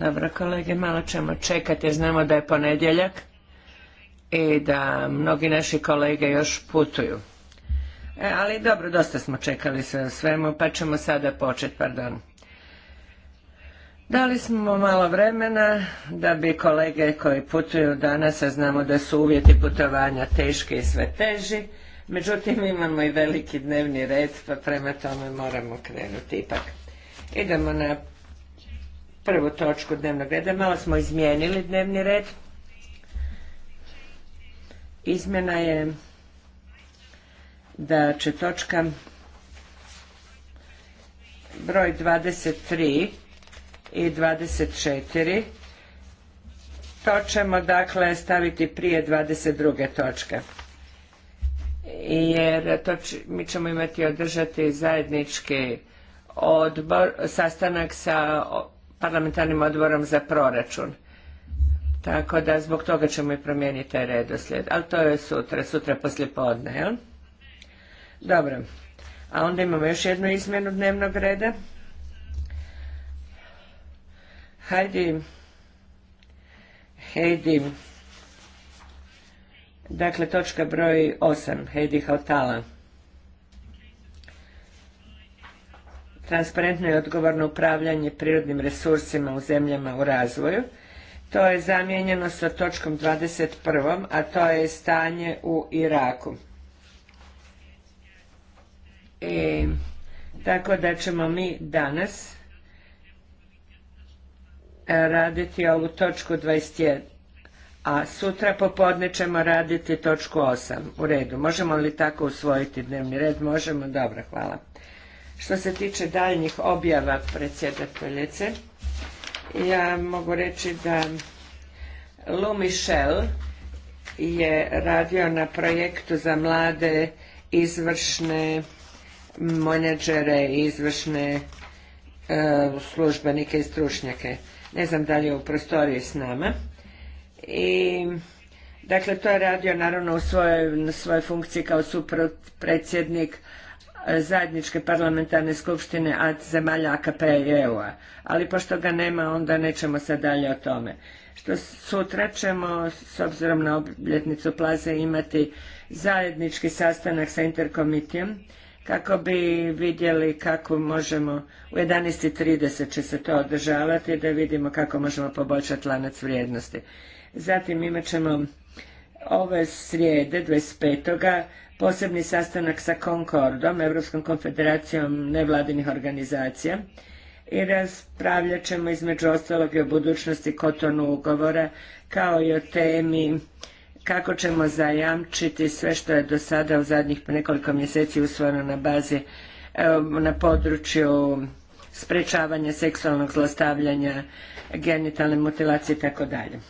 Dobro, kolege, malo ćemo čekati jer znamo da je ponedjeljak i da mnogi naši kolege još putuju. E, ali dobro, dosta smo čekali sve o svemu, pa ćemo sada početi, pardon. Dali smo malo vremena da bi kolege koji putuju danas, a znamo da su uvjeti putovanja teški i sve teži, međutim imamo i veliki dnevni red, pa prema tome moramo krenuti ipak. Idemo na prvu točku dnevnog reda, malo smo izmijenili dnevni red. Izmjena je da će točka broj 23 i 24. To ćemo dakle staviti prije 22. točke. Jer to mi ćemo imati održati zajednički odbor, sastanak sa parlamentarnim odborom za proračun. Tako da zbog toga ćemo i promijeniti taj redoslijed. Ali to je sutra, sutra poslije podne, Dobro. A onda imamo još jednu izmjenu dnevnog reda. Heidi, Heidi, dakle točka broj 8, Heidi Hautala. Transparentno i odgovorno upravljanje prirodnim resursima u zemljama u razvoju. To je zamijenjeno sa točkom 21. a to je stanje u Iraku. I, e, tako da ćemo mi danas raditi ovu točku 21, a sutra popodne ćemo raditi točku 8. U redu, možemo li tako usvojiti dnevni red? Možemo, dobro, hvala. Što se tiče daljnjih objava predsjedateljice, ja mogu reći da Lou Michel je radio na projektu za mlade izvršne menadžere i izvršne e, službenike i stručnjake ne znam da li je u prostoriji s nama. I, dakle, to je radio naravno u svojoj, funkciji kao supredsjednik e, zajedničke parlamentarne skupštine a zemalja AKP i EU-a. Ali pošto ga nema, onda nećemo sad dalje o tome. Što sutra ćemo, s obzirom na obljetnicu plaze, imati zajednički sastanak sa interkomitijom kako bi vidjeli kako možemo, u 11.30 će se to održavati, da vidimo kako možemo poboljšati lanac vrijednosti. Zatim imat ćemo ove srijede, 25. posebni sastanak sa Concordom, Europskom konfederacijom nevladinih organizacija i raspravljat ćemo između ostalog i o budućnosti kotonu ugovora kao i o temi kako ćemo zajamčiti sve što je do sada u zadnjih nekoliko mjeseci usvojeno na bazi e, na području sprečavanja seksualnog zlostavljanja, genitalne mutilacije i tako dalje.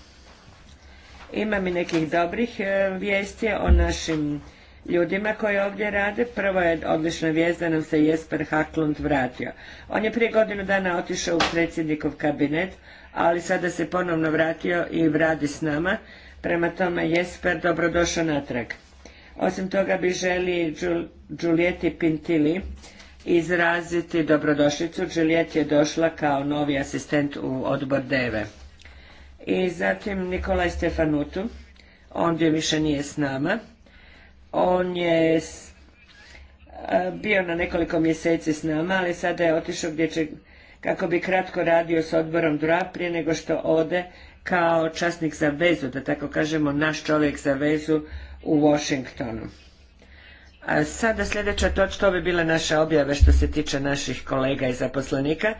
Imam i nekih dobrih e, vijesti o našim ljudima koji ovdje rade. Prvo je odlična vijest da nam se Jesper Haklund vratio. On je prije godinu dana otišao u predsjednikov kabinet, ali sada se ponovno vratio i radi s nama Prema tome, Jesper, pa dobrodošao natrag. Osim toga bi želi Giulietti Pintili izraziti dobrodošlicu. Giulietti je došla kao novi asistent u odbor DEVE. I zatim Nikolaj Stefanutu, on više nije s nama. On je bio na nekoliko mjeseci s nama, ali sada je otišao gdje će, kako bi kratko radio s odborom DRA prije nego što ode kao časnik za vezu, da tako kažemo naš čovjek za vezu u Washingtonu. A sada sljedeća točka, to bi bila naša objave što se tiče naših kolega i zaposlenika.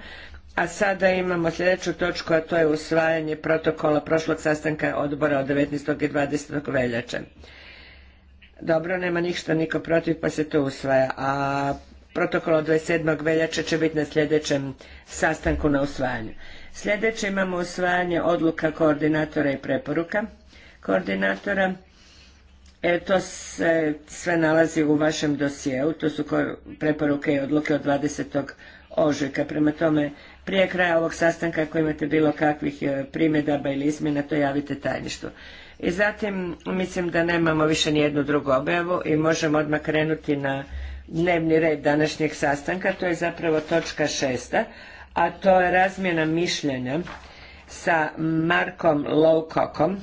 A sada imamo sljedeću točku, a to je usvajanje protokola prošlog sastanka odbora od 19. i 20. veljače. Dobro, nema ništa niko protiv, pa se to usvaja. A protokol od 27. veljače će biti na sljedećem sastanku na usvajanju. Sljedeće imamo usvajanje odluka koordinatora i preporuka koordinatora. E, to se sve nalazi u vašem dosjeu, to su preporuke i odluke od 20. ožujka. Prema tome, prije kraja ovog sastanka ako imate bilo kakvih e, primjedaba ili izmjena, to javite tajništvu. I zatim mislim da nemamo više ni jednu drugu objavu i možemo odmah krenuti na dnevni red današnjeg sastanka, to je zapravo točka šesta, a to je razmjena mišljenja sa Markom Lowcockom,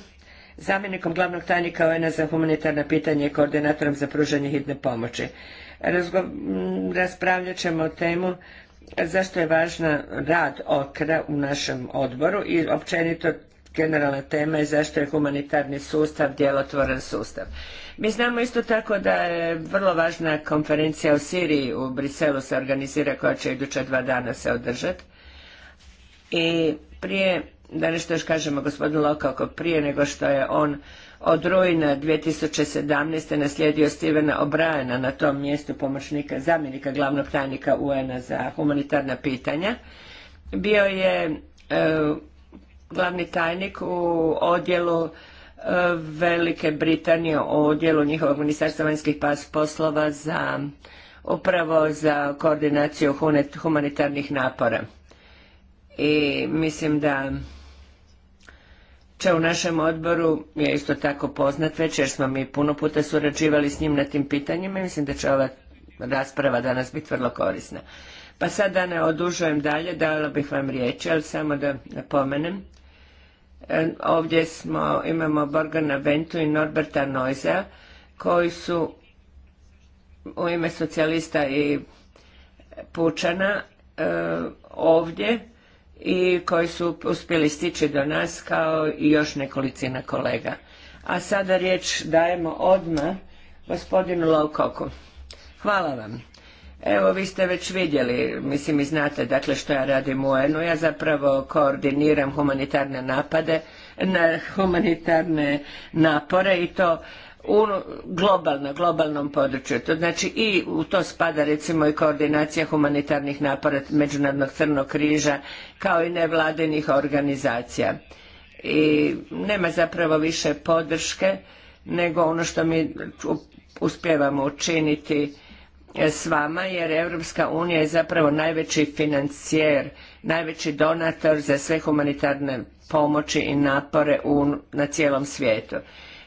zamjenikom glavnog tajnika un za humanitarna pitanja i koordinatorom za pružanje hitne pomoći. raspravljat ćemo o temu zašto je važna rad okra u našem odboru i općenito generalna tema je zašto je humanitarni sustav djelotvoran sustav. Mi znamo isto tako da je vrlo važna konferencija u Siriji u Briselu se organizira koja će iduća dva dana se održati. I prije, da nešto još kažemo gospodinu Lokalko, prije nego što je on od rujna 2017. naslijedio Stevena obrajena na tom mjestu pomoćnika, zamjenika glavnog tajnika UN-a za humanitarna pitanja. Bio je e, glavni tajnik u odjelu Velike Britanije o dijelu njihovog ministarstva vanjskih poslova za upravo za koordinaciju humanitarnih napora. I mislim da će u našem odboru, je isto tako poznat već jer smo mi puno puta surađivali s njim na tim pitanjima i mislim da će ova rasprava danas biti vrlo korisna. Pa sad da ne odužujem dalje, dala bih vam riječ, ali samo da napomenem E, ovdje smo, imamo Borgana Ventu i Norberta Noiza koji su u ime socijalista i pučana e, ovdje i koji su uspjeli stići do nas kao i još nekolicina kolega. A sada riječ dajemo odmah gospodinu Laukoku. Hvala vam. Evo, vi ste već vidjeli, mislim i znate dakle što ja radim u UN-u. Ja zapravo koordiniram humanitarne napade, na humanitarne napore i to u globalno, globalnom području. To znači i u to spada recimo i koordinacija humanitarnih napora Međunarodnog crnog križa kao i nevladinih organizacija. I nema zapravo više podrške nego ono što mi uspjevamo učiniti E, s vama jer Europska unija je zapravo najveći financijer, najveći donator za sve humanitarne pomoći i napore na cijelom svijetu.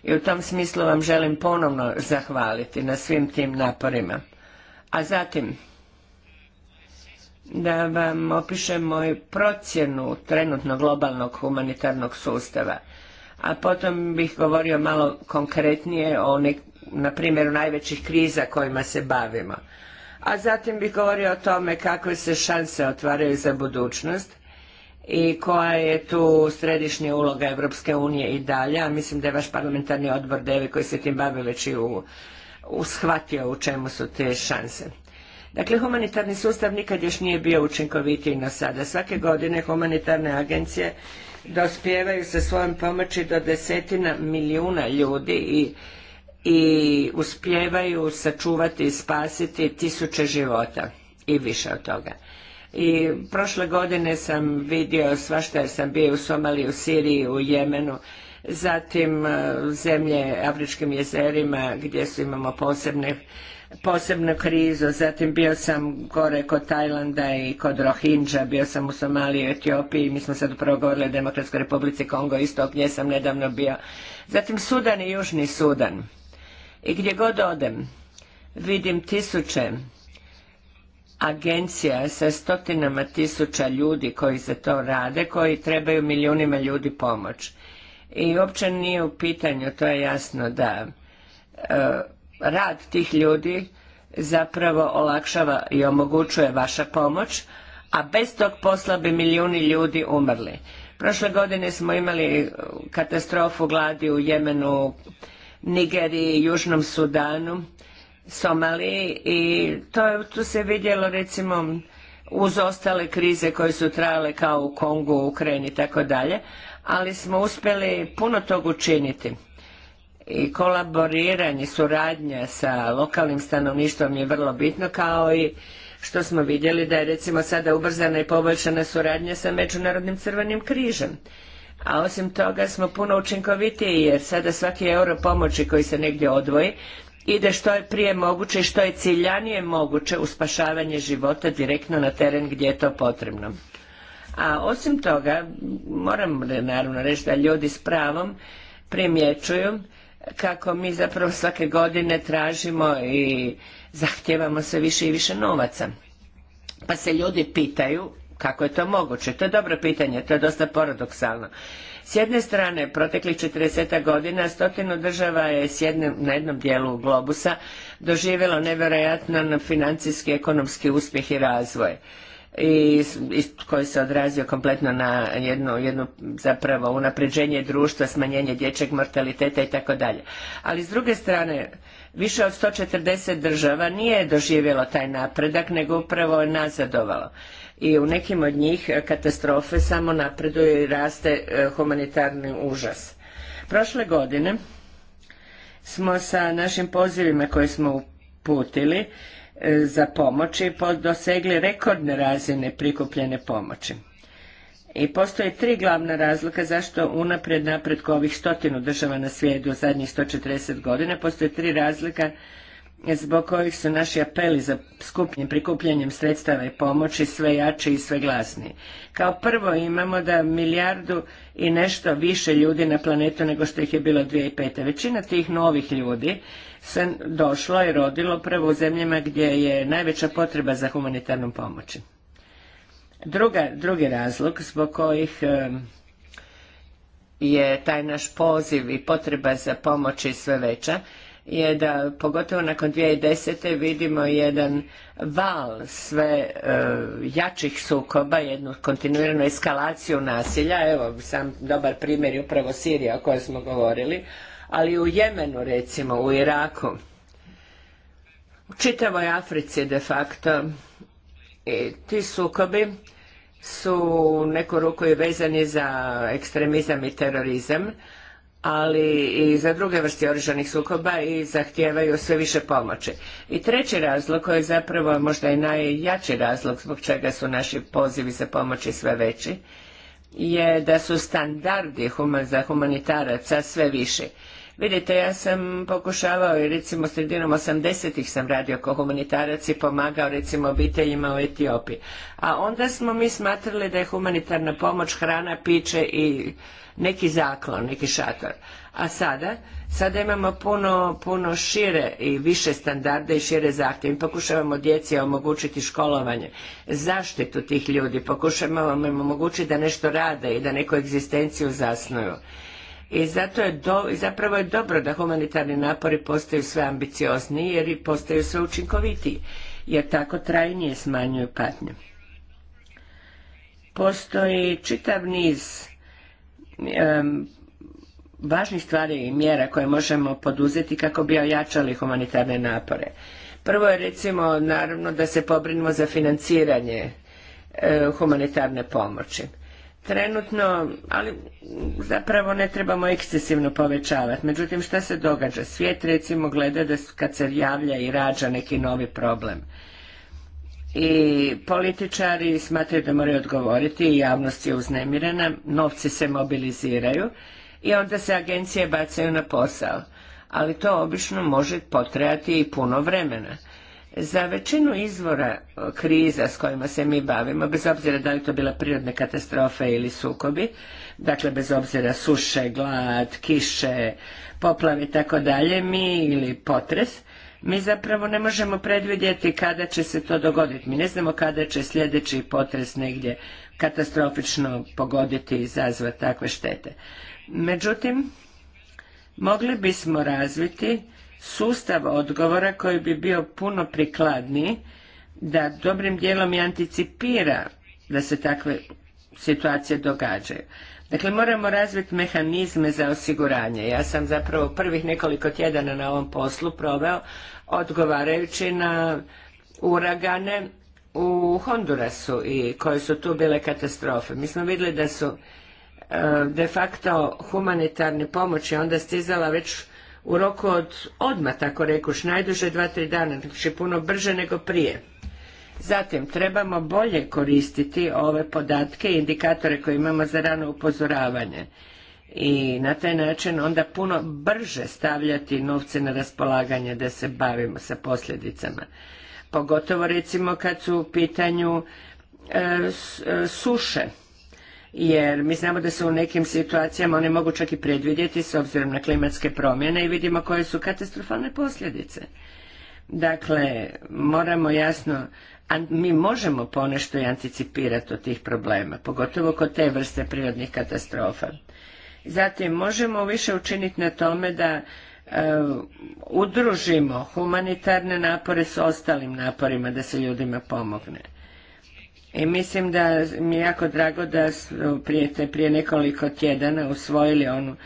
I u tom smislu vam želim ponovno zahvaliti na svim tim naporima. A zatim, da vam opišem moju procjenu trenutno globalnog humanitarnog sustava, a potom bih govorio malo konkretnije o na primjeru najvećih kriza kojima se bavimo. A zatim bih govorio o tome kakve se šanse otvaraju za budućnost i koja je tu središnja uloga Europske unije i dalje, a mislim da je vaš parlamentarni odbor Devi koji se tim bavi već i u, u u čemu su te šanse. Dakle, humanitarni sustav nikad još nije bio učinkovitiji na sada. Svake godine humanitarne agencije dospijevaju sa svojom pomoći do desetina milijuna ljudi i i uspijevaju sačuvati i spasiti tisuće života i više od toga. I prošle godine sam vidio svašta jer sam bio u Somaliji, u Siriji, u Jemenu, zatim e, zemlje Afričkim jezerima gdje su imamo posebne posebnu krizu, zatim bio sam gore kod Tajlanda i kod Rohingja, bio sam u Somaliji i Etiopiji, mi smo sad upravo govorili o Demokratskoj republici Kongo, isto Nje sam nedavno bio. Zatim Sudan i Južni Sudan. I gdje god odem, vidim tisuće agencija sa stotinama tisuća ljudi koji za to rade, koji trebaju milijunima ljudi pomoć. I uopće nije u pitanju, to je jasno da e, rad tih ljudi zapravo olakšava i omogućuje vaša pomoć, a bez tog posla bi milijuni ljudi umrli. Prošle godine smo imali katastrofu gladi u Jemenu, Nigeriji, Južnom Sudanu, Somaliji i to, tu se vidjelo recimo uz ostale krize koje su trajale kao u Kongu, Ukrajini i tako dalje, ali smo uspjeli puno tog učiniti. I kolaboriranje, suradnja sa lokalnim stanovništvom je vrlo bitno, kao i što smo vidjeli da je recimo sada ubrzana i poboljšana suradnja sa Međunarodnim crvenim križem a osim toga smo puno učinkovitiji jer sada svaki euro pomoći koji se negdje odvoji ide što je prije moguće i što je ciljanije moguće u spašavanje života direktno na teren gdje je to potrebno. A osim toga, moram naravno reći da ljudi s pravom primjećuju kako mi zapravo svake godine tražimo i zahtjevamo sve više i više novaca. Pa se ljudi pitaju kako je to moguće? To je dobro pitanje, to je dosta paradoksalno. S jedne strane, proteklih 40 godina stotinu država je na jednom dijelu globusa doživjelo nevjerojatno financijski, ekonomski uspjeh i razvoj i, koji se odrazio kompletno na jedno, zapravo unapređenje društva, smanjenje dječjeg mortaliteta i tako dalje. Ali s druge strane, više od 140 država nije doživjelo taj napredak, nego upravo je nazadovalo i u nekim od njih e, katastrofe samo napreduje i raste e, humanitarni užas. Prošle godine smo sa našim pozivima koje smo uputili e, za pomoći dosegli rekordne razine prikupljene pomoći. I postoje tri glavna razlika zašto unaprijed napretku ovih stotinu država na svijetu u zadnjih 140 godina. Postoje tri razlika zbog kojih su naši apeli za skupnim prikupljanjem sredstava i pomoći sve jači i sve glasniji. Kao prvo imamo da milijardu i nešto više ljudi na planetu nego što ih je bilo 2005. Većina tih novih ljudi se došlo i rodilo prvo u zemljama gdje je najveća potreba za humanitarnom pomoći. Druga, drugi razlog zbog kojih je taj naš poziv i potreba za pomoći sve veća je da pogotovo nakon 2010. vidimo jedan val sve e, jačih sukoba, jednu kontinuiranu eskalaciju nasilja. Evo, sam dobar primjer je upravo Sirija o kojoj smo govorili, ali u Jemenu recimo, u Iraku, u čitavoj Africi de facto ti sukobi su u neku ruku i vezani za ekstremizam i terorizam, ali i za druge vrste oružanih sukoba i zahtijevaju sve više pomoći. I treći razlog koji je zapravo možda i najjači razlog zbog čega su naši pozivi za pomoći sve veći je da su standardi za humanitaraca sve više. Vidite, ja sam pokušavao i recimo sredinom 80-ih sam radio kao humanitarac i pomagao recimo obiteljima u Etiopiji. A onda smo mi smatrali da je humanitarna pomoć hrana, piće i neki zaklon, neki šator. A sada? Sada imamo puno, puno šire i više standarde i šire zahtjeve. pokušavamo djeci omogućiti školovanje, zaštitu tih ljudi, pokušavamo im omogućiti da nešto rade i da neku egzistenciju zasnuju. I zato je zapravo je dobro da humanitarni napori postaju sve ambiciozniji jer i postaju sve učinkovitiji, jer tako trajnije smanjuju patnju. Postoji čitav niz važnih stvari i mjera koje možemo poduzeti kako bi ojačali humanitarne napore. Prvo je recimo naravno da se pobrinimo za financiranje e, humanitarne pomoći trenutno, ali zapravo ne trebamo ekscesivno povećavati. Međutim, šta se događa? Svijet recimo gleda da kad se javlja i rađa neki novi problem. I političari smatraju da moraju odgovoriti i javnost je uznemirena, novci se mobiliziraju i onda se agencije bacaju na posao. Ali to obično može potrajati i puno vremena. Za većinu izvora e, kriza s kojima se mi bavimo, bez obzira da li to bila prirodne katastrofe ili sukobi, dakle bez obzira suše, glad, kiše, poplave i tako dalje, mi ili potres, mi zapravo ne možemo predvidjeti kada će se to dogoditi. Mi ne znamo kada će sljedeći potres negdje katastrofično pogoditi i izazvati takve štete. Međutim, mogli bismo razviti sustav odgovora koji bi bio puno prikladniji da dobrim dijelom i anticipira da se takve situacije događaju. Dakle, moramo razviti mehanizme za osiguranje. Ja sam zapravo prvih nekoliko tjedana na ovom poslu proveo odgovarajući na uragane u Hondurasu i koje su tu bile katastrofe. Mi smo vidjeli da su eh, de facto humanitarne pomoći onda stizala već u roku od odmah, tako rekuš, najduže dva, tri dana, znači puno brže nego prije. Zatim, trebamo bolje koristiti ove podatke i indikatore koje imamo za rano upozoravanje i na taj način onda puno brže stavljati novce na raspolaganje da se bavimo sa posljedicama. Pogotovo recimo kad su u pitanju e, e, suše jer mi znamo da se u nekim situacijama one mogu čak i predvidjeti s obzirom na klimatske promjene i vidimo koje su katastrofalne posljedice. Dakle, moramo jasno, a mi možemo ponešto i anticipirati od tih problema, pogotovo kod te vrste prirodnih katastrofa. Zatim, možemo više učiniti na tome da e, udružimo humanitarne napore s ostalim naporima da se ljudima pomogne i mislim da mi je jako drago da su prije, nekoliko tjedana usvojili onu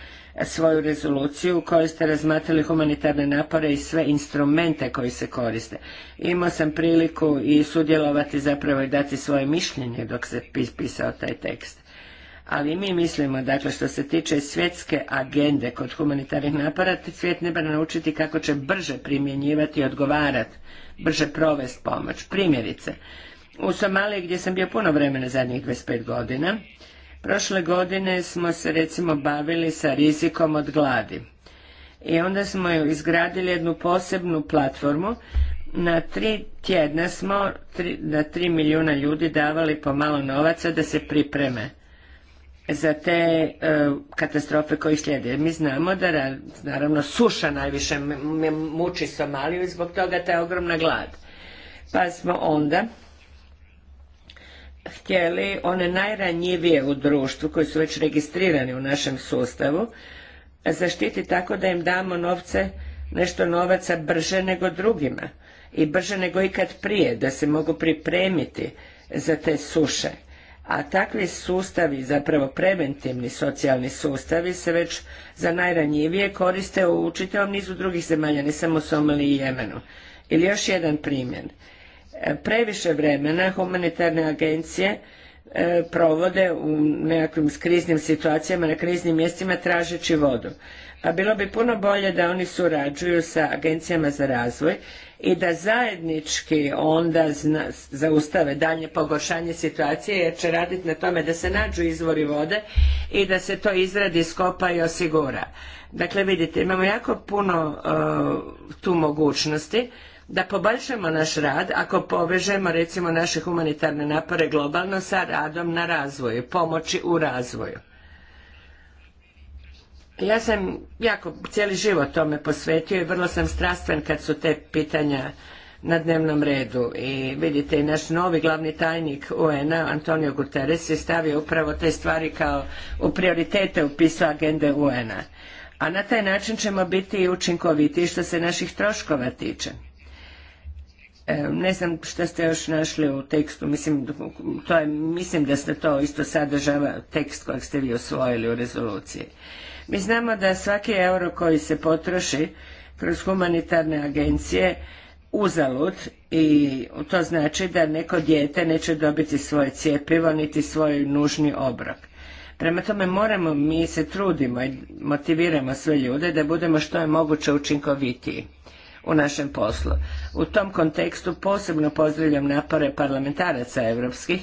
svoju rezoluciju u kojoj ste razmatrali humanitarne napore i sve instrumente koji se koriste. Imao sam priliku i sudjelovati zapravo i dati svoje mišljenje dok se pisao taj tekst. Ali mi mislimo, dakle, što se tiče svjetske agende kod humanitarnih napora, svijet ne mora naučiti kako će brže primjenjivati i odgovarati, brže provesti pomoć. Primjerice, u Somaliji gdje sam bio puno vremena zadnjih 25 godina, prošle godine smo se recimo bavili sa rizikom od gladi. I onda smo izgradili jednu posebnu platformu na tri tjedna smo na tri milijuna ljudi davali po malo novaca da se pripreme za te e, katastrofe koje slijede. Mi znamo da naravno suša najviše muči Somaliju i zbog toga ta ogromna glad. Pa smo onda htjeli one najranjivije u društvu koji su već registrirani u našem sustavu zaštiti tako da im damo novce, nešto novaca brže nego drugima i brže nego ikad prije da se mogu pripremiti za te suše. A takvi sustavi, zapravo preventivni socijalni sustavi se već za najranjivije koriste u čitavom nizu drugih zemalja, ne samo Somaliji i Jemenu. Ili još jedan primjer previše vremena humanitarne agencije e, provode u nekakvim kriznim situacijama na kriznim mjestima tražeći vodu. A pa bilo bi puno bolje da oni surađuju sa agencijama za razvoj i da zajednički onda zaustave daljnje pogoršanje situacije jer će raditi na tome da se nađu izvori vode i da se to izradi, skopa i osigura. Dakle vidite, imamo jako puno e, tu mogućnosti da poboljšamo naš rad ako povežemo recimo naše humanitarne napore globalno sa radom na razvoju, pomoći u razvoju. Ja sam jako cijeli život tome posvetio i vrlo sam strastven kad su te pitanja na dnevnom redu i vidite i naš novi glavni tajnik UN-a Antonio Guterres je stavio upravo te stvari kao u prioritete upisao agende UN-a. A na taj način ćemo biti i učinkoviti što se naših troškova tiče. E, ne znam što ste još našli u tekstu, mislim, da ste to isto sadržava tekst kojeg ste vi osvojili u rezoluciji. Mi znamo da svaki euro koji se potroši kroz humanitarne agencije uzalud i to znači da neko dijete neće dobiti svoje cijepivo niti svoj nužni obrok. Prema tome moramo, mi se trudimo i motiviramo sve ljude da budemo što je moguće učinkovitiji u našem poslu. U tom kontekstu posebno pozdravljam napore parlamentaraca europskih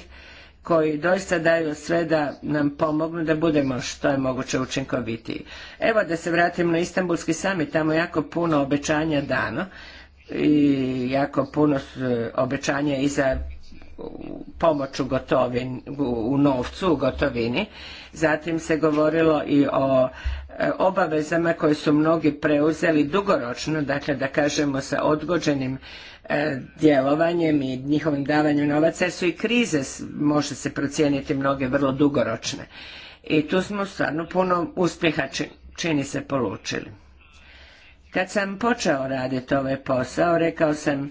koji doista daju sve da nam pomognu da budemo što je moguće učinkovitiji. Evo da se vratim na Istanbulski samit, tamo jako puno obećanja dano i jako puno e, obećanja i za pomoć u, gotovin, u novcu, u gotovini. Zatim se govorilo i o E, obavezama koje su mnogi preuzeli dugoročno, dakle da kažemo sa odgođenim e, djelovanjem i njihovim davanjem novaca jer su i krize, može se procijeniti mnoge vrlo dugoročne. I tu smo stvarno puno uspjeha čini se polučili. Kad sam počeo raditi ovaj posao, rekao sam e,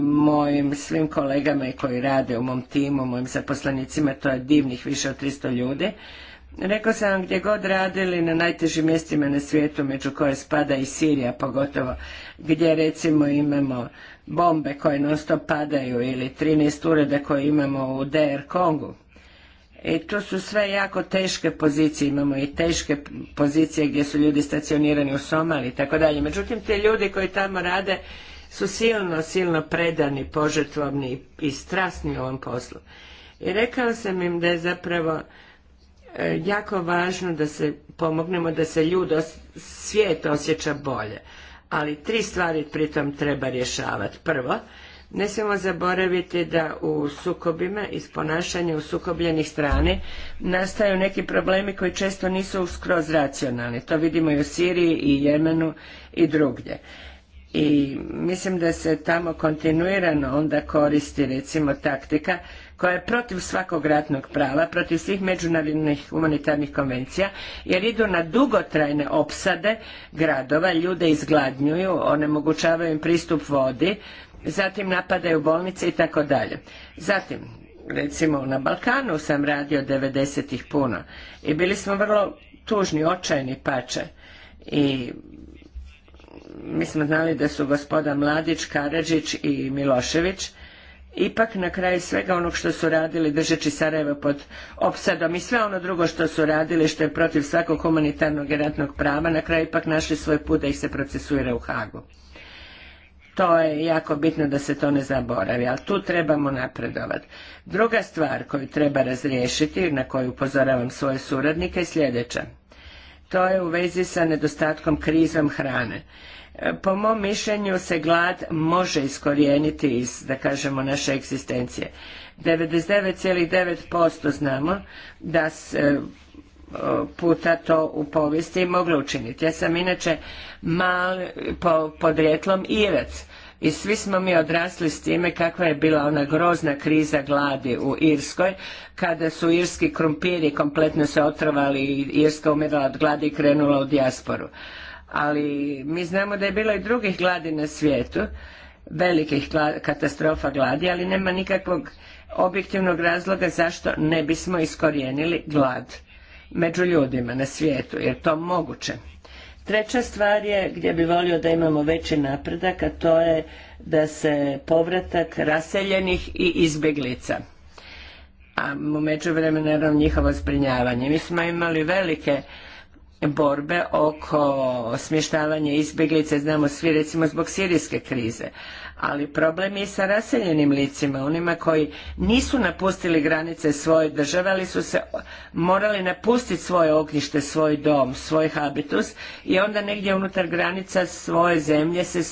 mojim svim kolegama koji rade u mom timu, mojim zaposlenicima, to je divnih više od 300 ljudi, Rekao sam vam gdje god radili na najtežim mjestima na svijetu, među koje spada i Sirija pogotovo, gdje recimo imamo bombe koje non stop padaju ili 13 ureda koje imamo u DR Kongu. I e, to su sve jako teške pozicije, imamo i teške pozicije gdje su ljudi stacionirani u Somali i tako dalje. Međutim, te ljudi koji tamo rade su silno, silno predani, požrtvovni i strasni u ovom poslu. I rekao sam im da je zapravo E, jako važno da se pomognemo da se ljud, svijet osjeća bolje. Ali tri stvari pritom treba rješavati. Prvo, ne smijemo zaboraviti da u sukobima i ponašanju sukobljenih strani nastaju neki problemi koji često nisu skroz racionalni. To vidimo i u Siriji i Jemenu i drugdje. I mislim da se tamo kontinuirano onda koristi recimo taktika koja je protiv svakog ratnog prava, protiv svih međunarodnih humanitarnih konvencija, jer idu na dugotrajne opsade gradova, ljude izgladnjuju, onemogućavaju im pristup vodi, zatim napadaju bolnice i tako dalje. Zatim, recimo na Balkanu sam radio 90-ih puno i bili smo vrlo tužni, očajni pače i mi smo znali da su gospoda Mladić, Karadžić i Milošević ipak na kraju svega onog što su radili držeći Sarajevo pod opsadom i sve ono drugo što su radili što je protiv svakog humanitarnog i ratnog prava na kraju ipak našli svoj put da ih se procesuira u Hagu. To je jako bitno da se to ne zaboravi, ali tu trebamo napredovati. Druga stvar koju treba razriješiti, na koju upozoravam svoje suradnike, je sljedeća. To je u vezi sa nedostatkom krizom hrane po mom mišljenju se glad može iskorijeniti iz, da kažemo, naše egzistencije. 99,9% znamo da se puta to u povijesti moglo učiniti. Ja sam inače mal, po, podrijetlom Irac i svi smo mi odrasli s time kakva je bila ona grozna kriza gladi u Irskoj kada su irski krumpiri kompletno se otrovali i Irska umirala od gladi i krenula u dijasporu ali mi znamo da je bilo i drugih gladi na svijetu, velikih katastrofa gladi, ali nema nikakvog objektivnog razloga zašto ne bismo iskorijenili glad među ljudima na svijetu, jer to moguće. Treća stvar je gdje bi volio da imamo veći napredak, a to je da se povratak raseljenih i izbjeglica a u međuvremenu naravno njihovo zbrinjavanje. Mi smo imali velike borbe oko smještavanja izbjeglice. znamo svi recimo zbog sirijske krize. Ali problem je i sa raseljenim licima, onima koji nisu napustili granice svoje države, ali su se morali napustiti svoje ognjište, svoj dom, svoj habitus i onda negdje unutar granica svoje zemlje se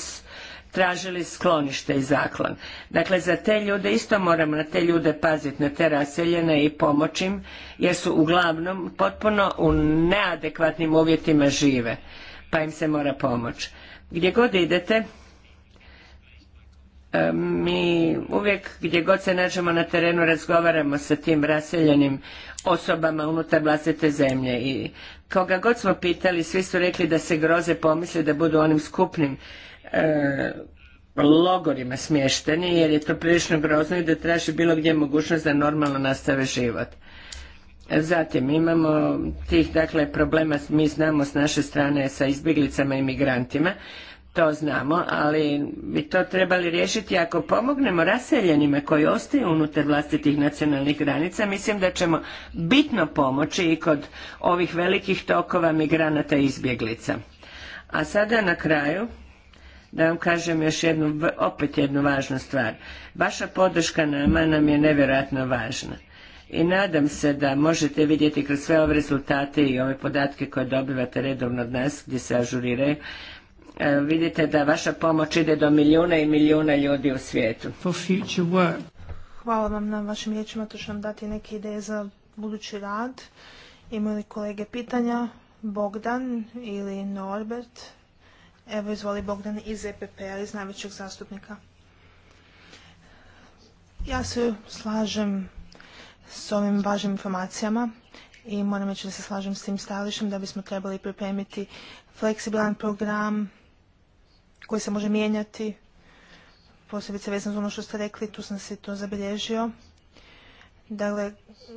tražili sklonište i zaklon. Dakle, za te ljude isto moramo na te ljude paziti, na te raseljene i pomoći im, jer su uglavnom potpuno u neadekvatnim uvjetima žive, pa im se mora pomoć. Gdje god idete, e, mi uvijek gdje god se nađemo na terenu razgovaramo sa tim raseljenim osobama unutar vlastite zemlje i koga god smo pitali svi su rekli da se groze pomisli da budu onim skupnim E, logorima smješteni jer je to prilično grozno i da traži bilo gdje mogućnost da normalno nastave život. E, zatim imamo tih dakle problema mi znamo s naše strane sa izbjeglicama i migrantima, to znamo, ali bi to trebali riješiti ako pomognemo raseljenima koji ostaju unutar vlastitih nacionalnih granica, mislim da ćemo bitno pomoći i kod ovih velikih tokova migranata i izbjeglica. A sada na kraju da vam kažem još jednu, opet jednu važnu stvar. Vaša podrška nama nam je nevjerojatno važna. I nadam se da možete vidjeti kroz sve ove rezultate i ove podatke koje dobivate redovno od nas gdje se ažuriraju, e, vidite da vaša pomoć ide do milijuna i milijuna ljudi u svijetu. Hvala vam na vašim riječima, to će nam dati neke ideje za budući rad. Imaju li kolege pitanja? Bogdan ili Norbert? Evo izvoli Bogdan iz EPP-a, iz najvećeg zastupnika. Ja se slažem s ovim važnim informacijama i moram reći da se slažem s tim stajališem da bismo trebali pripremiti fleksibilan program koji se može mijenjati, posebice vezano za ono što ste rekli, tu sam se to zabilježio. Dakle,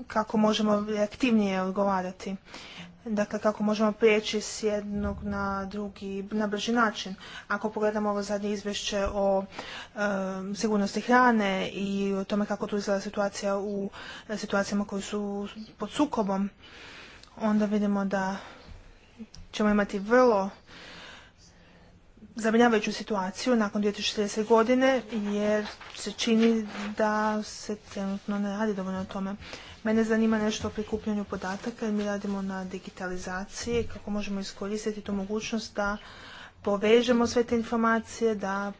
kako možemo aktivnije odgovarati dakle kako možemo prijeći s jednog na drugi na brži način. Ako pogledamo ovo zadnje izvješće o sigurnosti hrane i o tome kako tu izgleda situacija u situacijama koje su pod sukobom, onda vidimo da ćemo imati vrlo zabrinjavajuću situaciju nakon 2040 godine jer se čini da se trenutno ne radi dovoljno o tome. Mene zanima nešto o prikupljanju podataka jer mi radimo na digitalizaciji, kako možemo iskoristiti tu mogućnost da povežemo sve te informacije, da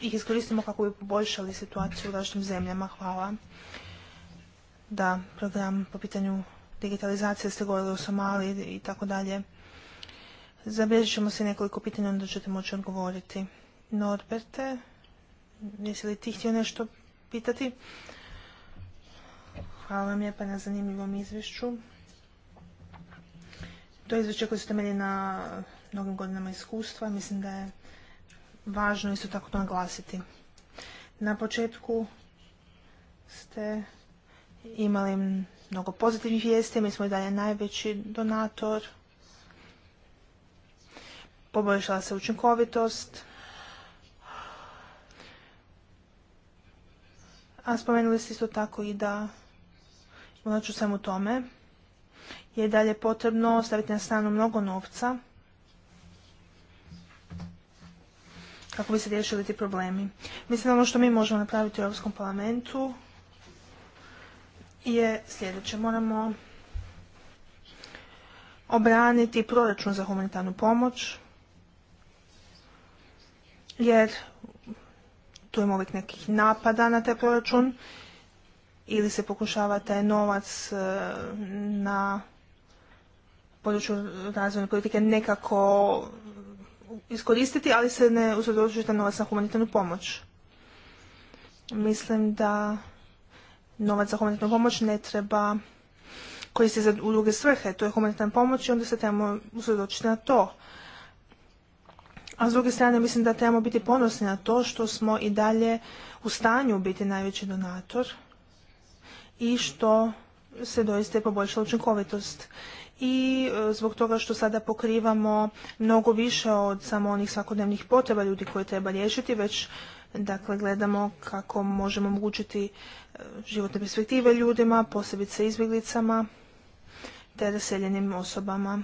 ih iskoristimo kako bi poboljšali situaciju u našim zemljama. Hvala. Da, program po pitanju digitalizacije ste govorili o Somali i tako dalje. Zabilježit ćemo se nekoliko pitanja, onda ćete moći odgovoriti. Norberte, jesi li ti htio nešto pitati? Hvala vam lijepa na zanimljivom izvješću. To je izvješće koje se temelji na mnogim godinama iskustva. Mislim da je važno isto tako to naglasiti. Na početku ste imali mnogo pozitivnih vijesti. Mi smo i dalje najveći donator. Poboljšala se učinkovitost. A spomenuli ste isto tako i da sam u tome je dalje potrebno staviti na stranu mnogo novca kako bi se riješili ti problemi. Mislim da ono što mi možemo napraviti u Europskom parlamentu je sljedeće. Moramo obraniti proračun za humanitarnu pomoć, jer tu ima uvijek nekih napada na taj proračun ili se pokušava taj novac e, na području razvojne politike nekako iskoristiti, ali se ne usredotočuje taj novac na humanitarnu pomoć. Mislim da novac za humanitarnu pomoć ne treba koristiti u druge svrhe. To je humanitarna pomoć i onda se trebamo usredotočiti na to. A s druge strane mislim da trebamo biti ponosni na to što smo i dalje u stanju biti najveći donator i što se doista je poboljšala učinkovitost. I e, zbog toga što sada pokrivamo mnogo više od samo onih svakodnevnih potreba ljudi koje treba riješiti, već dakle gledamo kako možemo omogućiti e, životne perspektive ljudima, posebice izbjeglicama te raseljenim osobama.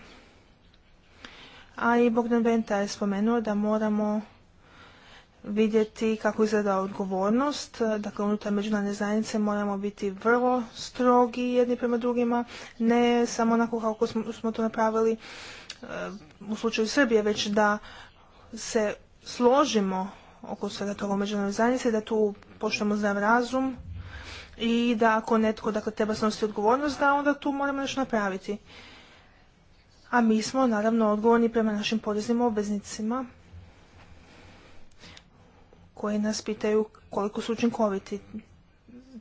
A i Bogdan Venta je spomenuo da moramo vidjeti kako izgleda odgovornost. Dakle, unutar međunarodne zajednice moramo biti vrlo strogi jedni prema drugima, ne samo onako kako smo, to napravili e, u slučaju Srbije, već da se složimo oko svega toga u međunarodnoj zajednici, da tu poštujemo zdrav razum i da ako netko dakle, treba snositi odgovornost, da onda tu moramo nešto napraviti. A mi smo naravno odgovorni prema našim poreznim obveznicima koji nas pitaju koliko su učinkoviti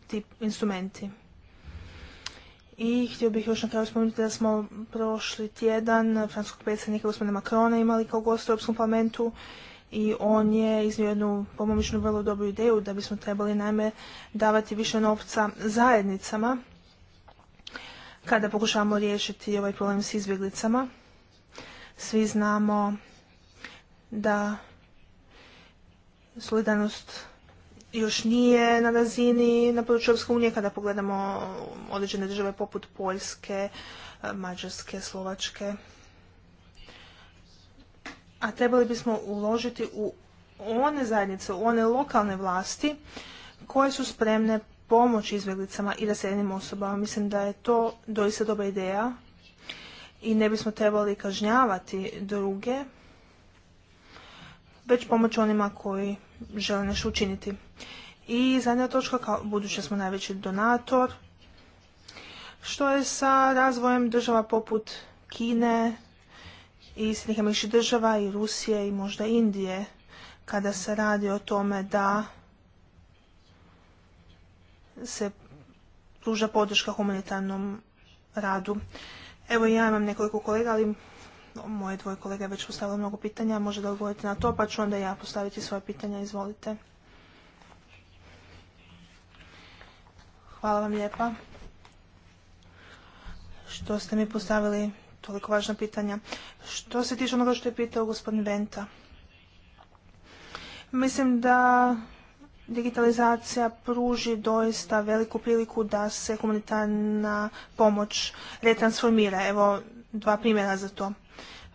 ti instrumenti. I htio bih još na kraju spomenuti da smo prošli tjedan francuskog predsjednika gospodina Macrona imali kao gost u Europskom parlamentu i on je iznio jednu pomomičnu vrlo dobru ideju da bismo trebali naime davati više novca zajednicama kada pokušavamo riješiti ovaj problem s izbjeglicama. Svi znamo da solidarnost još nije na razini na području Europske unije kada pogledamo određene države poput Poljske, Mađarske, Slovačke. A trebali bismo uložiti u one zajednice, u one lokalne vlasti koje su spremne pomoći izbjeglicama i raseljenim osobama. Mislim da je to doista dobra ideja i ne bismo trebali kažnjavati druge, već pomoći onima koji žele nešto učiniti. I zadnja točka, kao, budući smo najveći donator, što je sa razvojem država poput Kine i sličnih američkih država i Rusije i možda Indije, kada se radi o tome da se pruža podrška humanitarnom radu. Evo ja imam nekoliko kolega, ali moje dvoje kolega je već postavili mnogo pitanja, može da odgovorite na to, pa ću onda ja postaviti svoje pitanja, izvolite. Hvala vam lijepa što ste mi postavili toliko važna pitanja. Što se tiče onoga što je pitao gospodin Venta, mislim da digitalizacija pruži doista veliku priliku da se humanitarna pomoć retransformira. Evo dva primjera za to.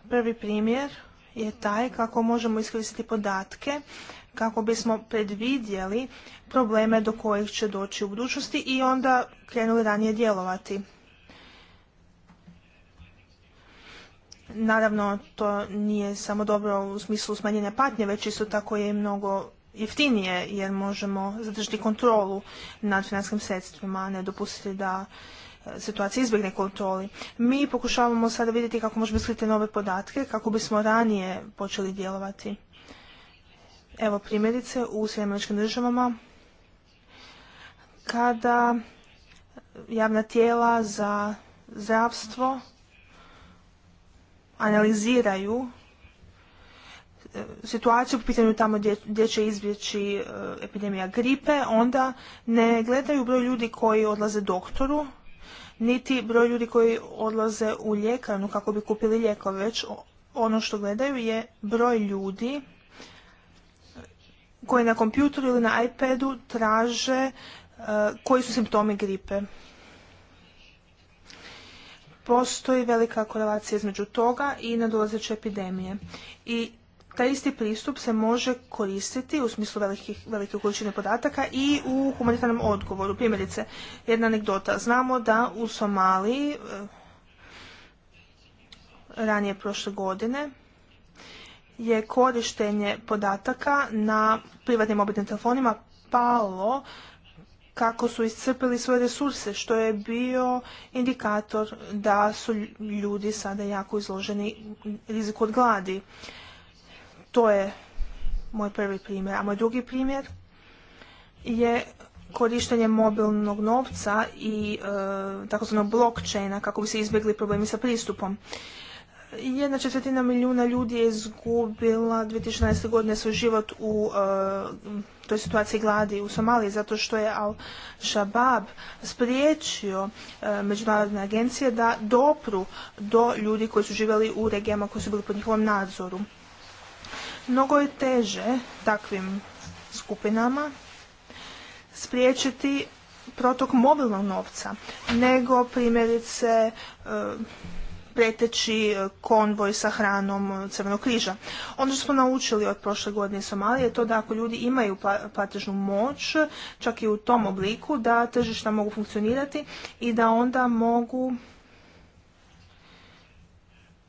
Prvi primjer je taj kako možemo iskoristiti podatke kako bismo predvidjeli probleme do kojih će doći u budućnosti i onda krenuli ranije djelovati. Naravno, to nije samo dobro u smislu smanjenja patnje, već isto tako je i mnogo jeftinije jer možemo zadržati kontrolu nad finanskim sredstvima, ne dopustiti da situacija izbjegne kontroli. Mi pokušavamo sada vidjeti kako možemo iskriti nove podatke, kako bismo ranije počeli djelovati. Evo primjerice u američkim državama kada javna tijela za zdravstvo analiziraju e, situaciju po pitanju tamo gdje će izbjeći e, epidemija gripe, onda ne gledaju broj ljudi koji odlaze doktoru, niti broj ljudi koji odlaze u ljekarnu kako bi kupili lijekove, već ono što gledaju je broj ljudi koji na kompjuteru ili na iPadu traže e, koji su simptomi gripe. Postoji velika korelacija između toga i nadolazeće epidemije. I taj isti pristup se može koristiti u smislu velikih, velike količine podataka i u humanitarnom odgovoru. Primjerice, jedna anegdota. Znamo da u Somaliji eh, ranije prošle godine je korištenje podataka na privatnim mobilnim telefonima palo kako su iscrpili svoje resurse, što je bio indikator da su ljudi sada jako izloženi riziku od gladi. To je moj prvi primjer. A moj drugi primjer je korištenje mobilnog novca i e, takozvanog blockchaina kako bi se izbjegli problemi sa pristupom. Jedna četvrtina milijuna ljudi je izgubila 2016. godine svoj život u e, toj situaciji gladi u Somaliji zato što je Al-Shabaab spriječio e, međunarodne agencije da dopru do ljudi koji su živjeli u regijama koji su bili pod njihovom nadzoru. Mnogo je teže takvim skupinama spriječiti protok mobilnog novca nego primjerice e, preteći e, konvoj sa hranom Crvenog križa. Ono što smo naučili od prošle godine Somalije je to da ako ljudi imaju platežnu moć, čak i u tom obliku, da tržišta mogu funkcionirati i da onda mogu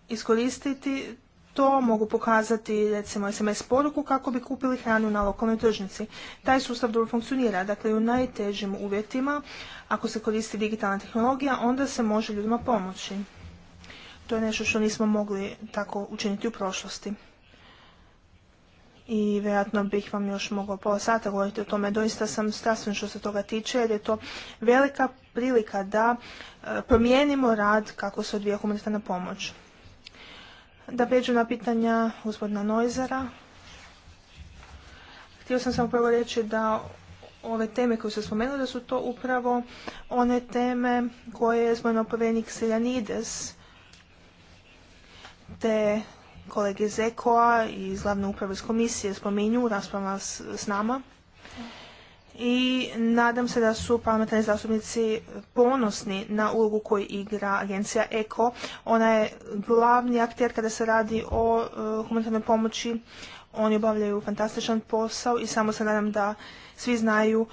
iskoristiti to mogu pokazati recimo SMS poruku kako bi kupili hranu na lokalnoj tržnici. Taj sustav dobro funkcionira, dakle u najtežim uvjetima ako se koristi digitalna tehnologija onda se može ljudima pomoći. To je nešto što nismo mogli tako učiniti u prošlosti. I vjerojatno bih vam još mogao pola sata govoriti o tome. Doista sam strastven što se toga tiče jer je to velika prilika da e, promijenimo rad kako se odvija humanitarna pomoć da prijeđu na pitanja gospodina Noizera. Htio sam samo prvo reći da ove teme koje su spomenuli, da su to upravo one teme koje je zvojno povenik Seljanides te kolege Zekoa i iz glavne uprave iz komisije spominju u raspravama s nama i nadam se da su parlamentarni zastupnici ponosni na ulogu koju igra agencija ECO. Ona je glavni akter kada se radi o e, humanitarnoj pomoći. Oni obavljaju fantastičan posao i samo se nadam da svi znaju e,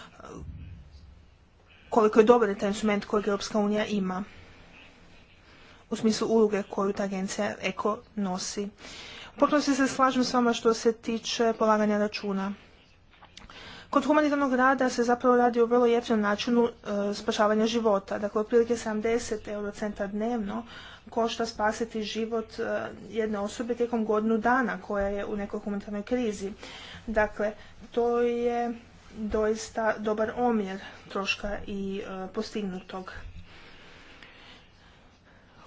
koliko je dobar taj instrument kojeg Europska unija ima u smislu uloge koju ta agencija ECO nosi. Potpuno se slažem s vama što se tiče polaganja računa. Kod humanitarnog rada se zapravo radi o vrlo jeftinom načinu e, spašavanja života. Dakle, otprilike 70 eurocenta dnevno košta spasiti život e, jedne osobe tijekom godinu dana koja je u nekoj humanitarnoj krizi. Dakle, to je doista dobar omjer troška i e, postignutog.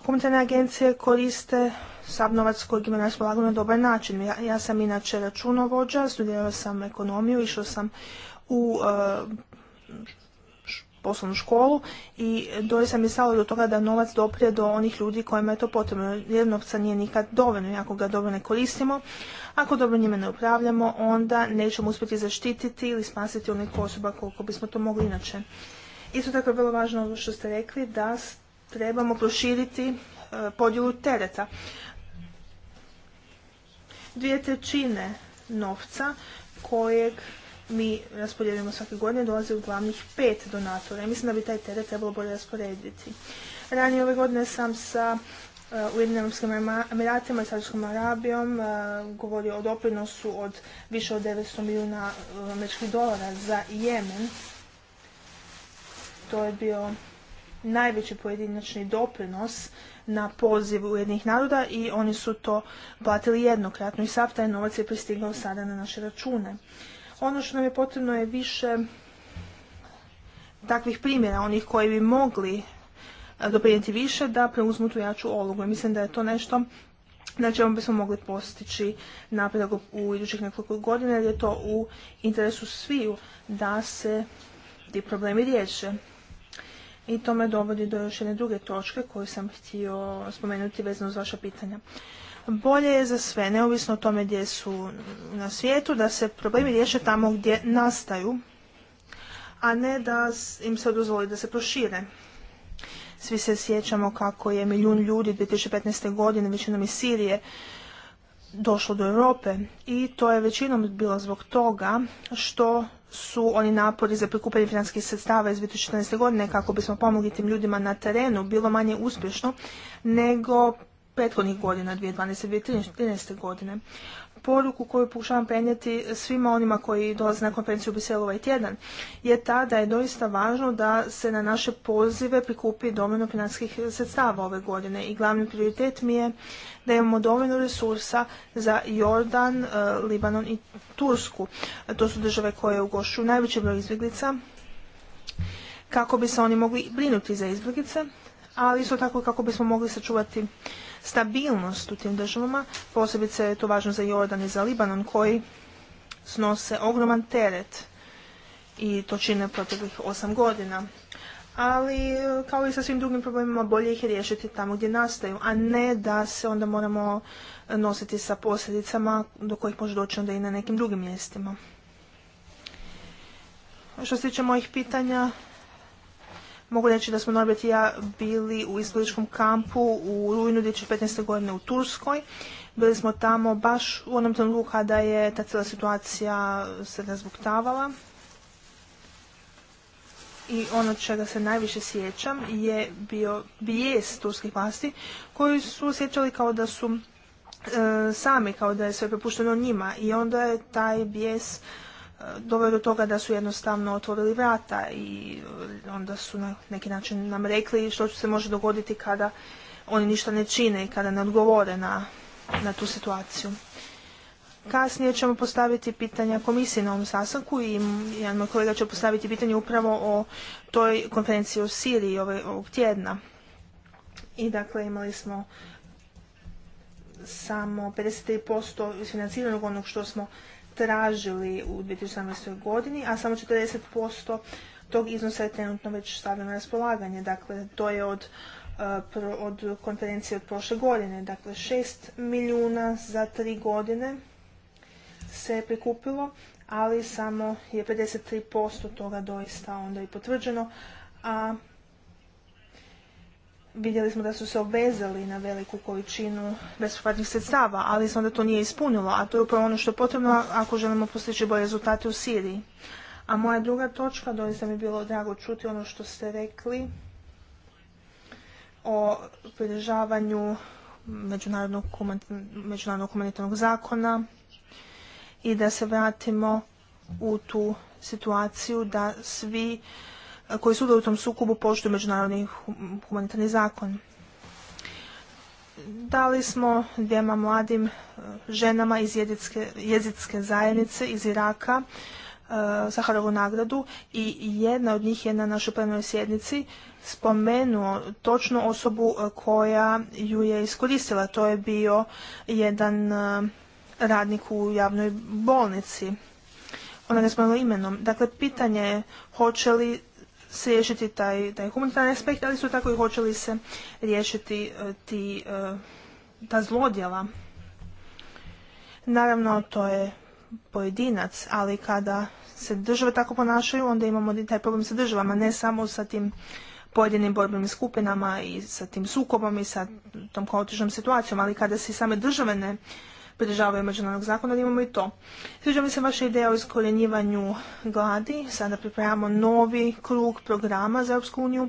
Humanitarne agencije koriste sav novac kojeg ima raspolago na dobar način. Ja, sam inače računovođa, studirala sam ekonomiju, išla sam u e, poslovnu školu i doista mi stalo do toga da novac doprije do onih ljudi kojima je to potrebno. Jer novca nije nikad dovoljno i ako ga dobro ne koristimo, ako dobro njime ne upravljamo, onda nećemo uspjeti zaštititi ili spasiti onih osoba koliko bismo to mogli inače. Isto tako je bilo važno ono što ste rekli da trebamo proširiti e, podjelu tereta. Dvije trećine novca kojeg mi raspodjeljujemo svake godine dolazi u glavnih pet donatora i mislim da bi taj teret trebalo bolje rasporediti. Ranije ove godine sam sa e, Ujedinim Emiratima i Saudijskom Arabijom e, govorio o doprinosu od više od 900 milijuna e, američkih dolara za Jemen. To je bio najveći pojedinačni doprinos na poziv Ujednih naroda i oni su to platili jednokratno i sav taj novac je pristigao sada na naše račune. Ono što nam je potrebno je više takvih primjera, onih koji bi mogli eh, doprinijeti više da preuzmu tu jaču ulogu. Mislim da je to nešto na čemu bismo mogli postići napredak u idućih nekoliko godina jer je to u interesu sviju da se ti problemi riješe. I to me dovodi do još jedne druge točke koju sam htio spomenuti vezano uz vaša pitanja. Bolje je za sve, neovisno o tome gdje su na svijetu, da se problemi riješe tamo gdje nastaju, a ne da im se dozvoli da se prošire. Svi se sjećamo kako je milijun ljudi 2015. godine, većinom iz Sirije, došlo do Europe i to je većinom bilo zbog toga što su oni napori za prikupljanje financijskih sredstava iz 2014. godine kako bismo pomogli tim ljudima na terenu bilo manje uspješno nego prethodnih godina 2012. i 2013. godine poruku koju pokušavam prenijeti svima onima koji dolaze na konferenciju u Briselu ovaj tjedan je ta da je doista važno da se na naše pozive prikupi dovoljno financijskih sredstava ove godine i glavni prioritet mi je da imamo dovoljno resursa za Jordan, e, Libanon i Tursku. To su države koje ugošuju najveći broj izbjeglica kako bi se oni mogli brinuti za izbjeglice, ali isto tako kako bismo mogli sačuvati stabilnost u tim državama, posebice je to važno za Jordan i za Libanon koji snose ogroman teret i to čine proteklih osam godina. Ali kao i sa svim drugim problemima bolje ih riješiti tamo gdje nastaju, a ne da se onda moramo nositi sa posljedicama do kojih može doći onda i na nekim drugim mjestima. Što se tiče mojih pitanja, Mogu reći da smo Norbert i ja bili u izboričkom kampu u rujnu 2015. godine u Turskoj. Bili smo tamo baš u onom trenutku kada je ta cijela situacija se razbuktavala. I ono čega se najviše sjećam je bio bijes turskih vlasti koji su osjećali kao da su e, sami, kao da je sve prepušteno njima. I onda je taj bijes doveo do toga da su jednostavno otvorili vrata i e, onda su na neki način nam rekli što se može dogoditi kada oni ništa ne čine i kada ne odgovore na, na tu situaciju. Kasnije ćemo postaviti pitanja komisiji na ovom sastanku i jedan moj kolega će postaviti pitanje upravo o toj konferenciji u Siriji ovog tjedna. I dakle imali smo samo 53% isfinanciranog onog što smo tražili u 2018. godini, a samo 40% tog iznosa je trenutno već stavljeno na raspolaganje. Dakle, to je od, eh, od konferencije od prošle godine. Dakle, 6 milijuna za tri godine se je prikupilo, ali samo je 53% toga doista onda i potvrđeno, a vidjeli smo da su se obezali na veliku količinu besplatnih sredstava, ali se onda to nije ispunilo, a to je upravo ono što je potrebno ako želimo postići bolje rezultate u Siriji. A moja druga točka, doista mi bilo drago čuti ono što ste rekli o pridržavanju međunarodnog, međunarodnog humanitarnog zakona i da se vratimo u tu situaciju da svi koji sude u tom sukobu poštuju međunarodni humanitarni zakon. Dali smo dvijema mladim e, ženama iz jezitske, zajednice iz Iraka e, Saharovu nagradu i jedna od njih je na našoj plenoj sjednici spomenuo točnu osobu e, koja ju je iskoristila. To je bio jedan radnik u javnoj bolnici. Ona je spomenula imenom. Dakle, pitanje je hoće li se riješiti taj, taj humanitarni aspekt, ali su tako i hoće li se riješiti e, ti, e, ta zlodjela. Naravno, to je pojedinac, ali kada se države tako ponašaju, onda imamo taj problem sa državama, ne samo sa tim pojedinim borbenim skupinama i sa tim sukobom i sa tom kaotičnom situacijom, ali kada se same države ne pridržavaju međunarodnog zakona, da imamo i to. Sviđa mi se vaša ideja o iskorjenjivanju gladi. Sada pripremamo novi krug programa za Europsku uniju.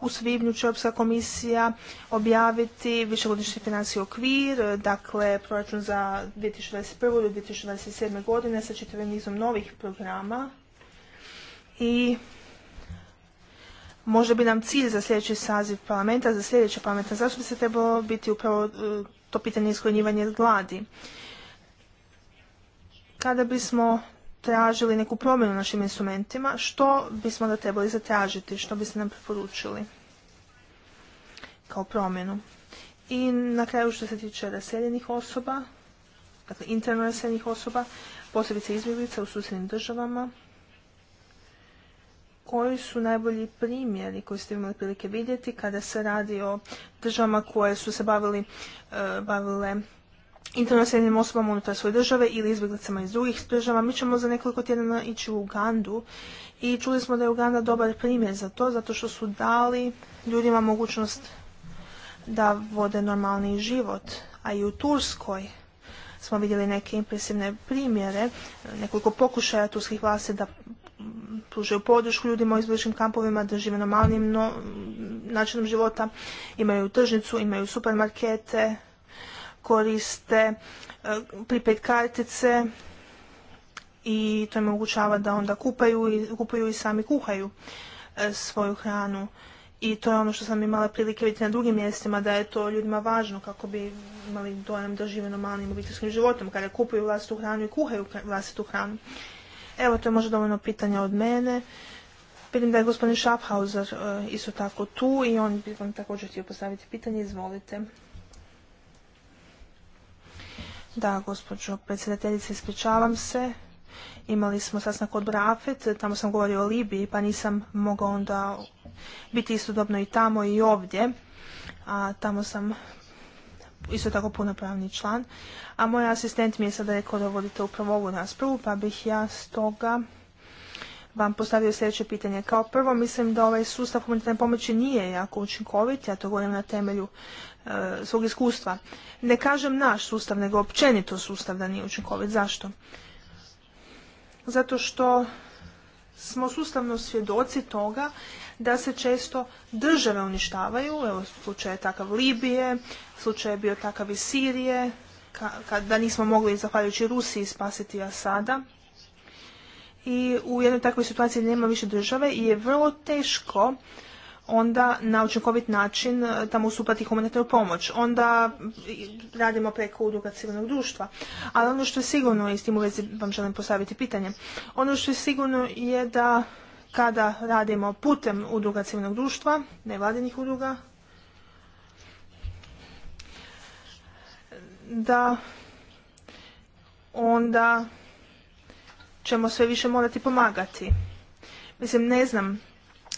U svibnju će Europska komisija objaviti višegodišnji financijski okvir, dakle proračun za 2021. do 2027. godine sa čitavim nizom novih programa i možda bi nam cilj za sljedeći saziv parlamenta, za sljedeće parlamenta se trebalo biti upravo e, to pitanje iskorjenjivanja gladi. Kada bismo tražili neku promjenu našim instrumentima, što bismo da trebali zatražiti, što biste nam preporučili kao promjenu. I na kraju što se tiče raseljenih osoba, dakle interno raseljenih osoba, posebice izbjeglica u susjednim državama, koji su najbolji primjeri koji ste imali prilike vidjeti kada se radi o državama koje su se bavili, e, bavile internacionalnim osobama unutar svoje države ili izbjeglicama iz drugih država. Mi ćemo za nekoliko tjedana ići u Ugandu i čuli smo da je Uganda dobar primjer za to, zato što su dali ljudima mogućnost da vode normalni život. A i u Turskoj smo vidjeli neke impresivne primjere, nekoliko pokušaja turskih vlasti da pružaju podršku ljudima u izbližim kampovima da žive normalnim načinom života, imaju tržnicu, imaju supermarkete, koriste e, pripet kartice i to im omogućava da onda kupaju i, kupuju i sami kuhaju e, svoju hranu. I to je ono što sam imala prilike vidjeti na drugim mjestima, da je to ljudima važno kako bi imali dojam da žive normalnim obiteljskim životom, kada kupuju vlastitu hranu i kuhaju vlastitu hranu. Evo, to je možda dovoljno pitanja od mene. Vidim da je gospodin Schaffhauser e, isto tako tu i on bi vam također htio postaviti pitanje. Izvolite. Da, gospođo predsjedateljice, ispričavam se. Imali smo sasnak od Brafet, tamo sam govorio o Libiji, pa nisam mogao onda biti istodobno i tamo i ovdje. A tamo sam isto tako punopravni član, a moj asistent mi je sada rekao da vodite upravo ovu raspravu, pa bih ja stoga vam postavio sljedeće pitanje. Kao prvo, mislim da ovaj sustav humanitarne pomoći nije jako učinkovit, ja to govorim na temelju e, svog iskustva. Ne kažem naš sustav, nego općenito sustav da nije učinkovit. Zašto? Zato što smo sustavno svjedoci toga da se često države uništavaju, evo slučaj je takav Libije, slučaj je bio takav i Sirije, da nismo mogli zahvaljujući Rusiji spasiti Asada. I u jednoj takvoj situaciji nema više države i je vrlo teško onda na učinkovit način e, tamo usupati humanitarnu pomoć. Onda radimo preko udruga civilnog društva. Ali ono što je sigurno, i s tim u vezi vam želim postaviti pitanje, ono što je sigurno je da kada radimo putem udruga civilnog društva, nevladinih udruga, da onda ćemo sve više morati pomagati. Mislim, ne znam,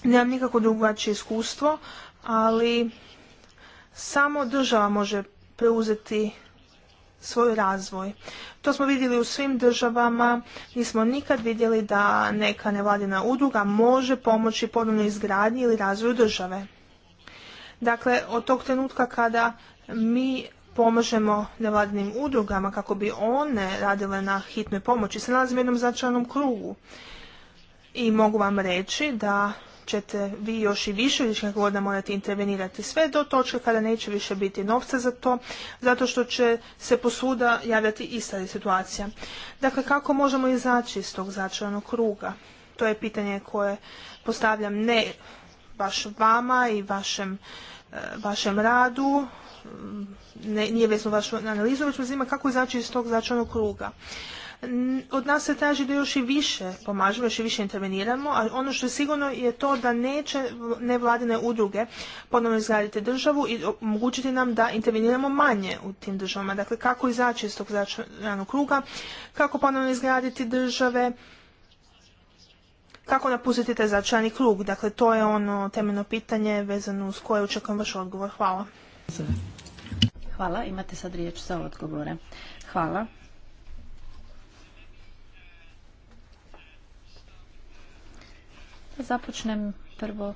nemam nikako drugačije iskustvo, ali samo država može preuzeti svoj razvoj. To smo vidjeli u svim državama, nismo nikad vidjeli da neka nevladina udruga može pomoći ponovnoj izgradnji ili razvoju države. Dakle, od tog trenutka kada mi pomažemo nevladinim udrugama kako bi one radile na hitnoj pomoći, se nalazim u jednom značajnom krugu. I mogu vam reći da ćete vi još i više ili godine morati intervenirati sve do točke kada neće više biti novca za to, zato što će se posvuda javljati ista situacija. Dakle, kako možemo izaći iz tog začaranog kruga? To je pitanje koje postavljam ne baš vama i vašem, e, vašem radu, ne, nije vezano vašu analizu, već me kako izaći iz tog začaranog kruga od nas se traži da još i više pomažemo, još i više interveniramo, a ono što je sigurno je to da neće nevladine udruge ponovno izgraditi državu i omogućiti nam da interveniramo manje u tim državama. Dakle, kako izaći iz tog začaranog kruga, kako ponovno izgraditi države, kako napustiti taj začarani krug. Dakle, to je ono temeljno pitanje vezano uz koje očekujem vaš odgovor. Hvala. Hvala, imate sad riječ za odgovore. Hvala. započnem prvo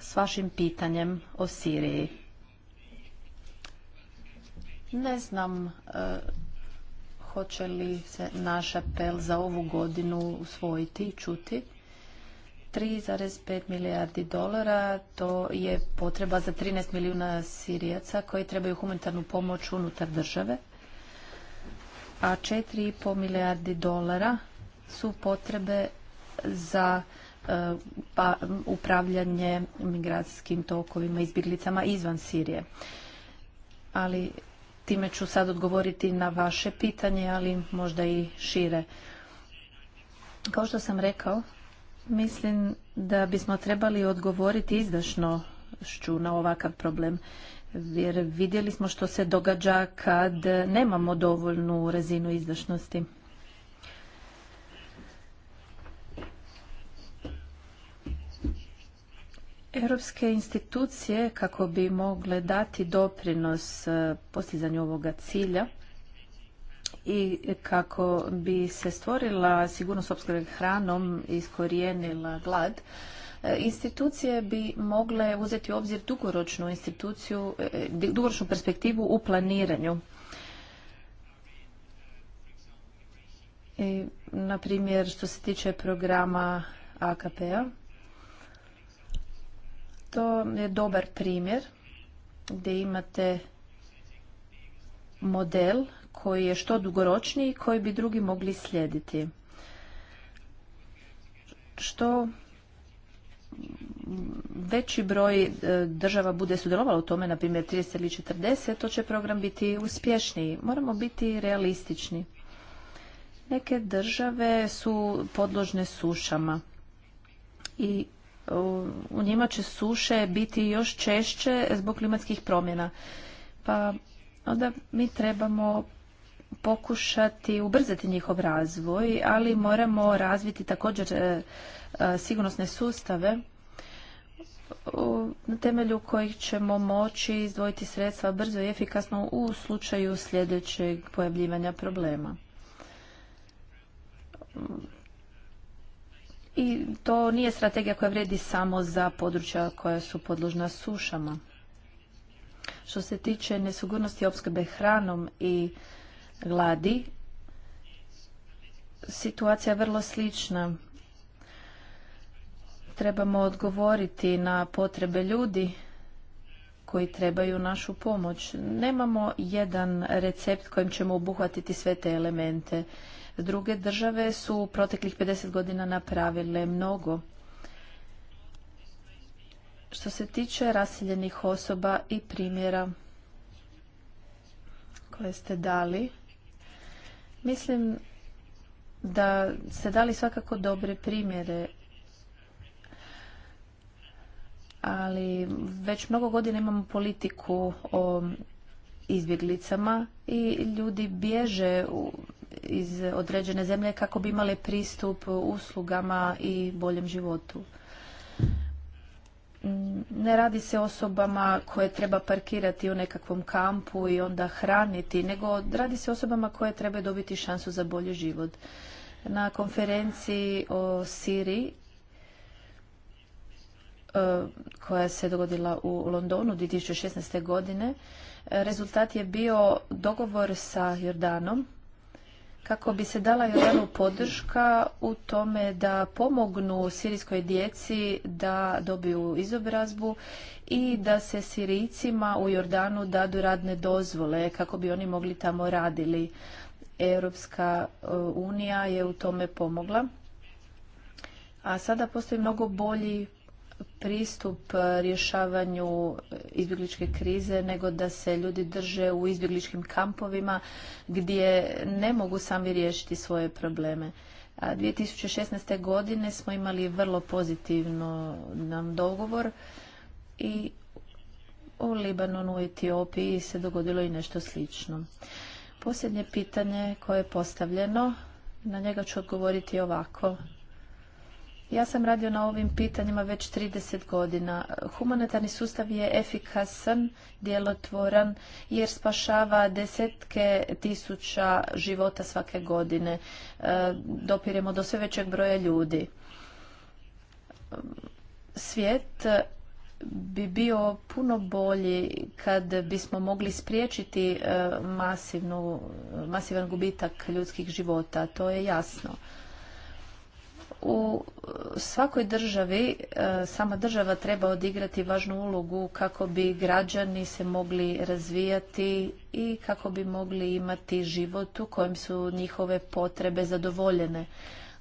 s vašim pitanjem o Siriji. Ne znam e, hoće li se naš apel za ovu godinu usvojiti i čuti. 3,5 milijardi dolara to je potreba za 13 milijuna Sirijaca koji trebaju humanitarnu pomoć unutar države, a 4,5 milijardi dolara su potrebe za E, pa upravljanje migracijskim tokovima, izbjeglicama izvan Sirije. Ali time ću sad odgovoriti na vaše pitanje, ali možda i šire. Kao što sam rekao, mislim da bismo trebali odgovoriti izdašnošću na ovakav problem. Jer vidjeli smo što se događa kad nemamo dovoljnu razinu izdašnosti. Europske institucije kako bi mogle dati doprinos e, postizanju ovoga cilja i kako bi se stvorila sigurnost opskrbe hranom i iskorijenila glad, e, institucije bi mogle uzeti u obzir dugoročnu instituciju, e, dugoročnu perspektivu u planiranju. na primjer, što se tiče programa AKP-a, to je dobar primjer gdje imate model koji je što dugoročniji koji bi drugi mogli slijediti. Što veći broj e, država bude sudjelovalo u tome, na primjer 30 ili 40, to će program biti uspješniji. Moramo biti realistični. Neke države su podložne sušama i u njima će suše biti još češće zbog klimatskih promjena. Pa onda mi trebamo pokušati ubrzati njihov razvoj, ali moramo razviti također e, e, sigurnosne sustave na temelju kojih ćemo moći izdvojiti sredstva brzo i efikasno u slučaju sljedećeg pojavljivanja problema i to nije strategija koja vredi samo za područja koja su podložna sušama. Što se tiče nesigurnosti opskrbe hranom i gladi, situacija je vrlo slična. Trebamo odgovoriti na potrebe ljudi koji trebaju našu pomoć. Nemamo jedan recept kojim ćemo obuhvatiti sve te elemente Druge države su u proteklih 50 godina napravile mnogo. Što se tiče raseljenih osoba i primjera koje ste dali, mislim da ste dali svakako dobre primjere ali već mnogo godina imamo politiku o izbjeglicama i ljudi bježe iz određene zemlje kako bi imali pristup uslugama i boljem životu. Mm, ne radi se o osobama koje treba parkirati u nekakvom kampu i onda hraniti, nego radi se o osobama koje treba dobiti šansu za bolji život. Na konferenciji o Siriji e, koja se dogodila u Londonu 2016. godine, rezultat je bio dogovor sa Jordanom kako bi se dala Jordanu podrška u tome da pomognu sirijskoj djeci da dobiju izobrazbu i da se sirijcima u Jordanu dadu radne dozvole kako bi oni mogli tamo radili. Europska e, unija je u tome pomogla. A sada postoji mnogo bolji pristup e, rješavanju izbjegličke krize nego da se ljudi drže u izbjegličkim kampovima gdje ne mogu sami riješiti svoje probleme. A 2016. godine smo imali vrlo pozitivno nam dogovor i u Libanonu i Etiopiji se dogodilo i nešto slično. Posljednje pitanje koje je postavljeno, na njega ću odgovoriti ovako. Ja sam radio na ovim pitanjima već 30 godina. Humanitarni sustav je efikasan, djelotvoran jer spašava desetke tisuća života svake godine. E, dopiremo do sve većeg broja ljudi. Svijet bi bio puno bolji kad bismo mogli spriječiti e, masivnu, masivan gubitak ljudskih života, to je jasno. U svakoj državi e, sama država treba odigrati važnu ulogu kako bi građani se mogli razvijati i kako bi mogli imati život u kojem su njihove potrebe zadovoljene.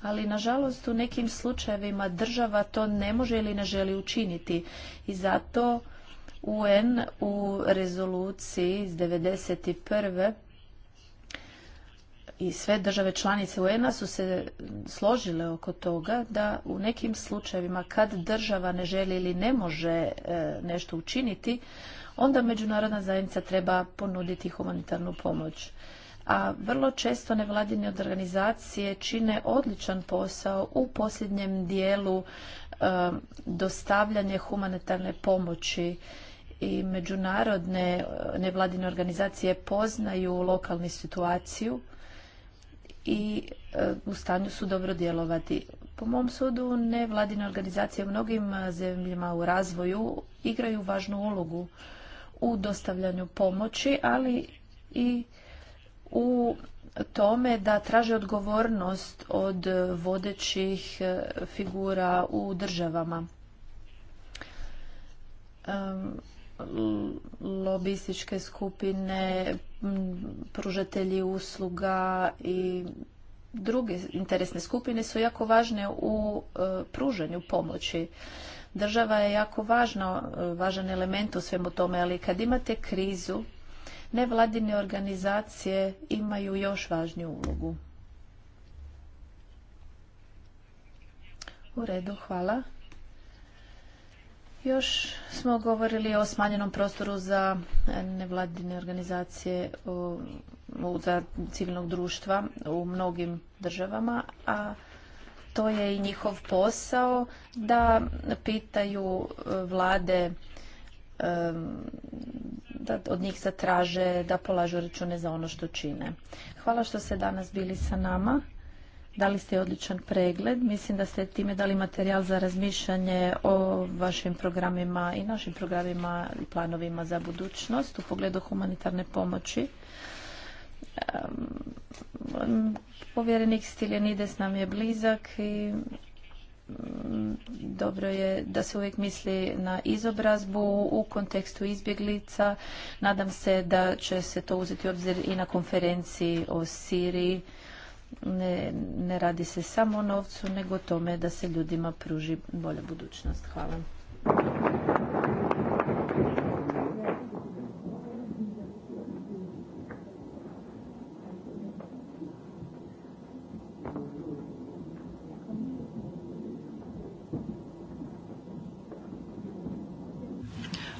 Ali nažalost u nekim slučajevima država to ne može ili ne želi učiniti i zato UN u rezoluciji iz 1991 i sve države članice UN-a su se složile oko toga da u nekim slučajevima kad država ne želi ili ne može e, nešto učiniti, onda međunarodna zajednica treba ponuditi humanitarnu pomoć. A vrlo često nevladine organizacije čine odličan posao u posljednjem dijelu e, dostavljanje humanitarne pomoći i međunarodne e, nevladine organizacije poznaju lokalnu situaciju i e, u stanju su dobro djelovati. Po mom sudu, nevladine organizacije u mnogim e, zemljama u razvoju igraju važnu ulogu u dostavljanju pomoći, ali i u tome da traže odgovornost od vodećih e, figura u državama lobističke skupine, pružatelji usluga i druge interesne skupine su jako važne u e, pružanju pomoći. Država je jako važna, e, važan element u svemu tome, ali kad imate krizu, nevladine organizacije imaju još važniju ulogu. U redu, hvala. Još smo govorili o smanjenom prostoru za nevladine organizacije za civilnog društva u mnogim državama, a to je i njihov posao da pitaju e, vlade e, da od njih zatraže da polažu račune za ono što čine. Hvala što ste danas bili sa nama. Dali ste odličan pregled. Mislim da ste time dali materijal za razmišljanje o vašim programima i našim programima i planovima za budućnost u pogledu humanitarne pomoći. Povjerenik Stiljenides nam je blizak i mm, dobro je da se uvijek misli na izobrazbu u kontekstu izbjeglica. Nadam se da će se to uzeti u obzir i na konferenciji o Siriji ne, ne radi se samo o novcu, nego o tome da se ljudima pruži bolja budućnost. Hvala.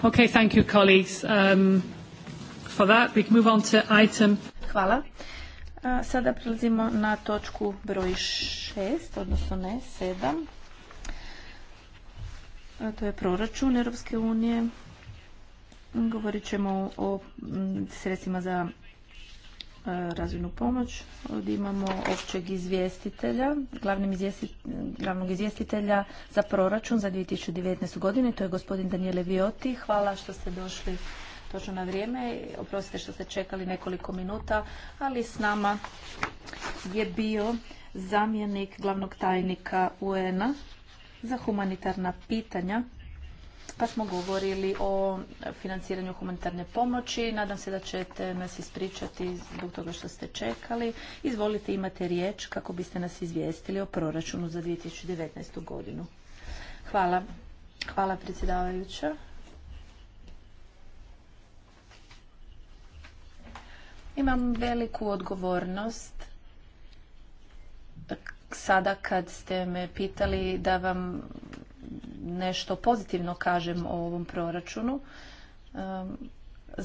Okay, thank you colleagues um, for that. We can move on to item. Hvala sada prelazimo na točku broj šest, odnosno ne, sedam. to je proračun Europske unije. Govorit ćemo o sredstvima za razvojnu pomoć. Ovdje imamo općeg izvjestitelja, glavnog izvjestitelja za proračun za 2019. godinu. To je gospodin Daniele Vioti. Hvala što ste došli točno na vrijeme. Oprostite što ste čekali nekoliko minuta, ali s nama je bio zamjenik glavnog tajnika UN-a za humanitarna pitanja pa smo govorili o financiranju humanitarne pomoći. Nadam se da ćete nas ispričati zbog toga što ste čekali. Izvolite, imate riječ kako biste nas izvijestili o proračunu za 2019. godinu. Hvala. Hvala predsjedavajuća. Imam veliku odgovornost sada kad ste me pitali da vam nešto pozitivno kažem o ovom proračunu.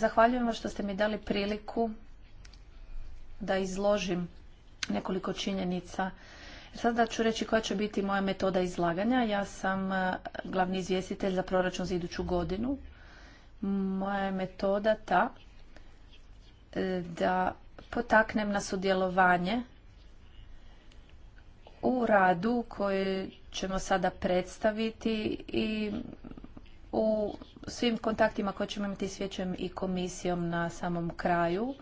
Zahvaljujem vam što ste mi dali priliku da izložim nekoliko činjenica. Sada ću reći koja će biti moja metoda izlaganja. Ja sam e, glavni izvjestitelj za proračun za iduću godinu. Moja je metoda ta da potaknem na sudjelovanje u radu koji ćemo sada predstaviti i u svim kontaktima koje ćemo imati s vijećem i komisijom na samom kraju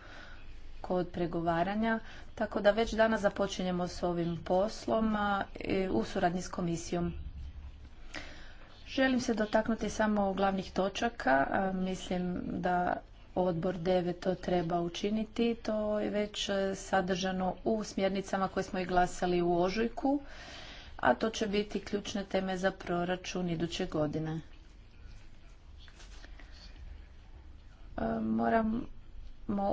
kod pregovaranja. Tako da već danas započinjemo s ovim poslom e, u suradnji s komisijom. Želim se dotaknuti samo glavnih točaka. Mislim da odbor 9. to treba učiniti. To je već e, sadržano u smjernicama koje smo i glasali u ožujku, a to će biti ključne teme za proračun iduće godine. E, moramo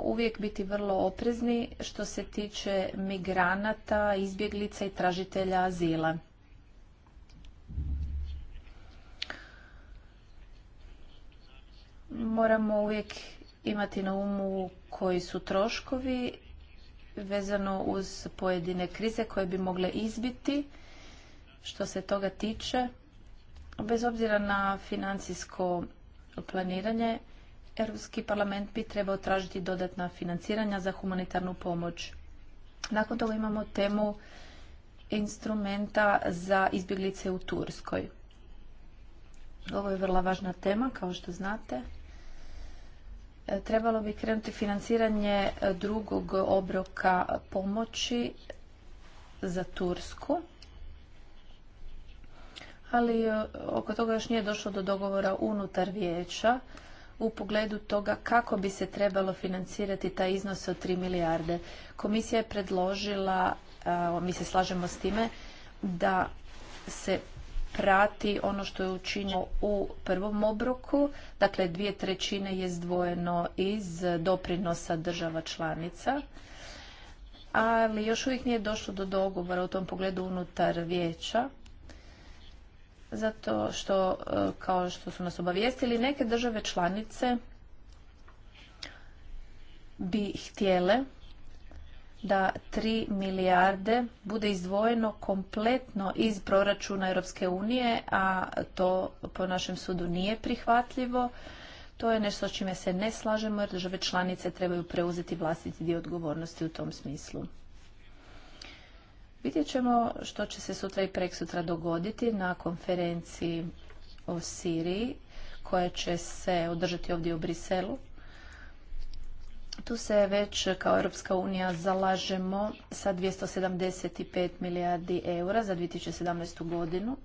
uvijek biti vrlo oprezni što se tiče migranata, izbjeglica i tražitelja azila. moramo uvijek imati na umu koji su troškovi vezano uz pojedine krize koje bi mogle izbiti što se toga tiče. Bez obzira na financijsko planiranje, Europski parlament bi trebao tražiti dodatna financiranja za humanitarnu pomoć. Nakon toga imamo temu instrumenta za izbjeglice u Turskoj. Ovo je vrlo važna tema, kao što znate trebalo bi krenuti financiranje e, drugog obroka pomoći za Tursku. Ali e, oko toga još nije došlo do dogovora unutar vijeća u pogledu toga kako bi se trebalo financirati taj iznos od 3 milijarde. Komisija je predložila, mi se slažemo s time, da se prati ono što je učinjeno u prvom obroku, dakle dvije trećine je zdvojeno iz doprinosa država članica, ali još uvijek nije došlo do dogovora u tom pogledu unutar vijeća, zato što, e, kao što su nas obavijestili, neke države članice bi htjele da 3 milijarde bude izdvojeno kompletno iz proračuna Europske unije, a to po našem sudu nije prihvatljivo. To je nešto s čime se ne slažemo jer države članice trebaju preuzeti vlastiti dio odgovornosti u tom smislu. Vidjet ćemo što će se sutra i preksutra dogoditi na konferenciji o Siriji koja će se održati ovdje u Briselu. Tu se već kao Europska unija zalažemo sa 275 milijardi eura za 2017. godinu.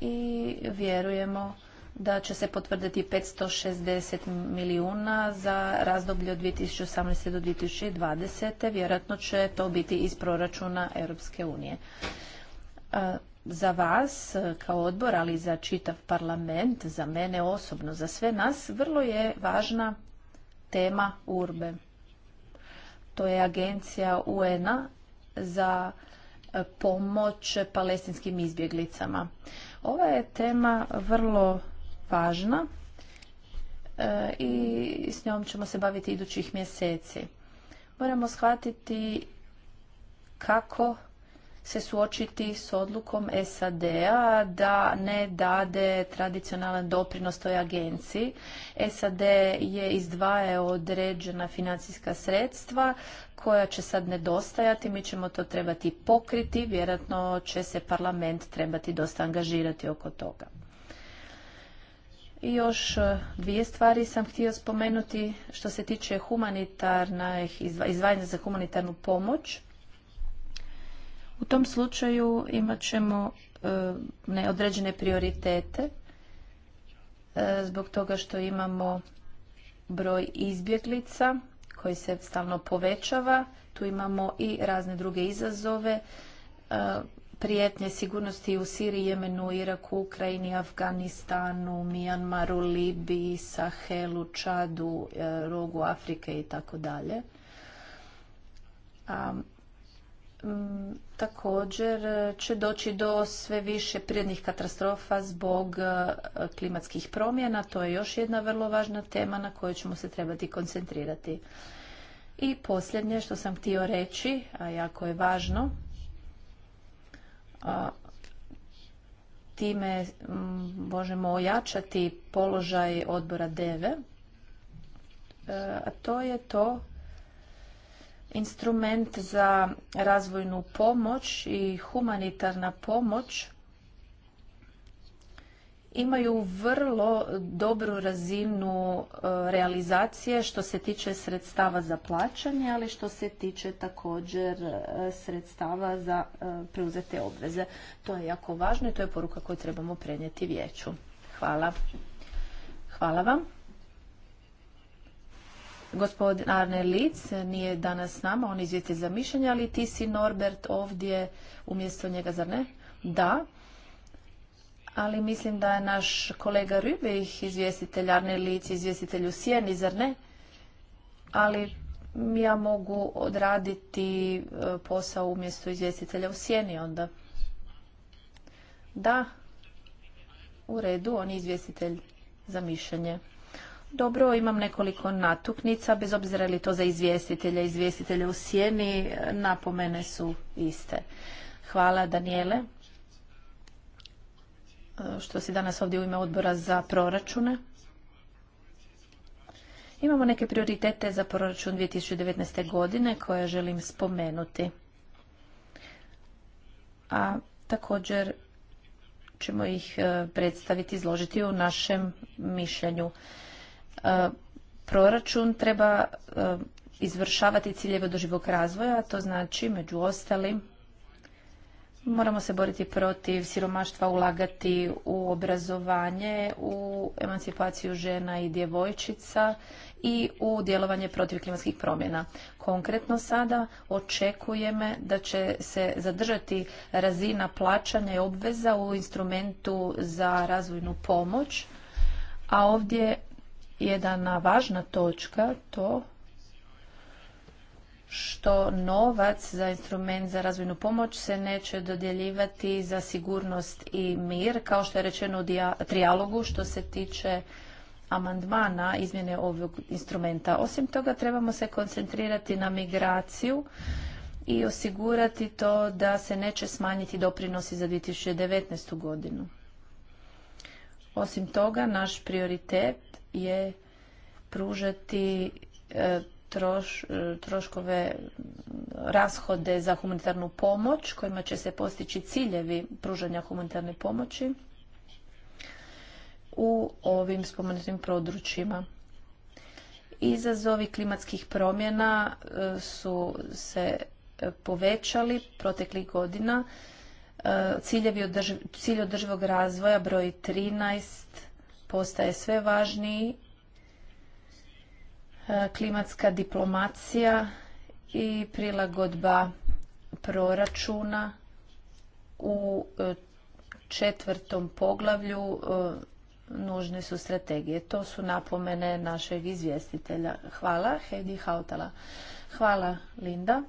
I vjerujemo da će se potvrditi 560 milijuna za razdoblje od 2018. do 2020. Vjerojatno će to biti iz proračuna Europske unije za vas e, kao odbor, ali i za čitav parlament, za mene osobno, za sve nas, vrlo je važna tema URBE. To je agencija UN-a za e, pomoć palestinskim izbjeglicama. Ova je tema vrlo važna e, i s njom ćemo se baviti idućih mjeseci. Moramo shvatiti kako se suočiti s odlukom SAD-a da ne dade tradicionalan doprinos toj agenciji. SAD je izdvajao određena financijska sredstva koja će sad nedostajati, mi ćemo to trebati pokriti, vjerojatno će se parlament trebati dosta angažirati oko toga. I još e, dvije stvari sam htio spomenuti što se tiče humanitarnih, izdvajanja za humanitarnu pomoć u tom slučaju imat ćemo e, neodređene prioritete e, zbog toga što imamo broj izbjeglica koji se stalno povećava. Tu imamo i razne druge izazove, e, prijetnje sigurnosti u Siriji, Jemenu, Iraku, Ukrajini, Afganistanu, Mijanmaru, Libiji, Sahelu, Čadu, rogu Afrike i tako dalje. Mm, također e, će doći do sve više prirodnih katastrofa zbog e, klimatskih promjena. To je još jedna vrlo važna tema na koju ćemo se trebati koncentrirati. I posljednje što sam htio reći, a jako je važno, time mm, možemo ojačati položaj odbora DEVE, a to je to Instrument za razvojnu pomoć i humanitarna pomoć imaju vrlo dobru razinu e, realizacije što se tiče sredstava za plaćanje, ali što se tiče također e, sredstava za e, preuzete obveze. To je jako važno i to je poruka koju trebamo prenijeti vijeću. Hvala. Hvala vam. Gospodin Arne Lic nije danas s nama, on izvjeti za mišljenje, ali ti si Norbert ovdje umjesto njega, zar ne? Da. Ali mislim da je naš kolega Rübih izvjestitelj, Arne Lic izvjestitelj u Sjeni, zar ne? Ali ja mogu odraditi e, posao umjesto izvjestitelja u Sjeni onda. Da, u redu, on je izvjestitelj za mišljenje. Dobro, imam nekoliko natuknica, bez obzira li to za izvjestitelja, izvjestitelje u sjeni, napomene su iste. Hvala Daniele. što si danas ovdje u ime odbora za proračune. Imamo neke prioritete za proračun 2019. godine koje želim spomenuti. A također ćemo ih e, predstaviti, izložiti u našem mišljenju. E, proračun treba e, izvršavati ciljeve održivog razvoja, to znači među ostalim moramo se boriti protiv siromaštva, ulagati u obrazovanje, u emancipaciju žena i djevojčica i u djelovanje protiv klimatskih promjena. Konkretno sada očekujem da će se zadržati razina plaćanja i obveza u instrumentu za razvojnu pomoć, a ovdje jedna važna točka to što novac za instrument za razvojnu pomoć se neće dodjeljivati za sigurnost i mir, kao što je rečeno u trijalogu što se tiče amandmana izmjene ovog instrumenta. Osim toga trebamo se koncentrirati na migraciju i osigurati to da se neće smanjiti doprinosi za 2019. godinu. Osim toga, naš prioritet je pružati e, troš, e, troškove rashode za humanitarnu pomoć kojima će se postići ciljevi pružanja humanitarne pomoći u ovim spomenutim područjima. Izazovi klimatskih promjena e, su se povećali proteklih godina. Ciljevi cilj održivog razvoja broj 13 postaje sve važniji, e, klimatska diplomacija i prilagodba proračuna u e, četvrtom poglavlju e, nužne su strategije. To su napomene našeg izvjestitelja. Hvala, Heidi Hautala. Hvala, Linda.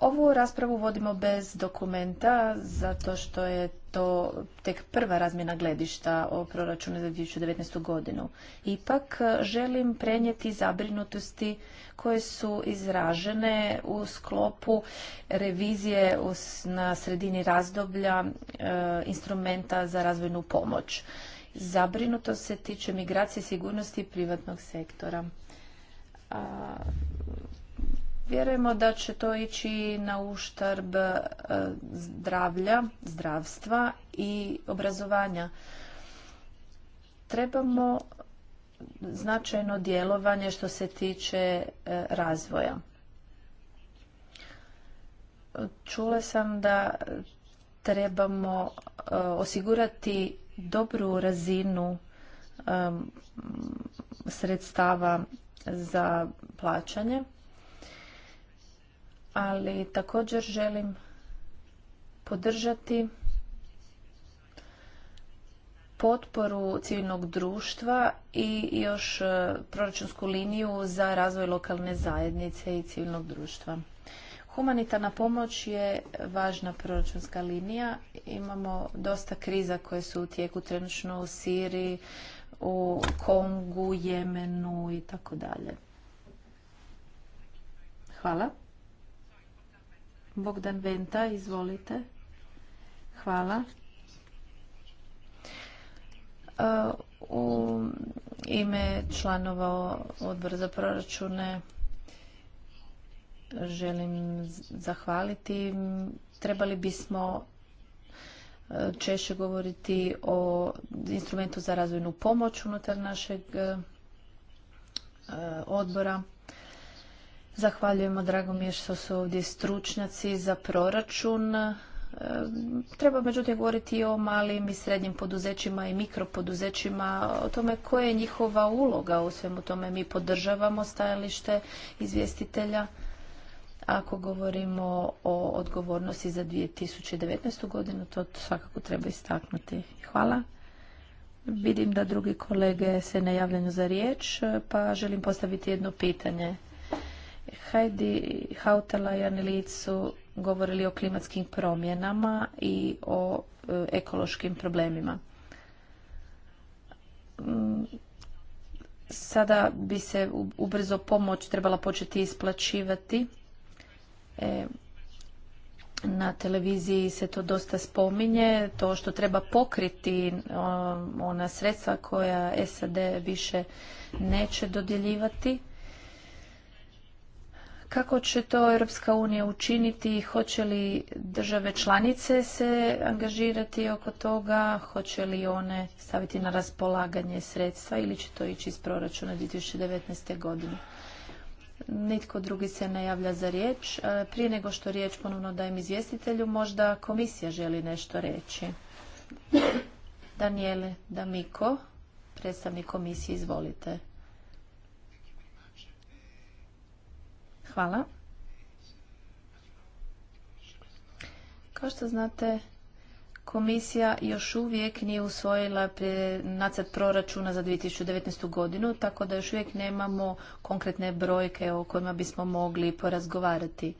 Ovu raspravu vodimo bez dokumenta zato što je to tek prva razmjena gledišta o proračunu za 2019. godinu. Ipak želim prenijeti zabrinutosti koje su izražene u sklopu revizije na sredini razdoblja e, instrumenta za razvojnu pomoć. Zabrinutost se tiče migracije sigurnosti privatnog sektora. Vjerujemo da će to ići na uštarb e, zdravlja, zdravstva i obrazovanja. Trebamo značajno djelovanje što se tiče e, razvoja. Čula sam da trebamo e, osigurati dobru razinu sredstava za plaćanje ali također želim podržati potporu civilnog društva i još e, proračunsku liniju za razvoj lokalne zajednice i civilnog društva. Humanitarna pomoć je važna proračunska linija. Imamo dosta kriza koje su u tijeku trenutno u Siriji, u Kongu, Jemenu i tako dalje. Hvala. Bogdan Venta, izvolite. Hvala. E, u ime članova odbora za proračune želim zahvaliti. Trebali bismo e, češće govoriti o instrumentu za razvojnu pomoć unutar našeg e, odbora. Zahvaljujemo, drago mi je što su ovdje stručnjaci za proračun. E, treba međutim govoriti i o malim i srednjim poduzećima i mikropoduzećima, o tome koja je njihova uloga u svemu tome. Mi podržavamo stajalište izvjestitelja. Ako govorimo o odgovornosti za 2019. godinu, to svakako treba istaknuti. Hvala. Vidim da drugi kolege se ne javljaju za riječ, pa želim postaviti jedno pitanje. Heidi Hautala i Annelied su govorili o klimatskim promjenama i o e, ekološkim problemima. Mm, sada bi se ubrzo pomoć trebala početi isplaćivati. E, na televiziji se to dosta spominje, to što treba pokriti ona sredstva koja SAD više neće dodjeljivati kako će to Europska unija učiniti? Hoće li države članice se angažirati oko toga? Hoće li one staviti na raspolaganje sredstva ili će to ići iz proračuna 2019. godine? Nitko drugi se ne javlja za riječ. E, prije nego što riječ ponovno dajem izvjestitelju, možda komisija želi nešto reći. Daniele Damiko, predstavnik komisije, izvolite. Hvala. Kao što znate, komisija još uvijek nije usvojila nacrt proračuna za 2019. godinu, tako da još uvijek nemamo konkretne brojke o kojima bismo mogli porazgovarati.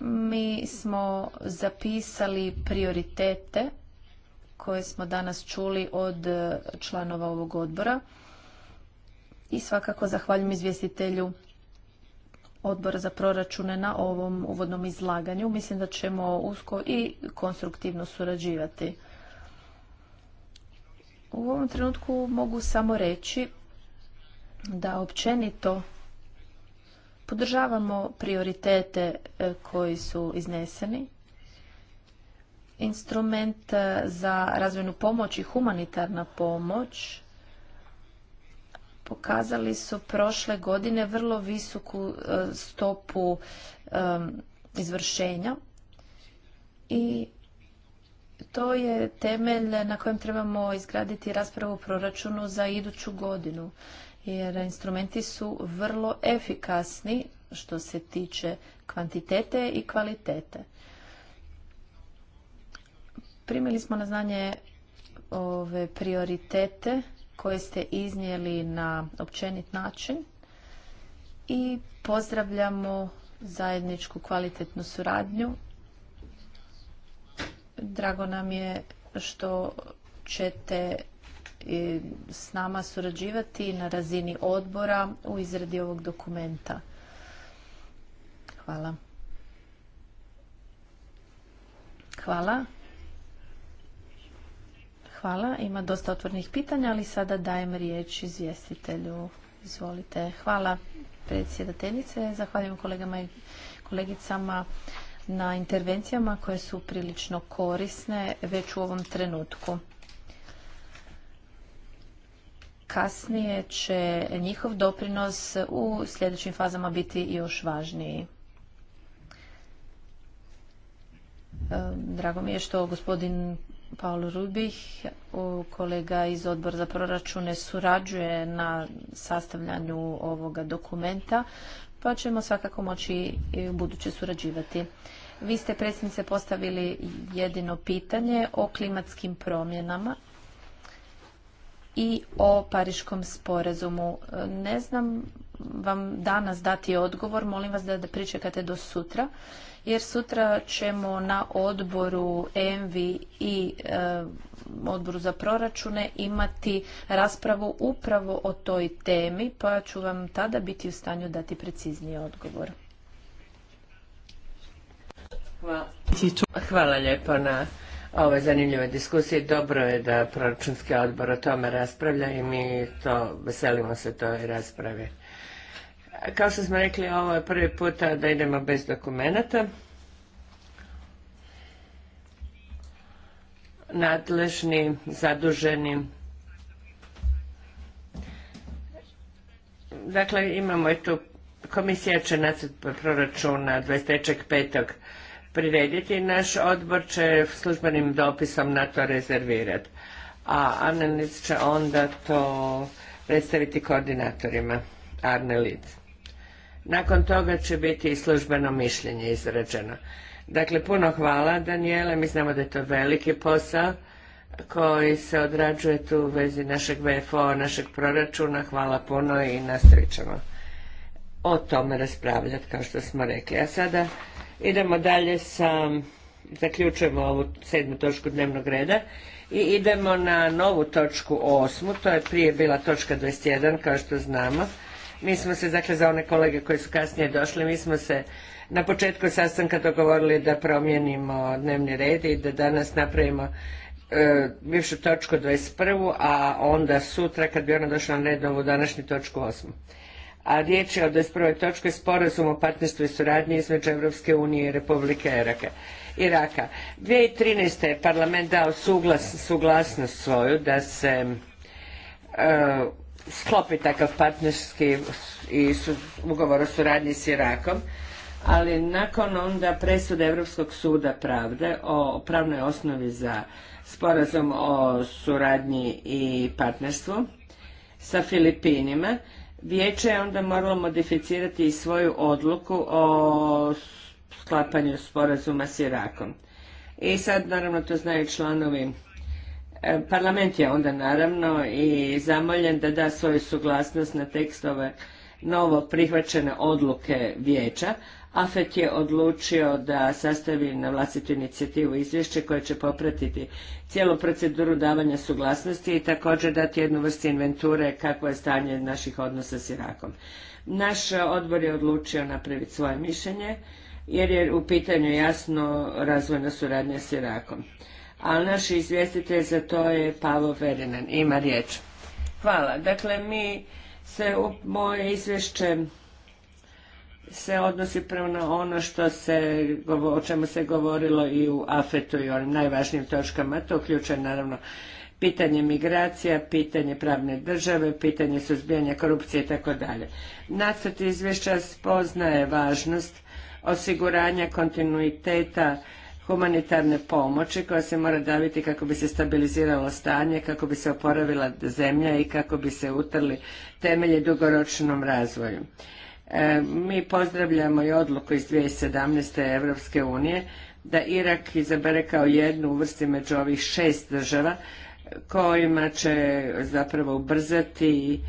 Mi smo zapisali prioritete koje smo danas čuli od članova ovog odbora i svakako zahvaljujem izvjestitelju odbora za proračune na ovom uvodnom izlaganju. Mislim da ćemo usko i konstruktivno surađivati. U ovom trenutku mogu samo reći da općenito podržavamo prioritete e, koji su izneseni. Instrument e, za razvojnu pomoć i humanitarna pomoć pokazali su prošle godine vrlo visoku e, stopu e, izvršenja i to je temelj na kojem trebamo izgraditi raspravu o proračunu za iduću godinu jer instrumenti su vrlo efikasni što se tiče kvantitete i kvalitete. Primili smo na znanje ove prioritete koje ste iznijeli na općenit način i pozdravljamo zajedničku kvalitetnu suradnju. Drago nam je što ćete e, s nama surađivati na razini odbora u izradi ovog dokumenta. Hvala. Hvala. Hvala. Ima dosta otvornih pitanja, ali sada dajem riječ izvjestitelju. Izvolite. Hvala predsjedateljice. Zahvaljujem kolegama i kolegicama na intervencijama koje su prilično korisne već u ovom trenutku. Kasnije će njihov doprinos u sljedećim fazama biti još važniji. Ehm, drago mi je što gospodin Paolo Rubih, kolega iz odbora za proračune, surađuje na sastavljanju ovoga dokumenta, pa ćemo svakako moći i buduće surađivati. Vi ste predsjednice postavili jedino pitanje o klimatskim promjenama i o Pariškom sporazumu. Ne znam vam danas dati odgovor, molim vas da, pričekate do sutra, jer sutra ćemo na odboru ENVI i e, odboru za proračune imati raspravu upravo o toj temi, pa ću vam tada biti u stanju dati precizniji odgovor. Hvala, Hvala na ove zanimljive diskusije, Dobro je da proračunski odbor o tome raspravlja i mi to, veselimo se toj raspravi. Kao što smo rekli, ovo je prvi puta da idemo bez dokumenata. Nadležni, zaduženi, dakle imamo i tu komisija će nacrt proračuna petog prirediti. Naš odbor će službenim dopisom na to rezervirati, a Arnelic će onda to predstaviti koordinatorima Arnelic. Nakon toga će biti i službeno mišljenje izrađeno. Dakle, puno hvala Daniele. mi znamo da je to veliki posao koji se odrađuje tu u vezi našeg VFO, našeg proračuna. Hvala puno i nastavit ćemo o tome raspravljati kao što smo rekli. A sada Idemo dalje sa, zaključujemo ovu sedmu točku dnevnog reda i idemo na novu točku osmu, to je prije bila točka 21 kao što znamo. Mi smo se, dakle za one kolege koji su kasnije došli, mi smo se na početku sastanka dogovorili da promijenimo dnevni red i da danas napravimo e, bivšu točku 21, a onda sutra kad bi ona došla na red ovu današnju točku osmu a riječ je o 21. točke sporazum o partnerstvu i suradnji između Europske unije i Republike Iraka. Iraka. 2013. je parlament dao suglasnost svoju da se e, sklopi takav partnerski i ugovor o suradnji s Irakom, ali nakon onda presude Europskog suda pravde o pravnoj osnovi za sporazum o suradnji i partnerstvu sa Filipinima, Vijeće je onda moralo modificirati i svoju odluku o sklapanju sporazuma s Irakom. I sad, naravno, to znaju članovi. E, parlament je onda, naravno, i zamoljen da da svoju suglasnost na tekstove novo prihvaćene odluke vijeća, AFET je odlučio da sastavi na vlastitu inicijativu izvješće koje će popratiti cijelu proceduru davanja suglasnosti i također dati jednu vrstu inventure kako je stanje naših odnosa s Irakom. Naš odbor je odlučio napraviti svoje mišljenje jer je u pitanju jasno razvojna suradnja s Irakom. Ali naš izvjestitelj za to je Pavo Verinan. Ima riječ. Hvala. Dakle, mi se u moje izvješće se odnosi prvo na ono što se, o čemu se govorilo i u afetu i onim najvažnijim točkama, to uključuje naravno pitanje migracija, pitanje pravne države, pitanje suzbijanja korupcije i tako dalje. Nacrt izvješća spoznaje važnost osiguranja kontinuiteta humanitarne pomoći koja se mora daviti kako bi se stabiliziralo stanje, kako bi se oporavila zemlja i kako bi se utrli temelji dugoročnom razvoju. E, mi pozdravljamo i odluku iz 2017. Evropske unije da Irak izabere kao jednu u vrsti među ovih šest država kojima će zapravo ubrzati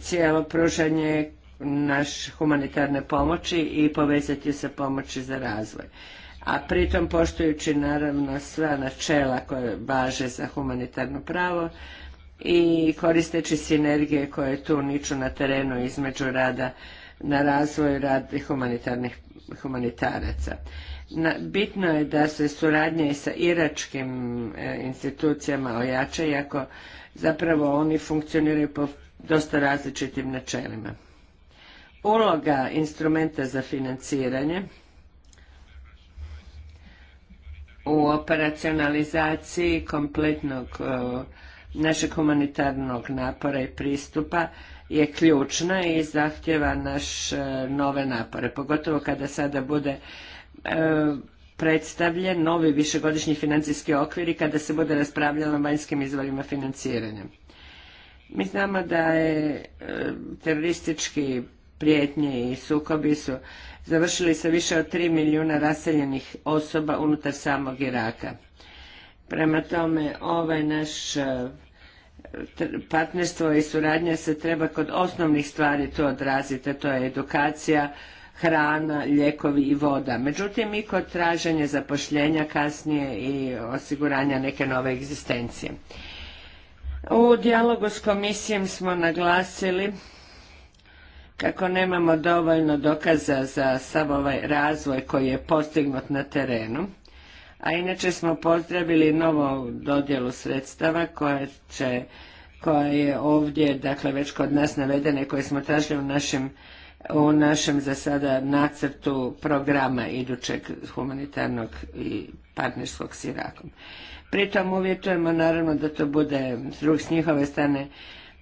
cijelo pružanje naš humanitarne pomoći i povezati se pomoći za razvoj. A pritom poštujući naravno sva načela koje važe za humanitarno pravo i koristeći sinergije koje tu niču na terenu između rada na razvoj rad humanitarnih humanitaraca. bitno je da se suradnja i sa iračkim e, institucijama ojača, iako zapravo oni funkcioniraju po dosta različitim načelima. Uloga instrumenta za financiranje u operacionalizaciji kompletnog e, našeg humanitarnog napora i pristupa je ključna i zahtjeva naš e, nove napore, pogotovo kada sada bude e, predstavljen novi višegodišnji financijski okvir i kada se bude raspravljalo o vanjskim izvorima financiranja. Mi znamo da je e, teroristički prijetnje i sukobi su završili sa više od 3 milijuna raseljenih osoba unutar samog Iraka. Prema tome, ovaj naš partnerstvo i suradnja se treba kod osnovnih stvari tu odraziti, a to je edukacija, hrana, lijekovi i voda. Međutim, i kod traženja zapošljenja kasnije i osiguranja neke nove egzistencije. U dijalogu s komisijom smo naglasili kako nemamo dovoljno dokaza za sav ovaj razvoj koji je postignut na terenu a inače smo pozdravili novu dodjelu sredstava koja će koja je ovdje, dakle već kod nas navedene, koje smo tražili u našem, u našem za sada nacrtu programa idućeg humanitarnog i partnerskog s Irakom. Pritom uvjetujemo naravno da to bude s njihove strane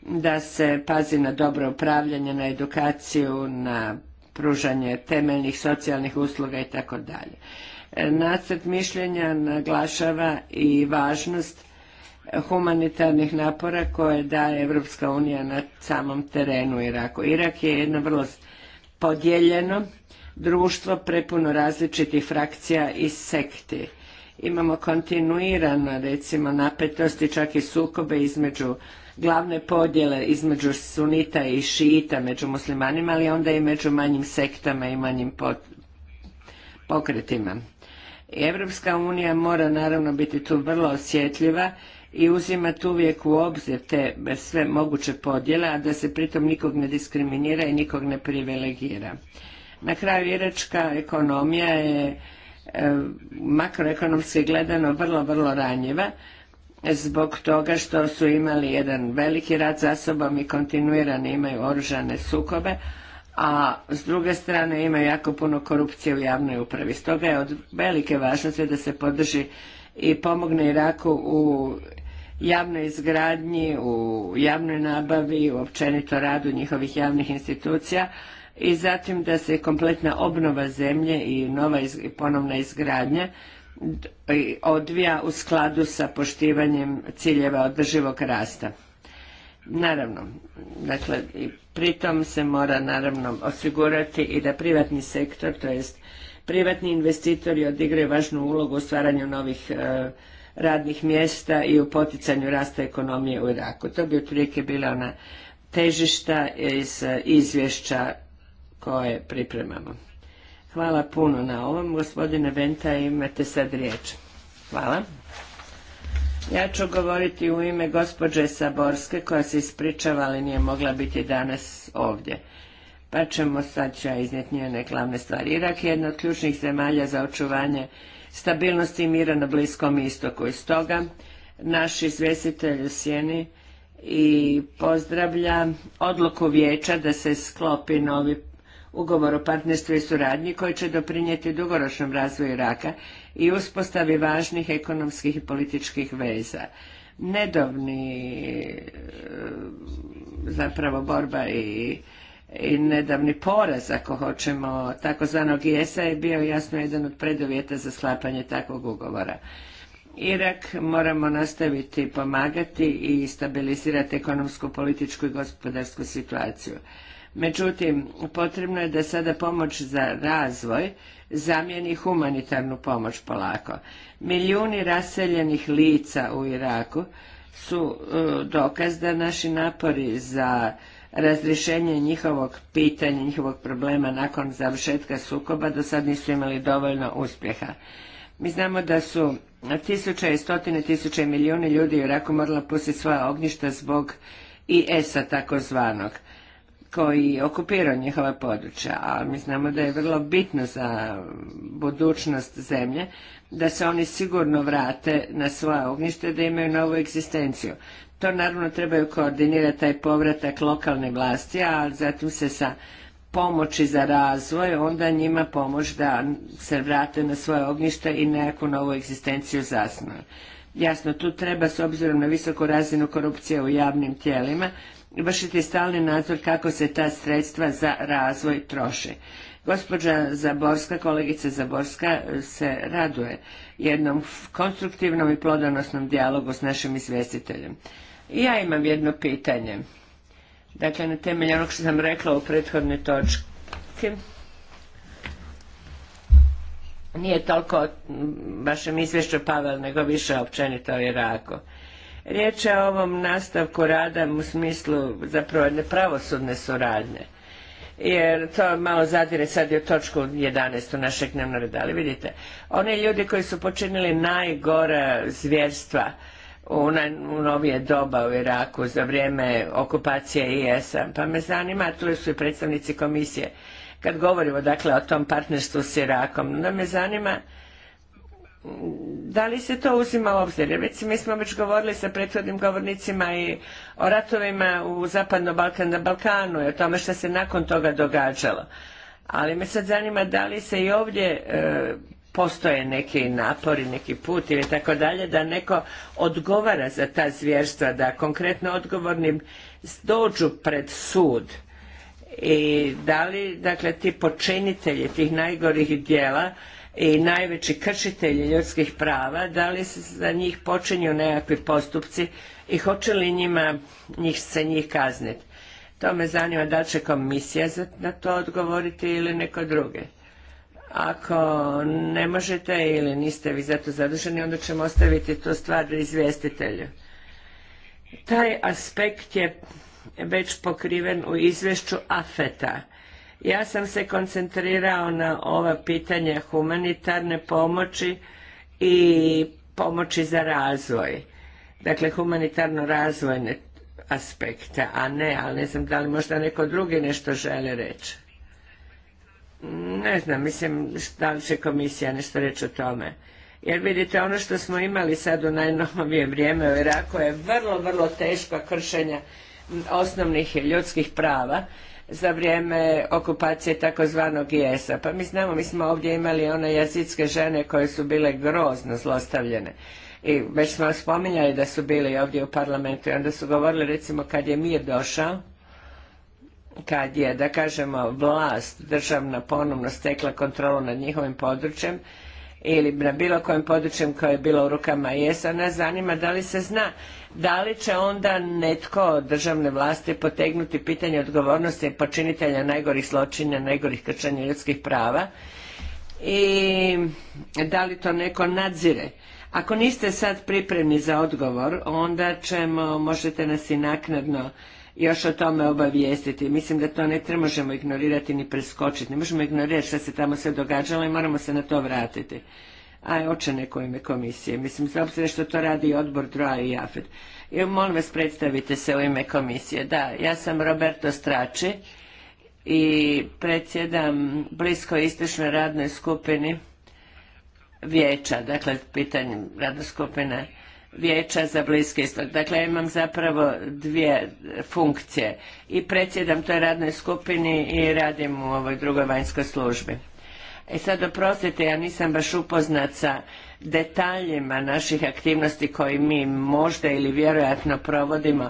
da se pazi na dobro upravljanje, na edukaciju, na pružanje temeljnih socijalnih usluga i tako dalje. Nacrt mišljenja naglašava i važnost humanitarnih napora koje daje Evropska unija na samom terenu Iraku. Irak je jedno vrlo podijeljeno društvo prepuno različitih frakcija i sekti. Imamo kontinuirano recimo napetosti, čak i sukobe između glavne podjele između sunita i šiita među muslimanima, ali onda i među manjim sektama i manjim pokretima. I Evropska unija mora naravno biti tu vrlo osjetljiva i uzimati uvijek u obzir te sve moguće podjele, a da se pritom nikog ne diskriminira i nikog ne privilegira. Na kraju iračka ekonomija je e, makroekonomski gledano vrlo, vrlo ranjiva zbog toga što su imali jedan veliki rat za sobom i kontinuirano imaju oružane sukobe, a s druge strane ima jako puno korupcije u javnoj upravi. Stoga je od velike važnosti da se podrži i pomogne Iraku u javnoj izgradnji, u javnoj nabavi, u općenito radu njihovih javnih institucija i zatim da se kompletna obnova zemlje i nova i ponovna izgradnja odvija u skladu sa poštivanjem ciljeva održivog rasta. Naravno, dakle, tom se mora naravno osigurati i da privatni sektor, to jest privatni investitori odigraju važnu ulogu u stvaranju novih e, radnih mjesta i u poticanju rasta ekonomije u Iraku. To bi otprilike bila ona težišta iz e, izvješća koje pripremamo. Hvala puno na ovom. Gospodine Venta, imate sad riječ. Hvala. Ja ću govoriti u ime gospođe Saborske koja se ispričava, ali nije mogla biti danas ovdje. Pa ćemo sad ću ja iznijeti njene glavne stvari. Irak je jedna od ključnih zemalja za očuvanje stabilnosti i mira na Bliskom istoku. I stoga naš izvjestitelj u Sjeni i pozdravlja odluku vijeća da se sklopi novi ugovor o partnerstvu i suradnji koji će doprinijeti dugoročnom razvoju Iraka i uspostavi važnih ekonomskih i političkih veza. Nedovni e, zapravo borba i i nedavni poraz, ako hoćemo, takozvanog is je bio jasno jedan od preduvjeta za sklapanje takvog ugovora. Irak moramo nastaviti pomagati i stabilizirati ekonomsku, političku i gospodarsku situaciju. Međutim, potrebno je da sada pomoć za razvoj zamijeni humanitarnu pomoć polako. Milijuni raseljenih lica u Iraku su e, dokaz da naši napori za razrješenje njihovog pitanja, njihovog problema nakon završetka sukoba do sad nisu imali dovoljno uspjeha. Mi znamo da su tisuće i stotine tisuća i milijuni ljudi u Iraku morala pustiti svoja ognjišta zbog IS-a takozvanog koji okupirao njihova područja, a mi znamo da je vrlo bitno za budućnost zemlje da se oni sigurno vrate na svoje ognjište, da imaju novu egzistenciju. To naravno trebaju koordinirati taj povratak lokalne vlasti, a zatim se sa pomoći za razvoj, onda njima pomoć da se vrate na svoje ognjište i neku novu egzistenciju zasnuju. Jasno, tu treba s obzirom na visoku razinu korupcije u javnim tijelima vršiti stalni nadzor kako se ta sredstva za razvoj troše. Gospođa Zaborska, kolegica Zaborska e, se raduje jednom konstruktivnom i plodonosnom dijalogu s našim izvjestiteljem. Ja imam jedno pitanje. Dakle, na temelju onog što sam rekla u prethodnoj točki, nije toliko vašem izvješću Pavel, nego više općenito o Iraku. Riječ je o ovom nastavku rada u smislu zapravo jedne pravosudne suradnje. Jer to malo zadire sad i u točku 11. našeg dnevnog reda. Ali vidite, oni ljudi koji su počinili najgora zvjerstva u, novije doba u Iraku za vrijeme okupacije IS-a, pa me zanima, tu su i predstavnici komisije, kad govorimo dakle o tom partnerstvu s Irakom, Da me zanima da li se to uzima u obzir? recimo mi smo već govorili sa prethodnim govornicima i o ratovima u Zapadno Balkan na Balkanu i o tome što se nakon toga događalo. Ali me sad zanima da li se i ovdje e, postoje neki napori, neki put ili tako dalje, da neko odgovara za ta zvjerstva, da konkretno odgovornim dođu pred sud i da li, dakle, ti počinitelji tih najgorih dijela i najveći kršitelji ljudskih prava, da li se za njih počinju nekakvi postupci i hoće li njima, njih se njih kazniti. To me zanima da li će komisija na to odgovoriti ili neko druge. Ako ne možete ili niste vi za to zaduženi, onda ćemo ostaviti tu stvar izvjestitelju. Taj aspekt je već pokriven u izvješću AFETA ja sam se koncentrirao na ova pitanja humanitarne pomoći i pomoći za razvoj. Dakle, humanitarno-razvojne aspekte, a ne, ali ne znam da li možda neko drugi nešto želi reći. Ne znam, mislim da li će komisija nešto reći o tome. Jer vidite, ono što smo imali sad u najnovije vrijeme u Iraku je vrlo, vrlo teška kršenja osnovnih ljudskih prava za vrijeme okupacije takozvanog IS-a. Pa mi znamo, mi smo ovdje imali one jazitske žene koje su bile grozno zlostavljene. I već smo spominjali da su bili ovdje u parlamentu i onda su govorili recimo kad je mir došao, kad je, da kažemo, vlast državna ponovno stekla kontrolu nad njihovim područjem, ili na bilo kojem područjem koje je bilo u rukama jesa, nas zanima da li se zna da li će onda netko od državne vlasti potegnuti pitanje odgovornosti počinitelja najgorih zločina, najgorih kršenja ljudskih prava i da li to neko nadzire. Ako niste sad pripremni za odgovor, onda ćemo, možete nas i naknadno još o tome obavijestiti. Mislim da to ne možemo ignorirati ni preskočiti. Ne možemo ignorirati što se tamo sve događalo i moramo se na to vratiti. A je oče neko ime komisije. Mislim, s obzira što to radi odbor DROA i Jafet. I molim vas, predstavite se u ime komisije. Da, ja sam Roberto Strači i predsjedam blisko istočnoj radnoj skupini vijeća, dakle, pitanje radne skupine vijeća za Bliski istok. Dakle, ja imam zapravo dvije funkcije. I predsjedam toj radnoj skupini i radim u ovoj drugoj vanjskoj službi. E sad, oprostite, ja nisam baš upoznat sa detaljima naših aktivnosti koje mi možda ili vjerojatno provodimo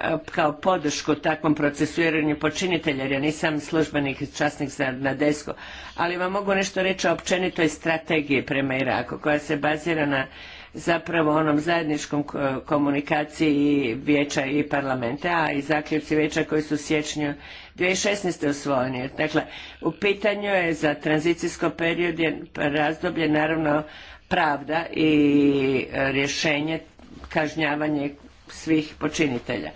e, kao podršku takvom procesuiranju počinitelja, jer ja nisam službenik i časnik na desku, ali vam mogu nešto reći o općenitoj strategiji prema Iraku, koja se bazira na zapravo onom zajedničkom komunikaciji vijeća i parlamenta, a i zaključci vijeća koji su u siječnju 2016. usvojeni. Dakle, u pitanju je za tranzicijsko period je razdoblje naravno pravda i e, rješenje kažnjavanje svih počinitelja.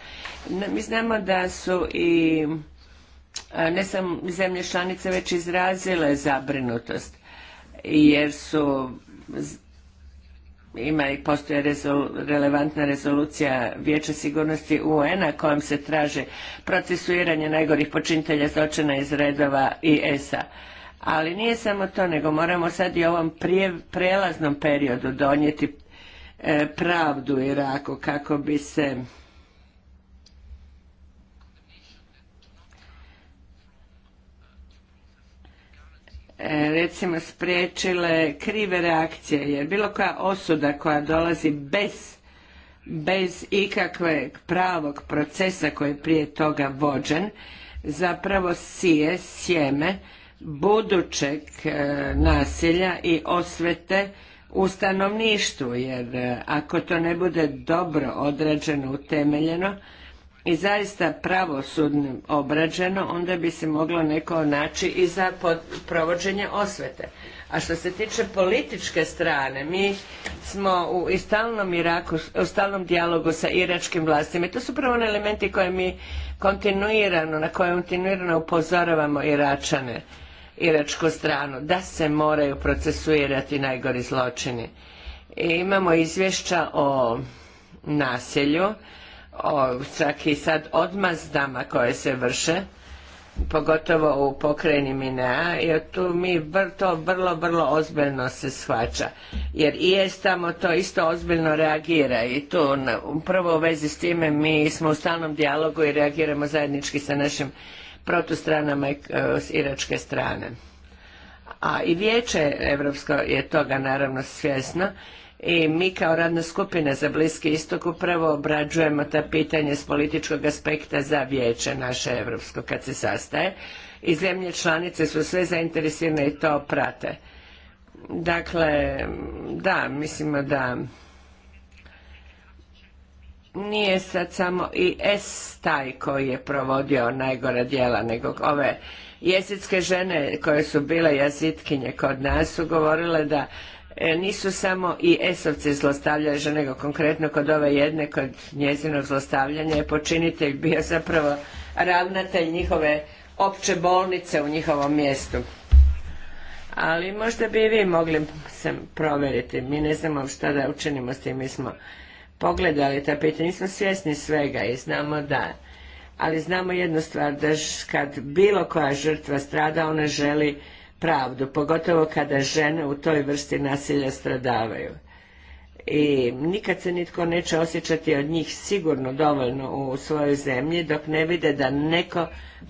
Mi znamo da su i e, ne samo zemlje članice već izrazile zabrinutost jer su ima i postoje relevantna rezolucija Vijeća sigurnosti UN-a kojom se traže procesuiranje najgorih počinitelja zločina iz redova IS-a. Ali nije samo to, nego moramo sad i u ovom prelaznom periodu donijeti e, pravdu Iraku kako bi se E, recimo spriječile krive reakcije jer bilo koja osuda koja dolazi bez bez ikakve pravog procesa koji je prije toga vođen zapravo sije sjeme budućeg e, nasilja i osvete u stanovništvu jer e, ako to ne bude dobro određeno, utemeljeno i zaista pravosudno obrađeno, onda bi se moglo neko naći i za provođenje osvete. A što se tiče političke strane, mi smo u stalnom Iraku, u stalnom dijalogu sa iračkim vlastima i to su prvo elementi koje mi kontinuirano, na koje kontinuirano upozoravamo Iračane, iračku stranu, da se moraju procesuirati najgori zločini. I imamo izvješća o nasilju o, čak i sad odmazdama koje se vrše, pogotovo u pokreni Minea, jer tu mi to vrlo, vrlo ozbiljno se shvaća. Jer IS tamo to isto ozbiljno reagira i tu prvo u vezi s time mi smo u stalnom dijalogu i reagiramo zajednički sa našim protustranama e, s iračke strane. A i vijeće Evropsko je toga naravno svjesno i mi kao radna skupina za Bliski istok upravo obrađujemo ta pitanja s političkog aspekta za vijeće naše europsko kad se sastaje i zemlje članice su sve zainteresirane i to prate. Dakle, da, mislimo da nije sad samo i S taj koji je provodio najgora djela, nego ove jesitske žene koje su bile jazitkinje kod nas su govorile da E, nisu samo i esovci zlostavljače, nego konkretno kod ove jedne, kod njezinog zlostavljanja je počinitelj bio zapravo ravnatelj njihove opće bolnice u njihovom mjestu. Ali možda bi i vi mogli se provjeriti. Mi ne znamo šta da učinimo s tim. Mi smo pogledali ta pitanja. Nismo svjesni svega i znamo da ali znamo jednu stvar, da kad bilo koja žrtva strada, ona želi pravdu, pogotovo kada žene u toj vrsti nasilja stradavaju. I nikad se nitko neće osjećati od njih sigurno dovoljno u svojoj zemlji dok ne vide da neko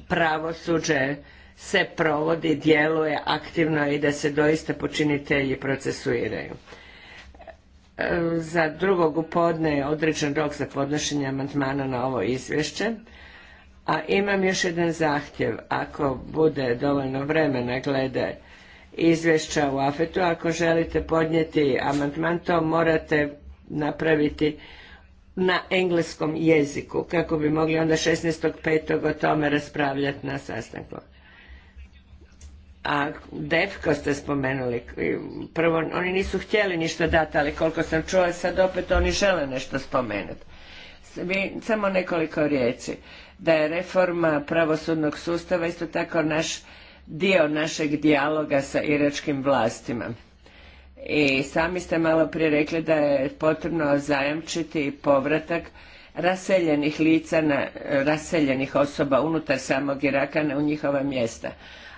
pravosuđe se provodi, djeluje aktivno i da se doista počinitelji procesuiraju. E, za drugog upodne podne je određen rok za podnošenje amandmana na ovo izvješće. A imam još jedan zahtjev, ako bude dovoljno vremena glede izvješća u afetu, ako želite podnijeti amandman, to morate napraviti na engleskom jeziku, kako bi mogli onda 16.5. o tome raspravljati na sastanku. A Defko ste spomenuli, prvo oni nisu htjeli ništa dati, ali koliko sam čula sad opet oni žele nešto spomenuti. Samo nekoliko riječi da je reforma pravosudnog sustava isto tako naš dio našeg dijaloga sa iračkim vlastima. I sami ste malo prije rekli da je potrebno zajamčiti povratak raseljenih lica, na, raseljenih osoba unutar samog Iraka u njihova mjesta.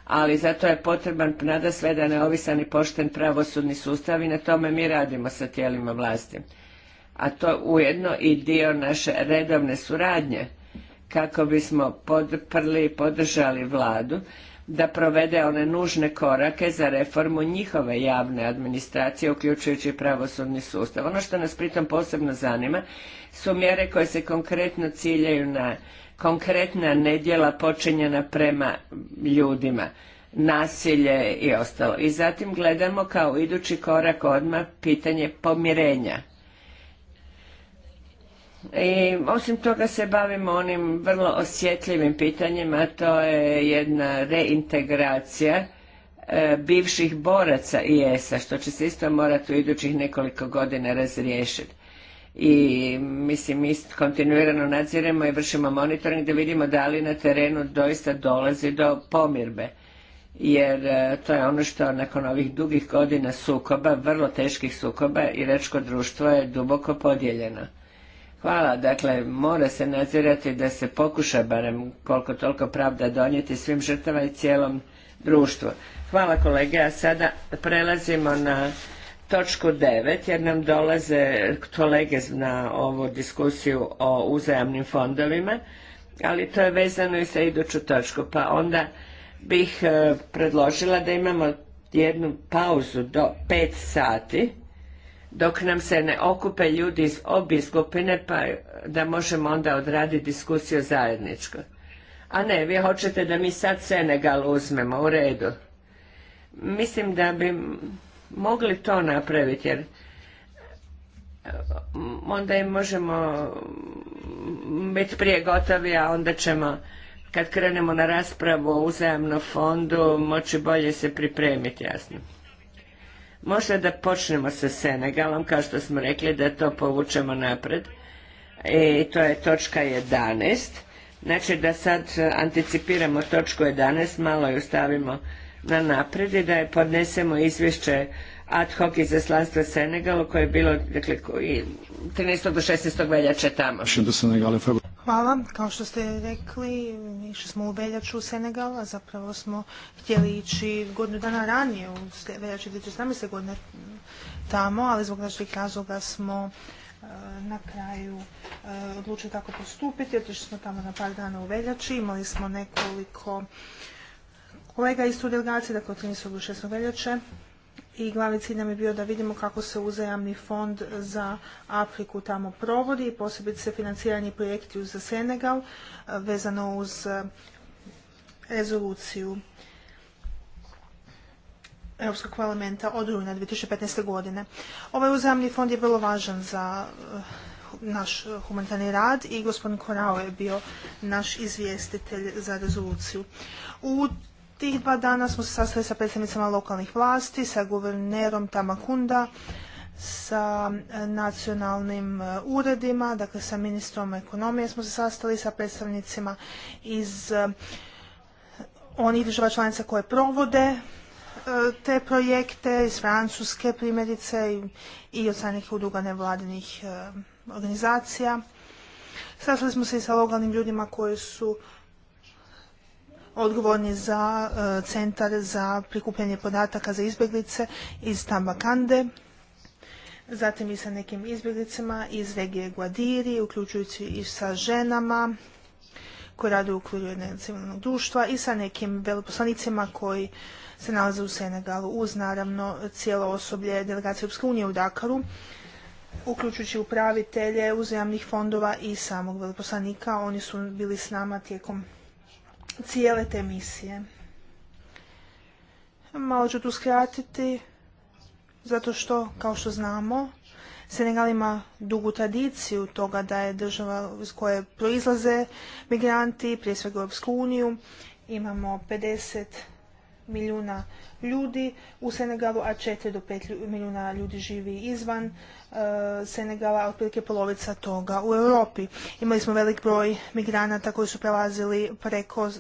Ali zato je potreban nada sve da neovisan i pošten pravosudni sustav i na tome mi radimo sa tijelima vlasti. A to ujedno i dio naše redovne suradnje kako bismo podprli i podržali vladu da provede one nužne korake za reformu njihove javne administracije, uključujući pravosudni sustav. Ono što nas pritom posebno zanima su mjere koje se konkretno ciljaju na konkretna nedjela počinjena prema ljudima, nasilje i ostalo. I zatim gledamo kao idući korak odmah pitanje pomirenja i osim toga se bavimo onim vrlo osjetljivim pitanjima, a to je jedna reintegracija e, bivših boraca IS-a, što će se isto morati u idućih nekoliko godina razriješiti. I mislim, mi kontinuirano nadziremo i vršimo monitoring da vidimo da li na terenu doista dolazi do pomirbe. Jer e, to je ono što nakon ovih dugih godina sukoba, vrlo teških sukoba, iračko društvo je duboko podijeljeno Hvala, dakle, mora se nazirati da se pokuša barem koliko toliko pravda donijeti svim žrtava i cijelom društvu. Hvala kolege, a sada prelazimo na točku 9 jer nam dolaze kolege na ovu diskusiju o uzajamnim fondovima, ali to je vezano i sa iduću točku, pa onda bih e, predložila da imamo jednu pauzu do 5 sati dok nam se ne okupe ljudi iz obje skupine pa da možemo onda odraditi diskusiju zajedničko. A ne, vi hoćete da mi sad Senegal uzmemo, u redu. Mislim da bi mogli to napraviti jer onda im možemo biti prije gotovi, a onda ćemo kad krenemo na raspravu o uzajamnom fondu moći bolje se pripremiti, jasno. Možda da počnemo sa Senegalom, kao što smo rekli, da to povučemo napred. E, I to je točka 11. Znači da sad anticipiramo točku 11, malo ju stavimo na napred i da je podnesemo izvješće ad hoc izaslanstva Senegalu koje je bilo dakle, 13. do 16. veljače tamo. Hvala. Kao što ste rekli, išli smo u veljaču u Senegal, a zapravo smo htjeli ići godinu dana ranije, u veljači 2017. godine tamo, ali zbog naših razloga smo e, na kraju e, odlučili tako postupiti. Otišli smo tamo na par dana u veljači, imali smo nekoliko kolega iz tu delegacije, dakle od 13. do 16. veljače i glavni cilj nam je bio da vidimo kako se uzajamni fond za Afriku tamo provodi i posebice financiranje projekti za Senegal e, vezano uz e, rezoluciju Europskog parlamenta od rujna 2015. godine. Ovaj uzajamni fond je vrlo važan za e, naš humanitarni rad i gospodin Korao je bio naš izvjestitelj za rezoluciju. U Tih dva dana smo se sastali sa predstavnicama lokalnih vlasti, sa guvernerom Tamakunda, sa e, nacionalnim e, uredima, dakle sa ministrom ekonomije smo se sastali, sa predstavnicima iz e, onih država članica koje provode te projekte iz Francuske primjerice i od stranih udruga nevladinih organizacija. Sastali smo se i sa lokalnim ljudima koji su odgovorni za e, centar za prikupljanje podataka za izbjeglice iz Tambakande, zatim i sa nekim izbjeglicama iz regije Guadiri, uključujući i sa ženama koji rade u okviru jednog civilnog društva i sa nekim veleposlanicima koji se nalaze u Senegalu uz naravno cijelo osoblje delegacije Europske unije u Dakaru uključujući upravitelje uzajamnih fondova i samog veleposlanika. Oni su bili s nama tijekom cijele te misije. Malo ću tu skratiti, zato što, kao što znamo, Senegal ima dugu tradiciju toga da je država iz koje proizlaze migranti, prije svega Europsku uniju. Imamo 50 milijuna ljudi u Senegalu, a 4 do 5 milijuna ljudi živi izvan Eh, Senegala, otprilike polovica toga u Europi. Imali smo velik broj migranata koji su prelazili preko eh,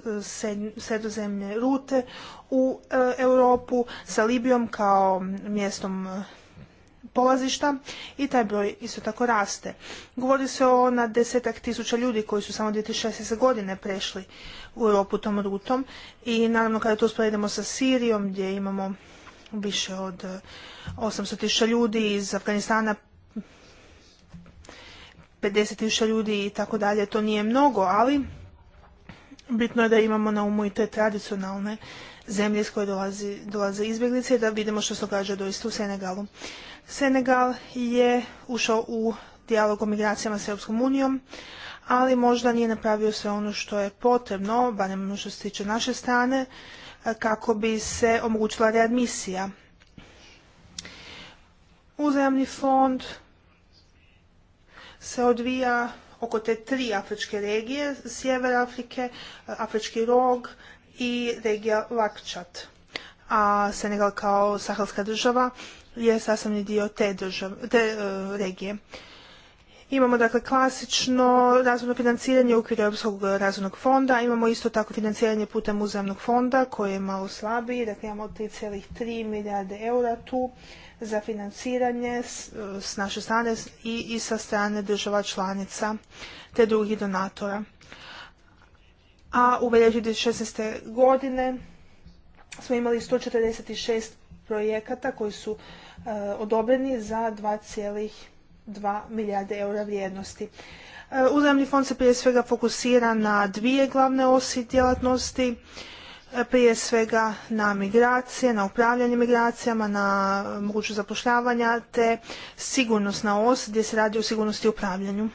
sredozemne rute u eh, Europu sa Libijom kao mm, mjestom polazišta i taj broj isto tako raste. Govori se o na desetak tisuća ljudi koji su samo 2016. godine prešli u Europu tom rutom i naravno kada to usporedimo sa Sirijom gdje imamo više od 800 e, tisuća ljudi iz Afganistana, 50 tisuća ljudi i tako dalje. To nije mnogo, ali bitno je da imamo na umu i te tradicionalne zemlje iz koje dolazi, dolaze izbjeglice i da vidimo što se događa doista u Senegalu. Senegal je ušao u dijalog o migracijama s Europskom unijom, ali možda nije napravio sve ono što je potrebno, barem što se tiče naše strane, kako bi se omogućila readmisija. Uzajamni fond se odvija oko te tri afričke regije, sjever Afrike, Afrički rog i regija Lakčat. A Senegal kao sahelska država je sastavni dio te, e, regije. Imamo dakle klasično razvojno financiranje u okviru Europskog razvojnog fonda, imamo isto tako financiranje putem uzemnog fonda koji je malo slabiji, dakle imamo 3,3 milijarde eura tu za financiranje s, naše strane i, i sa strane država članica te drugih donatora. A u veljači 2016. godine smo imali 146 projekata koji su e, odobreni za 2,5 2 milijarde eura vrijednosti. E, Uzajemni fond se prije svega fokusira na dvije glavne osi djelatnosti, e, prije svega na migracije, na upravljanje migracijama, na mogućnost zapošljavanja te sigurnosna os gdje se radi o sigurnosti i upravljanju.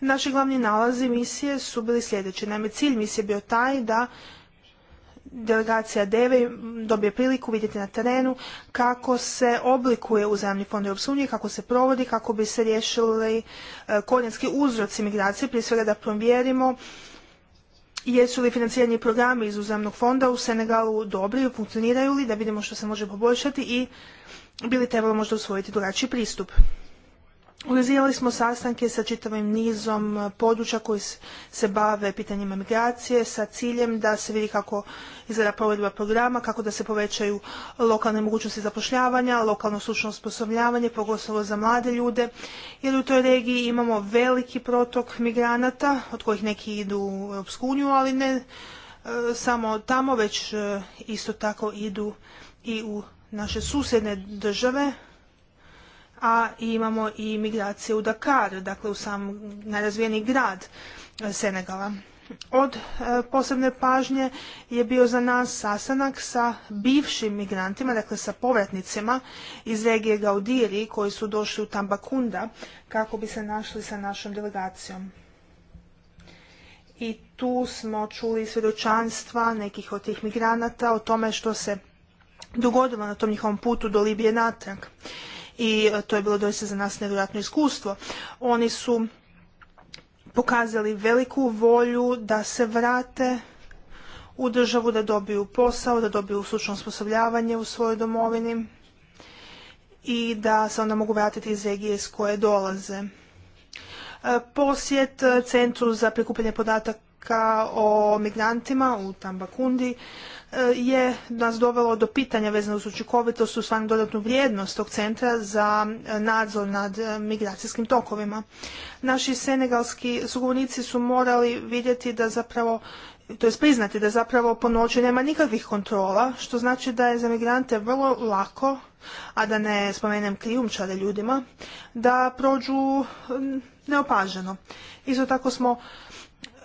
Naši glavni nalazi misije su bili sljedeći. Naime, cilj misije je bio taj da delegacija DEVE dobije priliku vidjeti na terenu kako se oblikuje uzajamni fond Europske kako se provodi, kako bi se riješili e, korijenski uzroci migracije, prije svega da provjerimo jesu li financirani programi iz uzajamnog fonda u Senegalu dobri, funkcioniraju li, da vidimo što se može poboljšati i bi li trebalo možda usvojiti drugačiji pristup. Organizirali smo sastanke sa čitavim nizom e, područja koji se bave pitanjima migracije sa ciljem da se vidi kako izgleda provedba programa, kako da se povećaju lokalne mogućnosti zapošljavanja, lokalno stručno osposobljavanje, pogotovo za mlade ljude, jer u toj regiji imamo veliki protok migranata, od kojih neki idu u Europsku uniju, ali ne e, samo tamo, već e, isto tako idu i u naše susjedne države, a imamo i migracije u Dakar, dakle u sam najrazvijeniji grad e, Senegala. Od e, posebne pažnje je bio za nas sastanak sa bivšim migrantima, dakle sa povratnicima iz regije Gaudiri koji su došli u Tambakunda kako bi se našli sa našom delegacijom. I tu smo čuli svjedočanstva nekih od tih migranata o tome što se dogodilo na tom njihovom putu do Libije natrag i e, to je bilo doista za nas nevjerojatno iskustvo. Oni su pokazali veliku volju da se vrate u državu, da dobiju posao, da dobiju stručno osposobljavanje u svojoj domovini i da se onda mogu vratiti iz regije iz koje dolaze. E, posjet Centru za prikupljanje podataka o migrantima u Tambakundi E, je nas dovelo do pitanja vezano uz učinkovitost u stvarno dodatnu vrijednost tog centra za e, nadzor nad e, migracijskim tokovima. Naši senegalski sugovornici su morali vidjeti da zapravo to je priznati da zapravo po noći nema nikakvih kontrola, što znači da je za migrante vrlo lako, a da ne spomenem krijumčare ljudima, da prođu neopaženo. Isto tako smo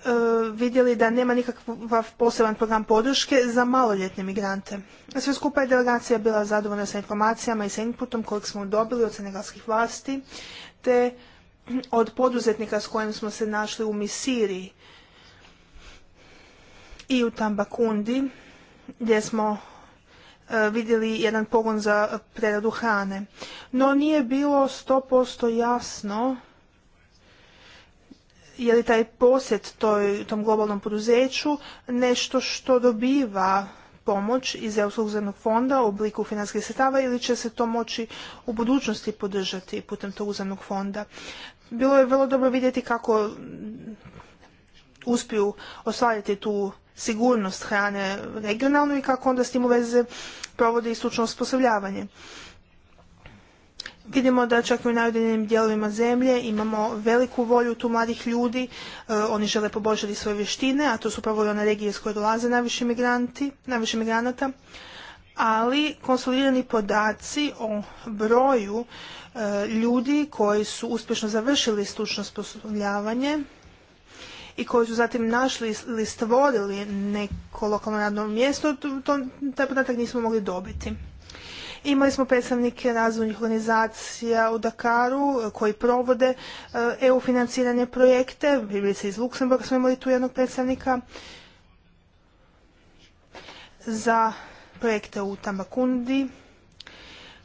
E, vidjeli da nema nikakav poseban program podrške za maloljetne migrante. Sve skupa je delegacija bila zadovoljna sa informacijama i sa inputom kojeg smo dobili od senegalskih vlasti, te od poduzetnika s kojim smo se našli u Misiri i u Tambakundi, gdje smo e, vidjeli jedan pogon za preradu hrane. No nije bilo 100% jasno je li taj posjet toj, tom globalnom poduzeću nešto što dobiva pomoć iz Europskog uzemnog fonda u obliku financijskih sredstava ili će se to moći u budućnosti podržati putem tog uzemnog fonda. Bilo je vrlo dobro vidjeti kako uspiju ostvariti tu sigurnost hrane regionalnu i kako onda s tim u veze provode i stručno osposobljavanje. Vidimo da čak i u najudaljenim dijelovima zemlje imamo veliku volju tu mladih ljudi, e, oni žele poboljšati svoje vještine, a to su upravo one regije iz koje dolaze najviše, migranti, najviše migranata, ali konsolidirani podaci o broju e, ljudi koji su uspješno završili stručno sposobljavanje i koji su zatim našli ili stvorili neko lokalno radno mjesto, to, taj podatak nismo mogli dobiti. Imali smo predstavnike razvojnih organizacija u Dakaru eh, koji provode eh, EU financiranje projekte. Bili se iz Luksemburga smo imali tu jednog predstavnika za projekte u Tamakundi.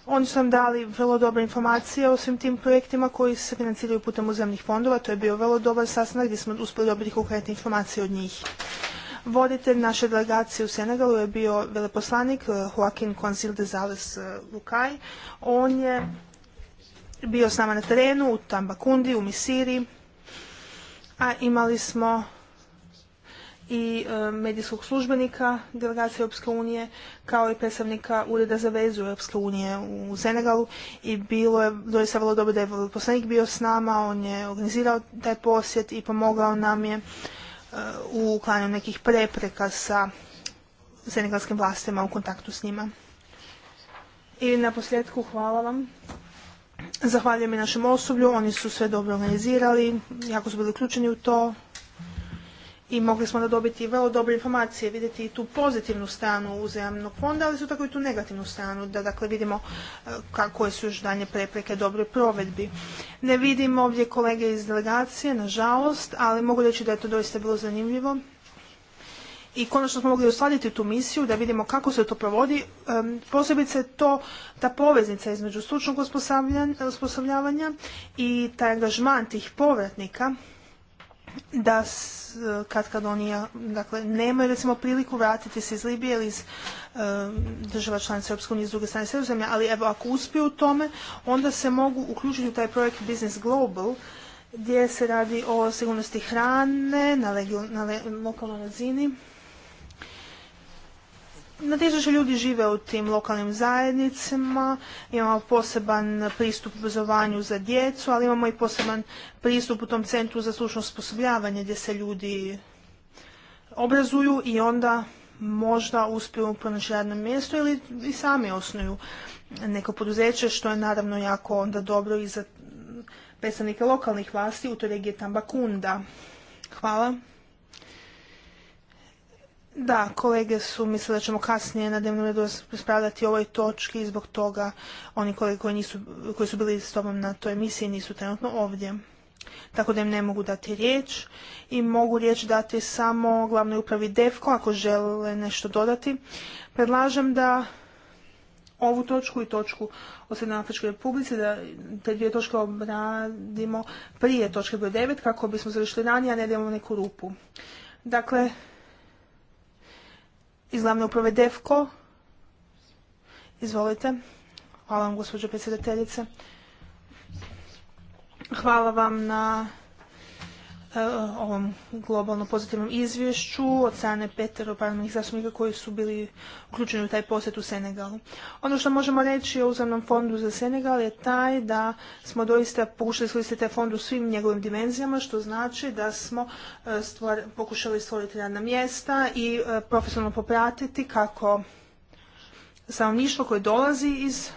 Oni su nam dali vrlo dobre informacije o svim tim projektima koji se financiraju putem uzemnih fondova. To je bio vrlo dobar sastanak gdje smo uspjeli dobiti konkretne informacije od njih. Voditelj naše delegacije u Senegalu je bio veleposlanik eh, Joaquin Consil de Zales eh, Lukaj. On je bio s nama na terenu u Tambakundi, u Misiri, a imali smo i eh, medijskog službenika delegacije Europske unije kao i predstavnika Ureda za vezu Europske unije u Senegalu i bilo je doista vrlo dobro da je poslanik bio s nama, on je organizirao taj posjet i pomogao nam je u uklanju nekih prepreka sa senegalskim vlastima u kontaktu s njima. I na posljedku hvala vam. Zahvaljujem i našem osoblju, oni su sve dobro organizirali, jako su bili uključeni u to, i mogli smo da dobiti vrlo dobre informacije, vidjeti i tu pozitivnu stranu uzajamnog fonda, ali su tako i tu negativnu stranu, da dakle vidimo e, koje su još danje prepreke dobroj provedbi. Ne vidim ovdje kolege iz delegacije, nažalost, ali mogu reći da je to doista bilo zanimljivo. I konačno smo mogli uskladiti tu misiju da vidimo kako se to provodi. posebice to ta poveznica između stručnog osposobljavanja i taj angažman tih povratnika da kad kad oni dakle, nemaju recimo priliku vratiti se iz Libije ili iz e, država članica Europske unije iz druge strane sredozemlja, ali evo ako uspiju u tome, onda se mogu uključiti u taj projekt Business Global gdje se radi o sigurnosti hrane na, lokalnoj razini na tisuće ljudi žive u tim lokalnim zajednicama, imamo poseban pristup obrazovanju za djecu, ali imamo i poseban pristup u tom centru za slučno osposobljavanje gdje se ljudi obrazuju i onda možda uspiju pronaći radno mjesto ili i sami osnuju neko poduzeće, što je naravno jako onda dobro i za predstavnike lokalnih vlasti u toj regiji Tambakunda. Hvala. Da, kolege su mislili da ćemo kasnije na dnevnom redu raspravljati o ovoj točki i zbog toga oni kolege koji, koji su bili s tobom na toj emisiji nisu trenutno ovdje. Tako da im ne mogu dati riječ i mogu riječ dati samo glavnoj upravi DEFKO ako žele nešto dodati. Predlažem da ovu točku i točku o Srednjoj Afričkoj Republici, da te dvije točke obradimo prije točke broj 9 kako bismo završili ranije, a ne da imamo neku rupu. Dakle, iz glavne uprave DEFKO. Izvolite. Hvala vam, gospođo predsjedateljice. Hvala vam na E, ovom globalno pozitivnom izvješću od strane petero zastupnika koji su bili uključeni u taj posjet u Senegalu. Ono što možemo reći o uzemnom fondu za Senegal je taj da smo doista pokušali iskoristiti taj fond u svim njegovim dimenzijama, što znači da smo e, pokušali stvoriti radna mjesta i e, profesionalno popratiti kako stanovništvo koje dolazi iz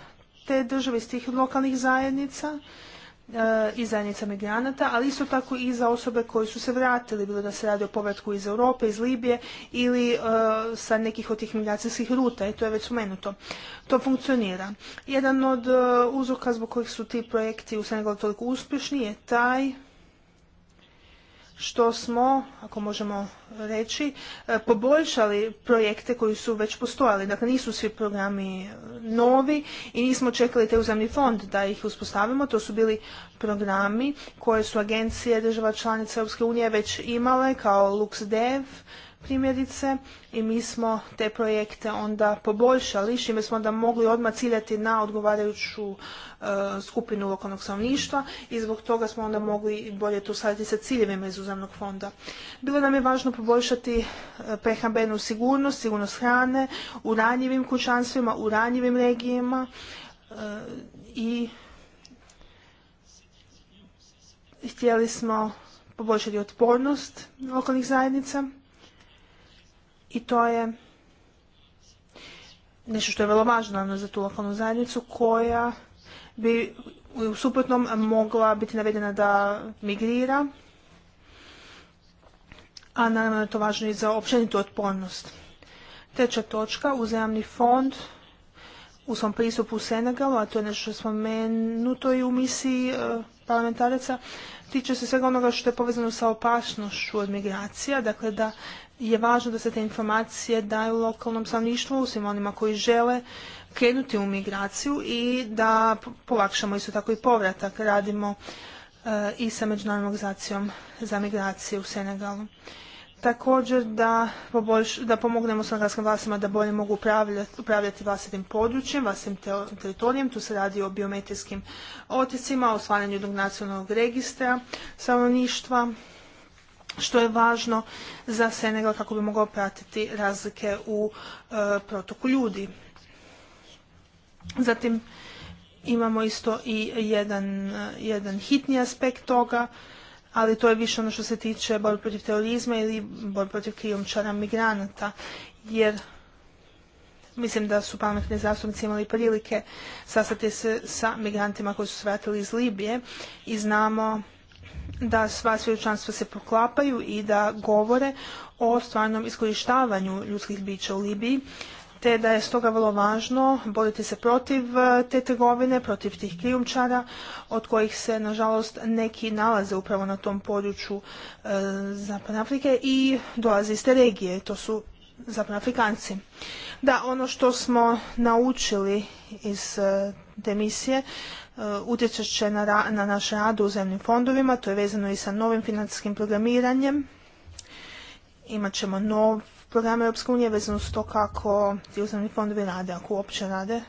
te države, iz tih lokalnih zajednica, E, i zajednica migranata, ali isto tako i za osobe koji su se vratili, bilo da se radi o povratku iz Europe, iz Libije ili e, sa nekih od tih migracijskih ruta i to je već spomenuto. To funkcionira. Jedan od e, uzroka zbog kojih su ti projekti u Senegalu toliko uspješni je taj što smo, ako možemo reći, e, poboljšali projekte koji su već postojali. Dakle, nisu svi programi e, novi i nismo čekali te uzemni fond da ih uspostavimo. To su bili programi koje su agencije država članica Europske unije već imale kao LuxDev, primjerice i mi smo te projekte onda poboljšali, čime smo onda mogli odmah ciljati na odgovarajuću e, skupinu lokalnog stanovništva i zbog toga smo onda mogli bolje tu saditi sa ciljevima iz fonda. Bilo nam je važno poboljšati e, prehrambenu sigurnost, sigurnost hrane u ranjivim kućanstvima, u ranjivim regijama e, i htjeli smo poboljšati otpornost lokalnih zajednica i to je nešto što je vrlo važno za tu lokalnu zajednicu koja bi u suprotnom mogla biti navedena da migrira, a naravno je to važno i za općenitu otpornost. Treća točka, uzajamni fond u svom pristupu u Senegalu, a to je nešto što je spomenuto i u misiji e, parlamentaraca, tiče se svega onoga što je povezano sa opasnošću od migracija, dakle da je važno da se te informacije daju lokalnom stanovništvu, svim onima koji žele krenuti u migraciju i da polakšamo isto tako i povratak. Radimo eh, i sa Međunarodnom organizacijom za migracije u Senegalu. Također da, da pomognemo senegalskim vlastima da bolje mogu upravljati, vlastitim područjem, vlastitim teritorijem. Tu se radi o biometrijskim otiscima, o stvaranju jednog nacionalnog registra stanovništva, što je važno za Senegal kako bi mogao pratiti razlike u e, protoku ljudi. Zatim imamo isto i jedan, jedan hitni aspekt toga, ali to je više ono što se tiče borbe protiv terorizma ili borbe protiv krijumčara migranata, jer mislim da su pametni zastupnici imali prilike sastati se sa migrantima koji su se vratili iz Libije i znamo da sva svjedočanstva se poklapaju i da govore o stvarnom iskorištavanju ljudskih bića u Libiji, te da je stoga vrlo važno boriti se protiv e, te trgovine, protiv tih krijumčara, od kojih se, nažalost, neki nalaze upravo na tom području e, Zapadne Afrike i dolaze iz te regije. To su Zapadne Afrikanci. Da, ono što smo naučili iz e, te misije Uh, utjecat će na, na naš rad u zemljim fondovima, to je vezano i sa novim financijskim programiranjem. Imat ćemo nov program Europske unije vezano s to kako ti uzemni fondovi rade, ako uopće rade.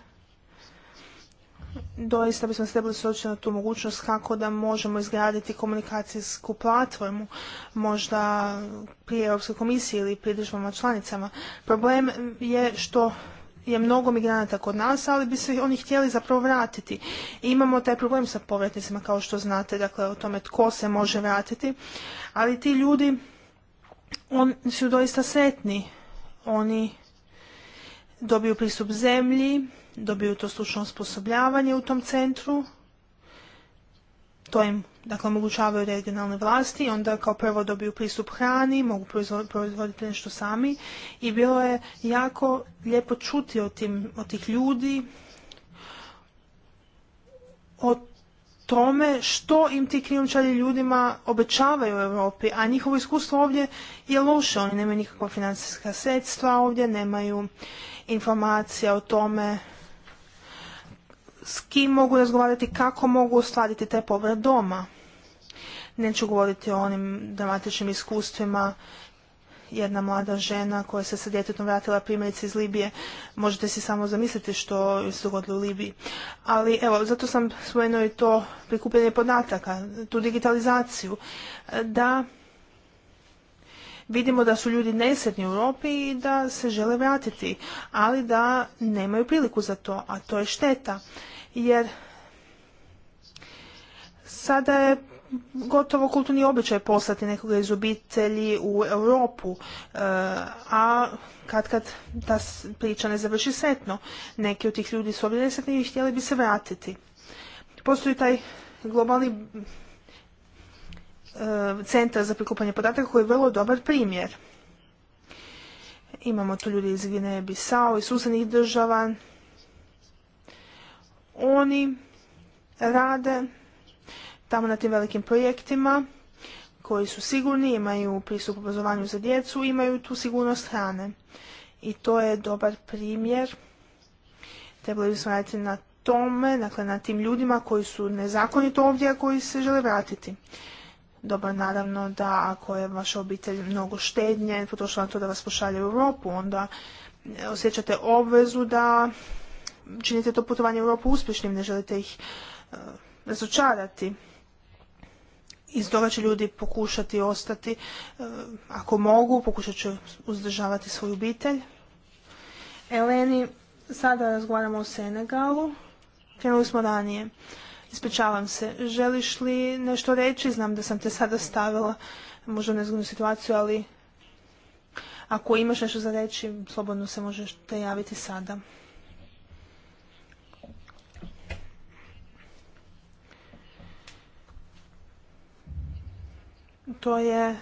Doista bismo se trebali suočiti na tu mogućnost kako da možemo izgraditi komunikacijsku platformu, možda prije Europske komisije ili prije članicama. Problem je što je mnogo migranata kod nas, ali bi se oni htjeli zapravo vratiti. I imamo taj problem sa povratnicima, kao što znate, dakle o tome tko se može vratiti, ali ti ljudi oni su doista sretni. Oni dobiju pristup zemlji, dobiju to stručno osposobljavanje u tom centru, to im dakle, omogućavaju regionalne vlasti onda kao prvo dobiju pristup hrani, mogu proizvoditi nešto sami i bilo je jako lijepo čuti od, tim, od tih ljudi o tome što im ti krijumčari ljudima obećavaju u Europi, a njihovo iskustvo ovdje je loše. Oni nemaju nikakva financijska sredstva ovdje, nemaju informacija o tome s kim mogu razgovarati, kako mogu ostvariti taj povrat doma. Neću govoriti o onim dramatičnim iskustvima jedna mlada žena koja se sa djetetom vratila primjerice iz Libije. Možete si samo zamisliti što se dogodilo u Libiji. Ali evo, zato sam spomenuo i to prikupljanje podataka, tu digitalizaciju, da vidimo da su ljudi nesretni u Europi i da se žele vratiti, ali da nemaju priliku za to, a to je šteta jer sada je gotovo kulturni običaj poslati nekoga iz obitelji u Europu, e, a kad kad ta priča ne završi sretno, neki od tih ljudi su ovdje nesretni i htjeli bi se vratiti. Postoji taj globalni e, centar za prikupanje podataka koji je vrlo dobar primjer. Imamo tu ljudi iz Gvineje Bisao i susednih država, oni rade tamo na tim velikim projektima koji su sigurni, imaju pristup obrazovanju za djecu, imaju tu sigurnost hrane. I to je dobar primjer. Trebali bismo raditi na tome, dakle na tim ljudima koji su nezakonito ovdje, a koji se žele vratiti. Dobar naravno da ako je vaša obitelj mnogo štednje, potrošila na to da vas pošalje u Europu, onda osjećate obvezu da činite to putovanje u Europu uspješnim, ne želite ih e, razočarati. Iz toga će ljudi pokušati ostati, e, ako mogu, pokušat će uzdržavati svoju obitelj. Eleni, sada razgovaramo o Senegalu. Krenuli smo ranije. Ispričavam se. Želiš li nešto reći? Znam da sam te sada stavila možda u nezgodnu situaciju, ali ako imaš nešto za reći, slobodno se možeš te javiti sada. To je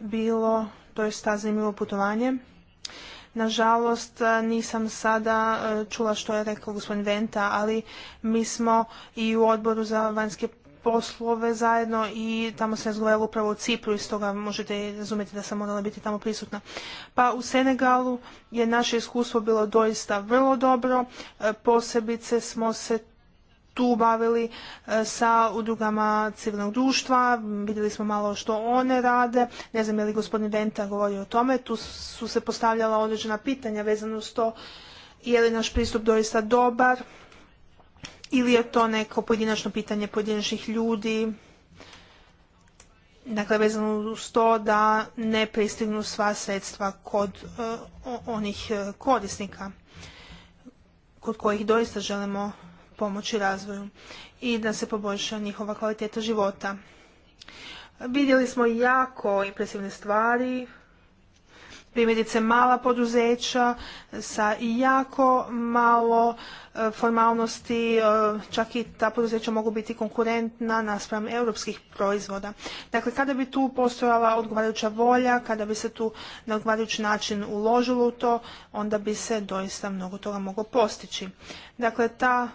bilo doista zanimljivo putovanje. Nažalost, nisam sada e, čula što je rekao gospodin Venta, ali mi smo i u odboru za vanjske poslove zajedno i tamo se razgovaralo upravo u Cipru i stoga možete razumjeti da sam morala biti tamo prisutna. Pa u Senegalu je naše iskustvo bilo doista vrlo dobro, e, posebice smo se tu bavili e, sa udrugama civilnog društva, vidjeli smo malo što one rade, ne znam je li gospodin Venta govorio o tome, tu su se postavljala određena pitanja vezano s to je li naš pristup doista dobar ili je to neko pojedinačno pitanje pojedinačnih ljudi, dakle vezano uz to da ne pristignu sva sredstva kod e, onih e, korisnika kod kojih doista želimo pomoći razvoju i da se poboljša njihova kvaliteta života. Vidjeli smo jako impresivne stvari, primjerice mala poduzeća sa jako malo e, formalnosti, e, čak i ta poduzeća mogu biti konkurentna naspram europskih proizvoda. Dakle, kada bi tu postojala odgovarajuća volja, kada bi se tu na odgovarajući način uložilo u to, onda bi se doista mnogo toga moglo postići. Dakle, ta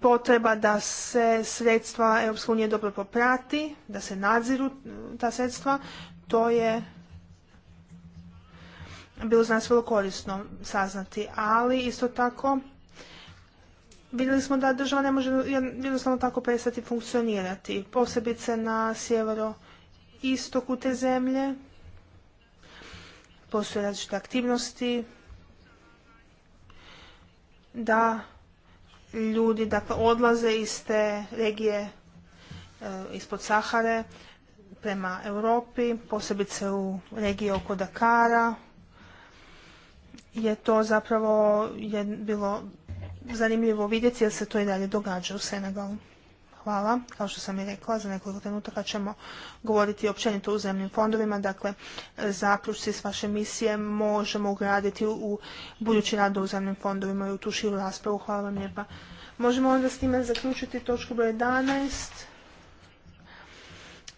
potreba da se sredstva Europske unije dobro poprati, da se nadziru e, ta sredstva, to je bilo za nas vrlo korisno saznati, ali isto tako vidjeli smo da država ne može jednostavno tako prestati funkcionirati, posebice na sjevero istoku te zemlje. Postoje različite aktivnosti da ljudi dakle, odlaze iz te regije e, ispod Sahare prema Europi, posebice u regiji oko Dakara, je to zapravo je bilo zanimljivo vidjeti jer se to i dalje događa u Senegalu. Hvala. Kao što sam i rekla, za nekoliko trenutaka ćemo govoriti općenito o zemljim fondovima. Dakle, zaključci s vaše misije možemo ugraditi u budući rad u zemljim fondovima i u tu širu raspravu. Hvala vam lijepa. Možemo onda s time zaključiti točku broj 11.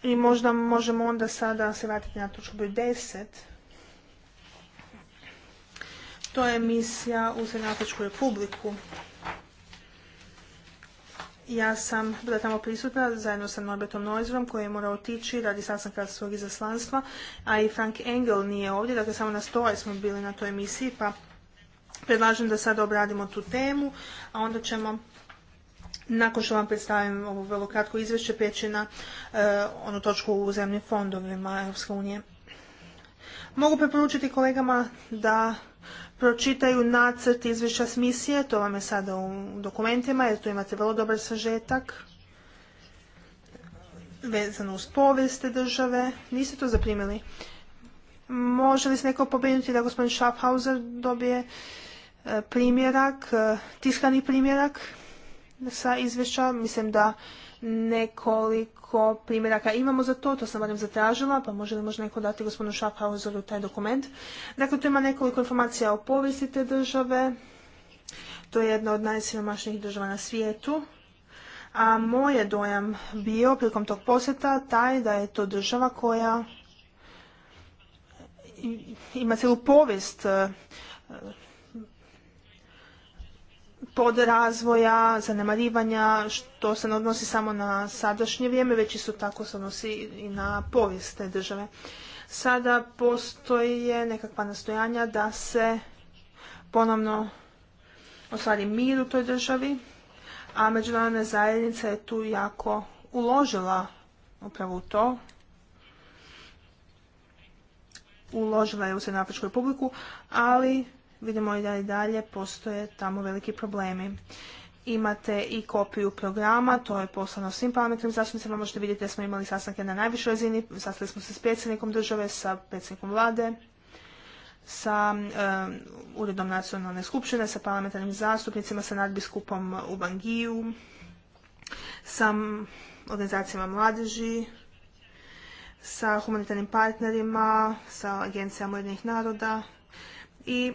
I možda možemo onda sada se vratiti na točku broj 10. To je misija u Srednjakočku republiku. Ja sam bila tamo prisutna zajedno sa Norbertom Noizerom koji je morao otići radi sastanka svog izaslanstva, a i Frank Engel nije ovdje, dakle samo na stoje smo bili na toj emisiji, pa predlažem da sad obradimo tu temu, a onda ćemo nakon što vam predstavim ovo vrlo kratko izvješće prijeći na eh, onu točku u zemljim fondovima Europske unije. Mogu preporučiti kolegama da pročitaju nacrt izvješća s misije, to vam je sada u dokumentima jer tu imate vrlo dobar sažetak vezano uz povijeste države. Niste to zaprimili? Može li se neko pobrinuti da gospodin Schaffhauser dobije e, primjerak, e, tiskani primjerak sa izvješća? Mislim da nekoliko primjeraka imamo za to, to sam vam zatražila, pa može li možda neko dati gospodinu Schaffhauseru taj dokument. Dakle, tu ima nekoliko informacija o povijesti te države, to je jedna od najsiromašnijih država na svijetu, a moj je dojam bio prilikom tog posjeta taj da je to država koja ima cijelu povijest e, podrazvoja, zanemarivanja, što se ne odnosi samo na sadašnje vrijeme, već isto tako se odnosi i na povijest te države. Sada postoje nekakva nastojanja da se ponovno ostvari mir u toj državi, a međunarodna zajednica je tu jako uložila upravo u to. Uložila je u Srednju republiku, ali vidimo i da i dalje postoje tamo veliki problemi. Imate i kopiju programa, to je poslano svim parlamentarnim zastupnicima, možete vidjeti da smo imali sastanke na najvišoj razini, sastali smo se s predsjednikom države, sa predsjednikom vlade, sa Uredom nacionalne skupštine, sa parlamentarnim zastupnicima, sa nadbiskupom u Bangiju, sa organizacijama mladeži, sa humanitarnim partnerima, sa agencijama jednih naroda i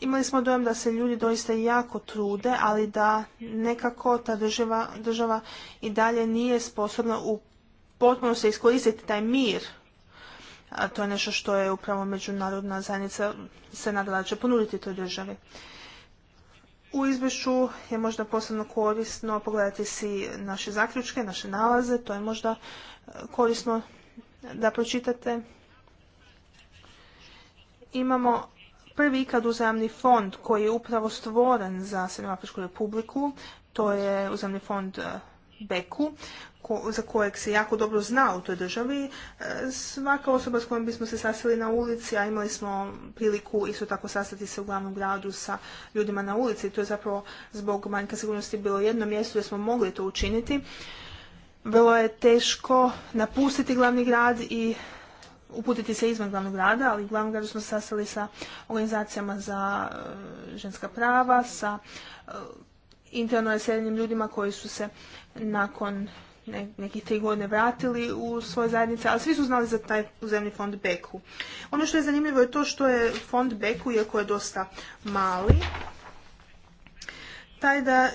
imali smo dojam da se ljudi doista jako trude, ali da nekako ta država, država i dalje nije sposobna u potpuno se iskoristiti taj mir. A to je nešto što je upravo međunarodna zajednica se nadala će ponuditi toj državi. U izvješću je možda posebno korisno pogledati si naše zaključke, naše nalaze, to je možda e, korisno da pročitate. Imamo prvi ikad uzajamni fond koji je upravo stvoren za Srednjoafričku republiku, to je uzajamni fond e, Beku, za kojeg se jako dobro zna u toj državi. E, svaka osoba s kojom bismo se sastali na ulici, a imali smo priliku isto tako sastati se u glavnom gradu sa ljudima na ulici, to je zapravo zbog manjka sigurnosti bilo jedno mjesto gdje smo mogli to učiniti. Vrlo je teško napustiti glavni grad i uputiti se izvan glavnog grada, ali glavnog grada gradu smo sastali sa organizacijama za e, ženska prava, sa e, interno ljudima koji su se nakon nekih tri godine vratili u svoje zajednice, ali svi su znali za taj uzemni fond Beku. Ono što je zanimljivo je to što je fond Beku, iako je dosta mali, taj da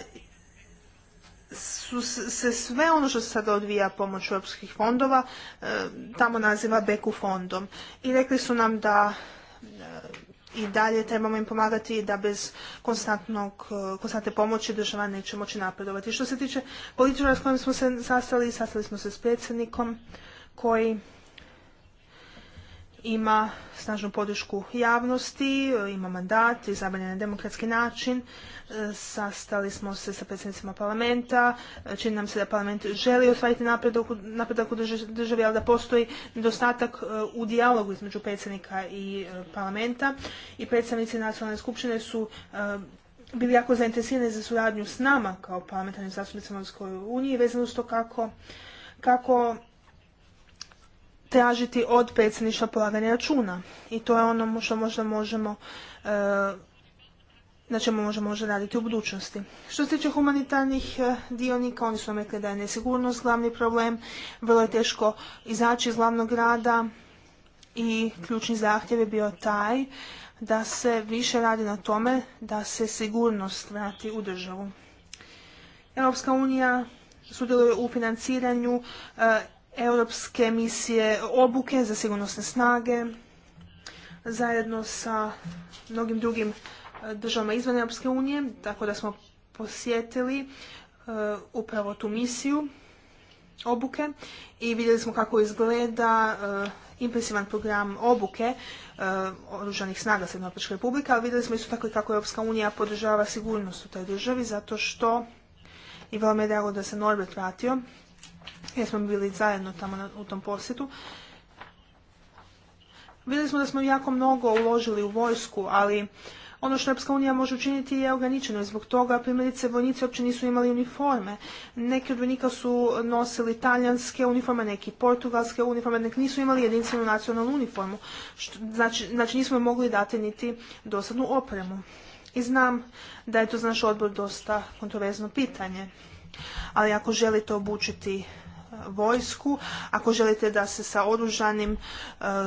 su se sve ono što se sada odvija pomoću europskih fondova e, tamo naziva Beku fondom. I rekli su nam da e, i dalje trebamo im pomagati da bez konstantnog, e, konstantne pomoći država neće moći napredovati. Što se tiče političara s kojim smo se sastali, sastali smo se s predsjednikom koji ima snažnu podršku javnosti, ima mandat, zabranjen je na demokratski način. E, sastali smo se sa predsjednicima parlamenta. E, čini nam se da parlament želi ostvariti napredak u državi, ali da postoji nedostatak e, u dijalogu između predsjednika i parlamenta. I predsjednici nacionalne skupštine su bili jako zainteresirani za suradnju s nama kao parlamentarnim zastupnicima u Uniji, vezano uz to kako, kako tražiti od predsjedništva polaganja računa. I to je ono što možda možemo e, na čemu možemo možda raditi u budućnosti. Što se tiče humanitarnih e, dionika, oni su nam rekli da je nesigurnost glavni problem, vrlo je teško izaći iz glavnog rada i ključni zahtjev je bio taj da se više radi na tome da se sigurnost vrati u državu. Europska unija sudjeluje u financiranju e, europske misije obuke za sigurnosne snage zajedno sa mnogim drugim e, državama izvan Europske unije, tako da smo posjetili e, upravo tu misiju obuke i vidjeli smo kako izgleda e, impresivan program obuke oružanih snaga Srednjoafričke republike, ali vidjeli smo isto tako i kako Europska unija podržava sigurnost u toj državi zato što i vrlo mi je drago da se Norbert vratio jer smo bili zajedno tamo na, u tom posjetu. Vidjeli smo da smo jako mnogo uložili u vojsku, ali ono što Europska unija može učiniti je ograničeno. Zbog toga primjerice vojnici uopće nisu imali uniforme. Neki od vojnika su nosili talijanske uniforme, neki portugalske uniforme, neki nisu imali jedinstvenu nacionalnu uniformu. Što, znači, znači nismo mogli dati niti dosadnu opremu. I znam da je to za naš odbor dosta kontroverzno pitanje. Ali ako želite obučiti vojsku, ako želite da se sa oružanim e,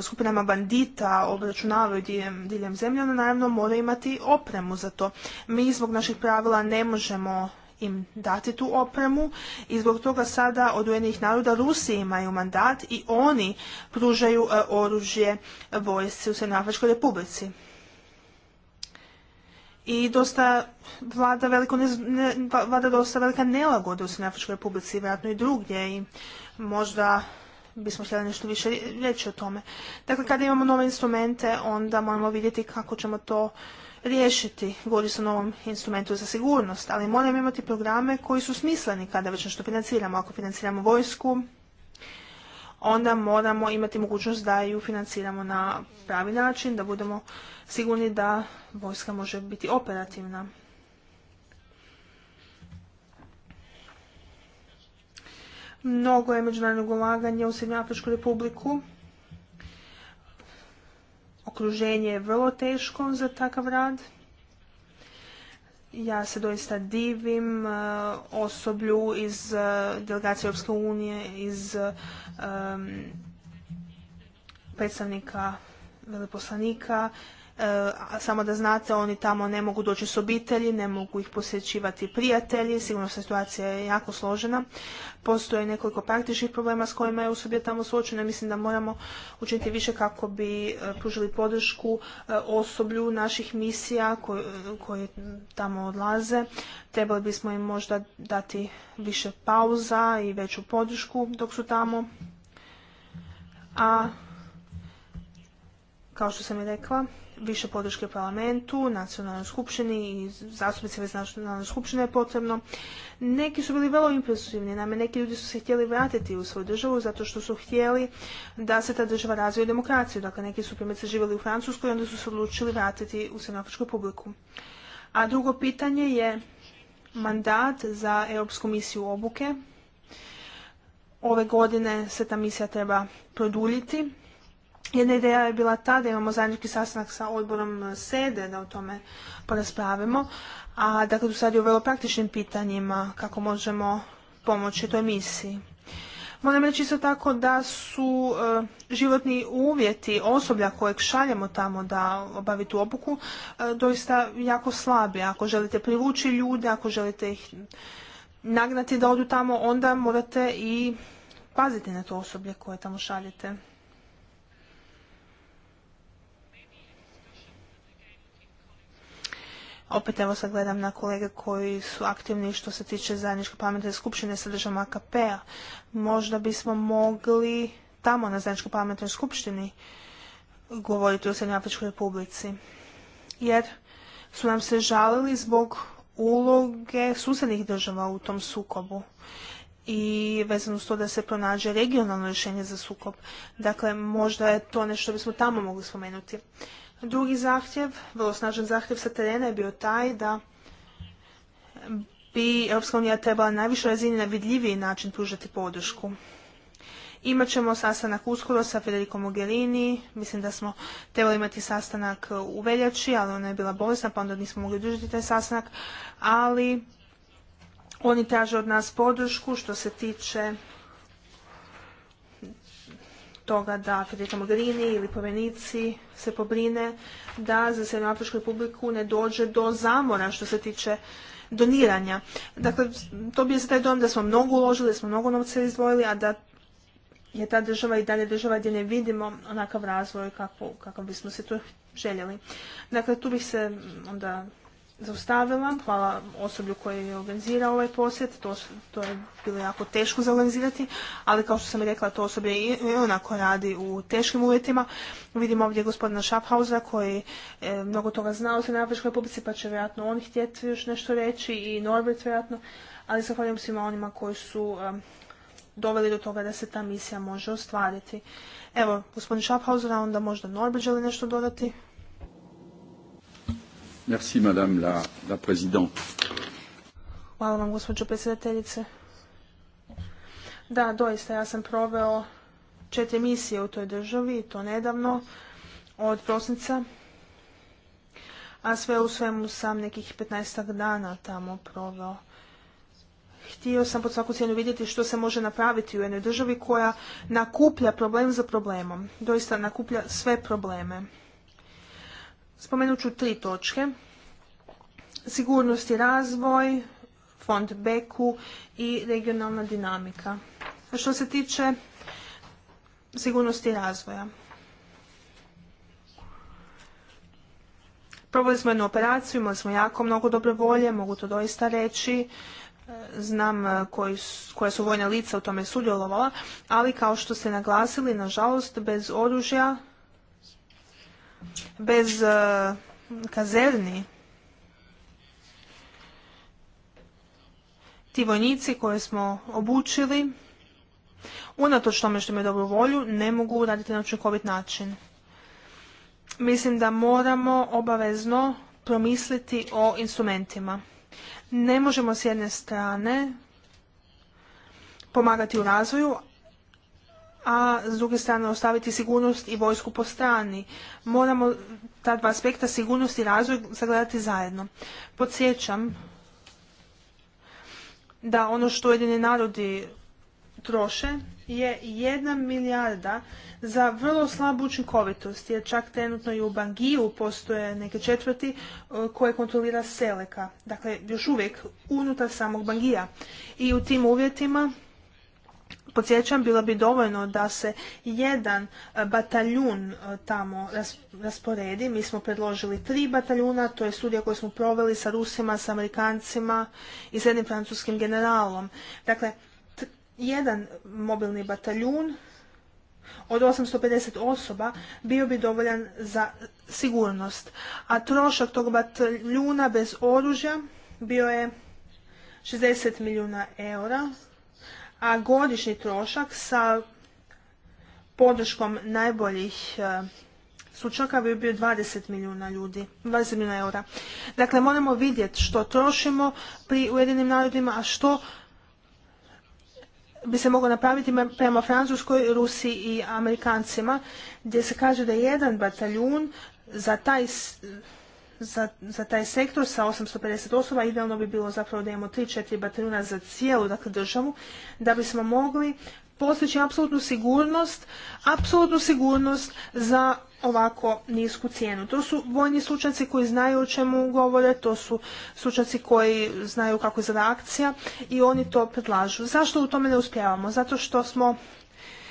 skupinama bandita obračunavaju diljem, zemlje, onda naravno mora imati opremu za to. Mi zbog naših pravila ne možemo im dati tu opremu i zbog toga sada od Ujedinjenih naroda Rusije imaju mandat i oni pružaju e, oružje vojsci u Srednjoafričkoj republici i dosta vlada, veliko, ne, vlada dosta velika nelagoda u Afričkoj republici, vjerojatno i drugdje i možda bismo htjeli nešto više reći o tome. Dakle, kada imamo nove instrumente, onda moramo vidjeti kako ćemo to riješiti. Govori se o novom instrumentu za sigurnost, ali moramo imati programe koji su smisleni kada već nešto financiramo. Ako financiramo vojsku, onda moramo imati mogućnost da ju financiramo na pravi način, da budemo sigurni da vojska može biti operativna. Mnogo je međunarodnog ulaganja u Srednjoafričku republiku. Okruženje je vrlo teško za takav rad ja se doista divim e, osoblju iz e, delegacije Europske unije, iz e, predstavnika veleposlanika, E, a samo da znate, oni tamo ne mogu doći s obitelji, ne mogu ih posjećivati prijatelji, sigurno situacija je jako složena. Postoje nekoliko praktičnih problema s kojima je osoblje tamo suočeno mislim da moramo učiniti više kako bi e, pružili podršku e, osoblju naših misija koje koji tamo odlaze. Trebali bismo im možda dati više pauza i veću podršku dok su tamo. A kao što sam i rekla, više podrške parlamentu, nacionalnoj skupštini i zastupnicima iz nacionalne skupštine je potrebno. Neki su bili vrlo impresivni, naime neki ljudi su se htjeli vratiti u svoju državu zato što su htjeli da se ta država razvije u demokraciju. Dakle, neki su primjerice živjeli u Francuskoj i onda su se odlučili vratiti u Srednjoafričku publiku. A drugo pitanje je mandat za Europsku misiju obuke. Ove godine se ta misija treba produljiti jedna ideja je bila ta da imamo zajednički sastanak sa odborom sede da o tome poraspravimo, a dakle tu sad je o vrlo praktičnim pitanjima kako možemo pomoći toj misiji. Moram reći isto tako da su e, životni uvjeti osoblja kojeg šaljemo tamo da obavi tu obuku e, doista jako slabi. Ako želite privući ljude, ako želite ih nagnati da odu tamo, onda morate i paziti na to osoblje koje tamo šaljete. Opet evo sad gledam na kolege koji su aktivni što se tiče zajedničke pametne skupštine sa državom AKP-a. Možda bismo mogli tamo na zajedničkoj pametnoj skupštini govoriti o Afričkoj republici. Jer su nam se žalili zbog uloge susjednih država u tom sukobu i vezano s to da se pronađe regionalno rješenje za sukob. Dakle, možda je to nešto bismo tamo mogli spomenuti. Drugi zahtjev, vrlo snažan zahtjev sa terena je bio taj da bi Europska unija trebala na najvišoj razini na vidljiviji način pružati podršku. Imat ćemo sastanak uskoro sa Federico Mogherini. Mislim da smo trebali imati sastanak u veljači, ali ona je bila bolesna, pa onda nismo mogli održati taj sastanak. Ali oni traže od nas podršku što se tiče toga da Federica Mogherini ili povenici se pobrine da za Srednjoafričku republiku ne dođe do zamora što se tiče doniranja. Dakle, to bi za taj dom da smo mnogo uložili, da smo mnogo novca izdvojili, a da je ta država i dalje država gdje ne vidimo onakav razvoj kako, bismo se to željeli. Dakle, tu bih se onda zaustavila. Hvala osoblju koji je organizirao ovaj posjet. To, to je bilo jako teško za ali kao što sam i rekla, to osoblje i, onako radi u teškim uvjetima. Vidimo ovdje gospodina Schaffhausera koji e, mnogo toga zna o Srednjavričkoj republici, pa će vjerojatno on htjeti još nešto reći i Norbert vjerojatno, ali zahvaljujem svima onima koji su e, doveli do toga da se ta misija može ostvariti. Evo, gospodin Schaffhauser, onda možda Norbert želi nešto dodati. Hvala vam, gospođo predsjedateljice. Da, doista, ja sam proveo četiri misije u toj državi, to nedavno, od prosinca, a sve u svemu sam nekih 15 dana tamo proveo. Htio sam pod svaku cijenu vidjeti što se može napraviti u jednoj državi koja nakuplja problem za problemom. Doista nakuplja sve probleme. Spomenut ću tri točke. Sigurnost i razvoj, fond Beku i regionalna dinamika. A što se tiče sigurnosti i razvoja. Provali smo jednu operaciju, imali smo jako mnogo dobre volje, mogu to doista reći. E, znam e, koja su vojna lica u tome sudjelovala, ali kao što ste naglasili, nažalost, bez oružja bez e, kazerni ti vojnici koje smo obučili, unatoč tome što imaju dobru volju, ne mogu raditi na učinkovit način. Mislim da moramo obavezno promisliti o instrumentima. Ne možemo s jedne strane pomagati u razvoju, a s druge strane ostaviti sigurnost i vojsku po strani. Moramo ta dva aspekta sigurnost i razvoj sagledati zajedno. Podsjećam da ono što jedini narodi troše je jedna milijarda za vrlo slabu učinkovitost, jer čak trenutno i u Bangiju postoje neke četvrti e, koje kontrolira Seleka, dakle još uvijek unutar samog Bangija. I u tim uvjetima podsjećam, bilo bi dovoljno da se jedan e, bataljun e, tamo rasporedi. Mi smo predložili tri bataljuna, to je studija koju smo proveli sa Rusima, sa Amerikancima i s jednim francuskim generalom. Dakle, jedan mobilni bataljun od 850 osoba bio bi dovoljan za sigurnost. A trošak tog bataljuna bez oružja bio je 60 milijuna eura a godišnji trošak sa podrškom najboljih e, sučaka bi bio 20 milijuna ljudi, 20 milijuna eura. Dakle, moramo vidjeti što trošimo pri Ujedinim narodima, a što bi se moglo napraviti prema Francuskoj, Rusiji i Amerikancima, gdje se kaže da jedan bataljun za taj za, za taj sektor sa 850 osoba idealno bi bilo zapravo da imamo 3-4 bataljuna za cijelu dakle, državu da bismo mogli postići apsolutnu sigurnost, apsolutnu sigurnost za ovako nisku cijenu. To su vojni slučajci koji znaju o čemu govore, to su slučajci koji znaju kako je reakcija i oni to predlažu. Zašto u tome ne uspjevamo? Zato što smo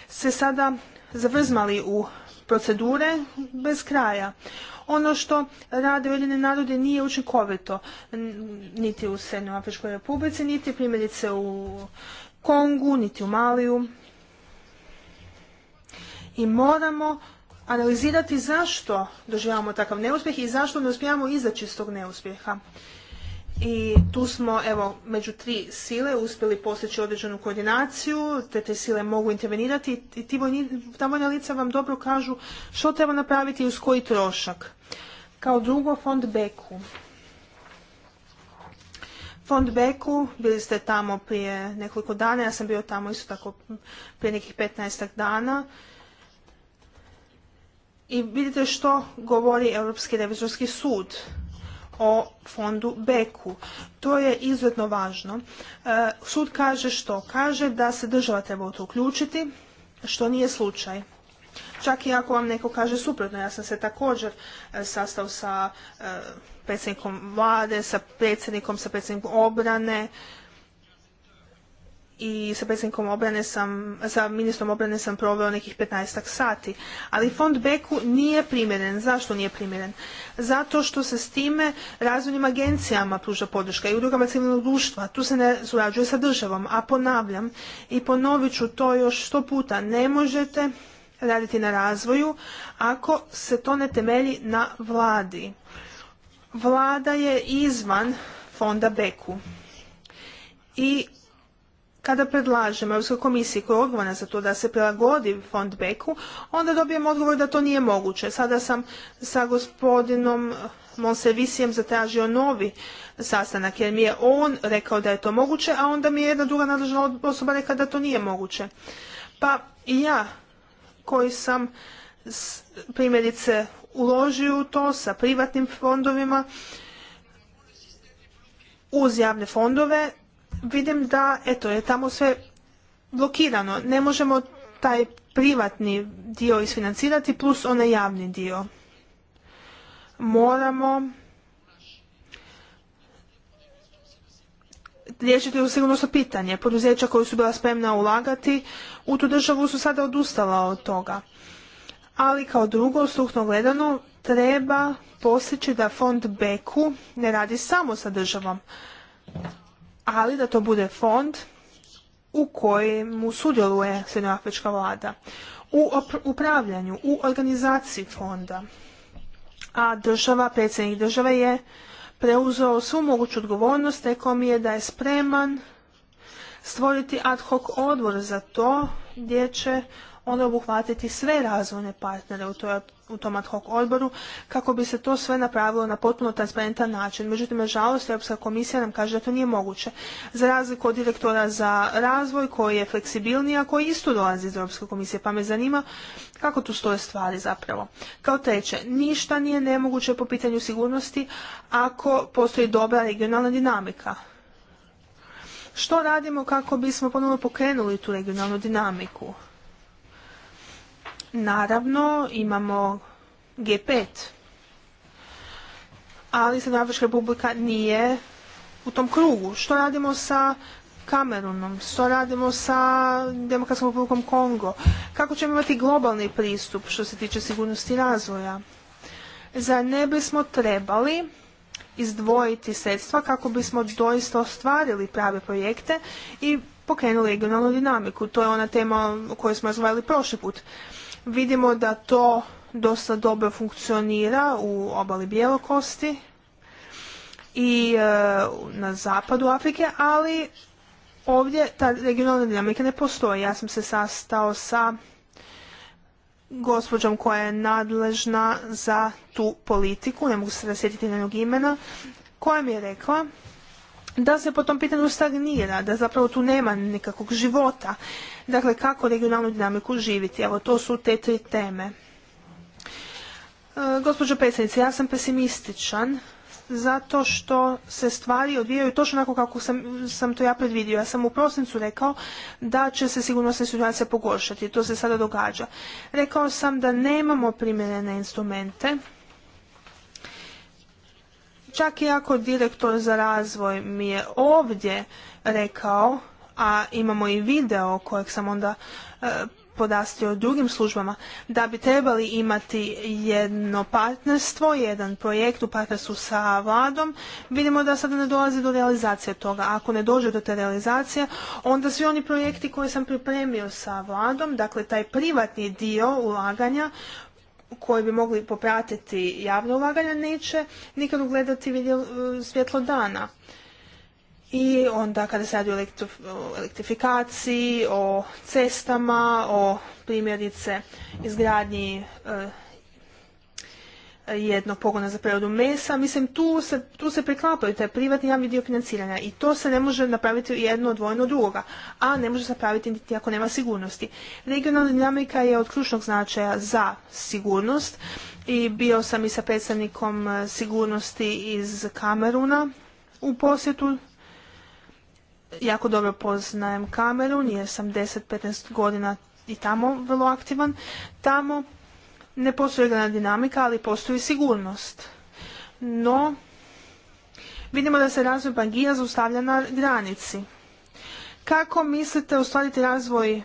se sada zavrzmali u procedure bez kraja ono što rade Ujedine narode nije učinkovito niti u Srednjoj Afričkoj Republici, niti primjerice u Kongu, niti u Maliju. I moramo analizirati zašto doživljavamo takav neuspjeh i zašto ne uspijamo izaći iz tog neuspjeha i tu smo evo među tri sile uspjeli postići određenu koordinaciju, te te sile mogu intervenirati i ti vojni, ta vojna lica vam dobro kažu što treba napraviti i uz koji trošak. Kao drugo, fond Beku. Fond Beku, bili ste tamo prije nekoliko dana, ja sam bio tamo isto tako prije nekih 15 dana. I vidite što govori Europski revizorski sud o fondu Beku. To je izuzetno važno. E, sud kaže što? Kaže da se država treba u to uključiti, što nije slučaj. Čak i ako vam neko kaže suprotno, ja sam se također e, sastao sa e, predsjednikom vlade, sa predsjednikom, sa predsjednikom obrane, i sa predsjednikom obrane sam, sa ministrom obrane sam proveo nekih 15 sati. Ali fond Beku nije primjeren. Zašto nije primjeren? Zato što se s time razvojnim agencijama pruža podrška i udrugama civilnog društva. Tu se ne surađuje sa državom. A ponavljam i ponovit ću to još sto puta. Ne možete raditi na razvoju ako se to ne temelji na vladi. Vlada je izvan fonda Beku. I kada predlažem Europskoj komisiji koja je odgovorna za to da se prilagodi fond Beku, onda dobijem odgovor da to nije moguće. Sada sam sa gospodinom Monsevisijem zatražio novi sastanak jer mi je on rekao da je to moguće, a onda mi je jedna druga nadležna osoba rekla da to nije moguće. Pa i ja koji sam primjerice uložio u to sa privatnim fondovima uz javne fondove vidim da eto je tamo sve blokirano. Ne možemo taj privatni dio isfinancirati plus onaj javni dio. Moramo riješiti u sigurnosno pitanje. Poduzeća koja su bila spremna ulagati u tu državu su sada odustala od toga. Ali kao drugo, sluhno gledano, treba postići da fond Beku ne radi samo sa državom, ali da to bude fond u kojemu sudjeluje srednjoafrička vlada, u upravljanju, u organizaciji fonda. A država, predsjednik države je preuzeo svu moguću odgovornost, rekao mi je da je spreman stvoriti ad hoc odbor za to gdje će onda obuhvatiti sve razvojne partnere u toj u tom ad hoc odboru kako bi se to sve napravilo na potpuno transparentan način. Međutim, nažalost, Europska komisija nam kaže da to nije moguće. Za razliku od direktora za razvoj koji je fleksibilniji, a koji isto dolazi iz Europske komisije, pa me zanima kako tu stoje stvari zapravo. Kao treće, ništa nije nemoguće po pitanju sigurnosti ako postoji dobra regionalna dinamika. Što radimo kako bismo ponovno pokrenuli tu regionalnu dinamiku? Naravno, imamo G5, ali Srednjoafrička republika nije u tom krugu. Što radimo sa Kamerunom, što radimo sa Demokratskom republikom Kongo, kako ćemo imati globalni pristup što se tiče sigurnosti razvoja. Za ne bismo trebali izdvojiti sredstva kako bismo doista ostvarili prave projekte i pokrenuli regionalnu dinamiku. To je ona tema o kojoj smo razgovarali prošli put. Vidimo da to dosta dobro funkcionira u obali Bjelokosti i e, na zapadu Afrike, ali ovdje ta regionalna dinamika ne postoji. Ja sam se sastao sa gospođom koja je nadležna za tu politiku, ne mogu se rasjetiti sjetiti njenog imena, koja mi je rekla da se po tom pitanju stagnira, da zapravo tu nema nikakvog života Dakle, kako regionalnu dinamiku živiti? Evo, to su te tri teme. E, gospođo predsjednice, ja sam pesimističan zato što se stvari odvijaju točno onako kako sam, sam to ja predvidio. Ja sam u prosincu rekao da će se sigurnosna situacija pogoršati. To se sada događa. Rekao sam da nemamo primjerene instrumente. Čak i ako direktor za razvoj mi je ovdje rekao a imamo i video kojeg sam onda e, podastio drugim službama, da bi trebali imati jedno partnerstvo, jedan projekt u partnerstvu sa vladom, vidimo da sada ne dolazi do realizacije toga. Ako ne dođe do te realizacije, onda svi oni projekti koje sam pripremio sa vladom, dakle taj privatni dio ulaganja, koji bi mogli popratiti javno ulaganja, neće nikad ugledati e, svjetlo dana i onda kada se radi o elektrifikaciji, o cestama, o primjerice izgradnji e, jednog pogona za preradu mesa. Mislim, tu se, tu se preklapaju taj privatni javni dio financiranja i to se ne može napraviti jedno odvojeno drugoga, a ne može se napraviti niti ako nema sigurnosti. Regionalna dinamika je od ključnog značaja za sigurnost i bio sam i sa predstavnikom e, sigurnosti iz Kameruna u posjetu jako dobro poznajem Kamerun jer sam 10-15 godina i tamo vrlo aktivan. Tamo ne postoji grana dinamika, ali postoji sigurnost. No, vidimo da se razvoj Bangija zaustavlja na granici. Kako mislite ostvariti razvoj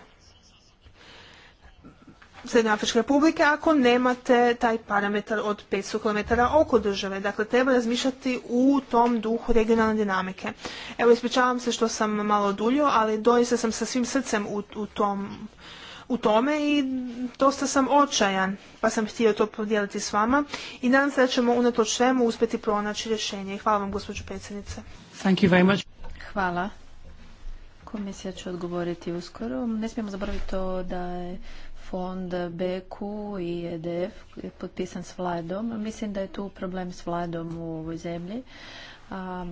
Srednje Afričke republike ako nemate taj parametar od 500 km oko države. Dakle, treba razmišljati u tom duhu regionalne dinamike. Evo, ispričavam se što sam malo duljio, ali doista sam sa svim srcem u, u, tom, u tome i dosta sam očajan, pa sam htio to podijeliti s vama i nadam se da ćemo unatoč svemu uspjeti pronaći rješenje. hvala vam, gospođo predsjednice. Thank you very much. Hvala. Komisija će odgovoriti uskoro. Ne smijemo zaboraviti to da je fond BQ i EDF je potpisan s vladom. Mislim da je tu problem s vladom u ovoj zemlji. A,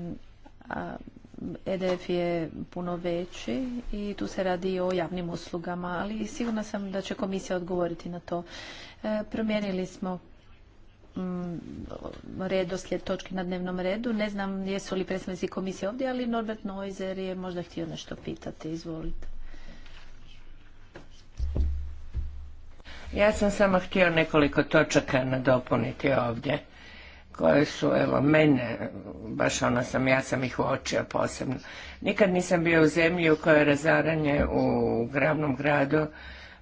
EDF je puno veći i tu se radi o javnim uslugama, ali sigurna sam da će komisija odgovoriti na to. E, promijenili smo mm, redoslijed točke na dnevnom redu. Ne znam jesu li predstavnici komisije ovdje, ali Norbert Neuser je možda htio nešto pitati. Izvolite. Ja sam samo htio nekoliko točaka nadopuniti ovdje koje su, evo, mene, baš ono sam, ja sam ih uočio posebno. Nikad nisam bio u zemlji u kojoj je razaranje u glavnom gradu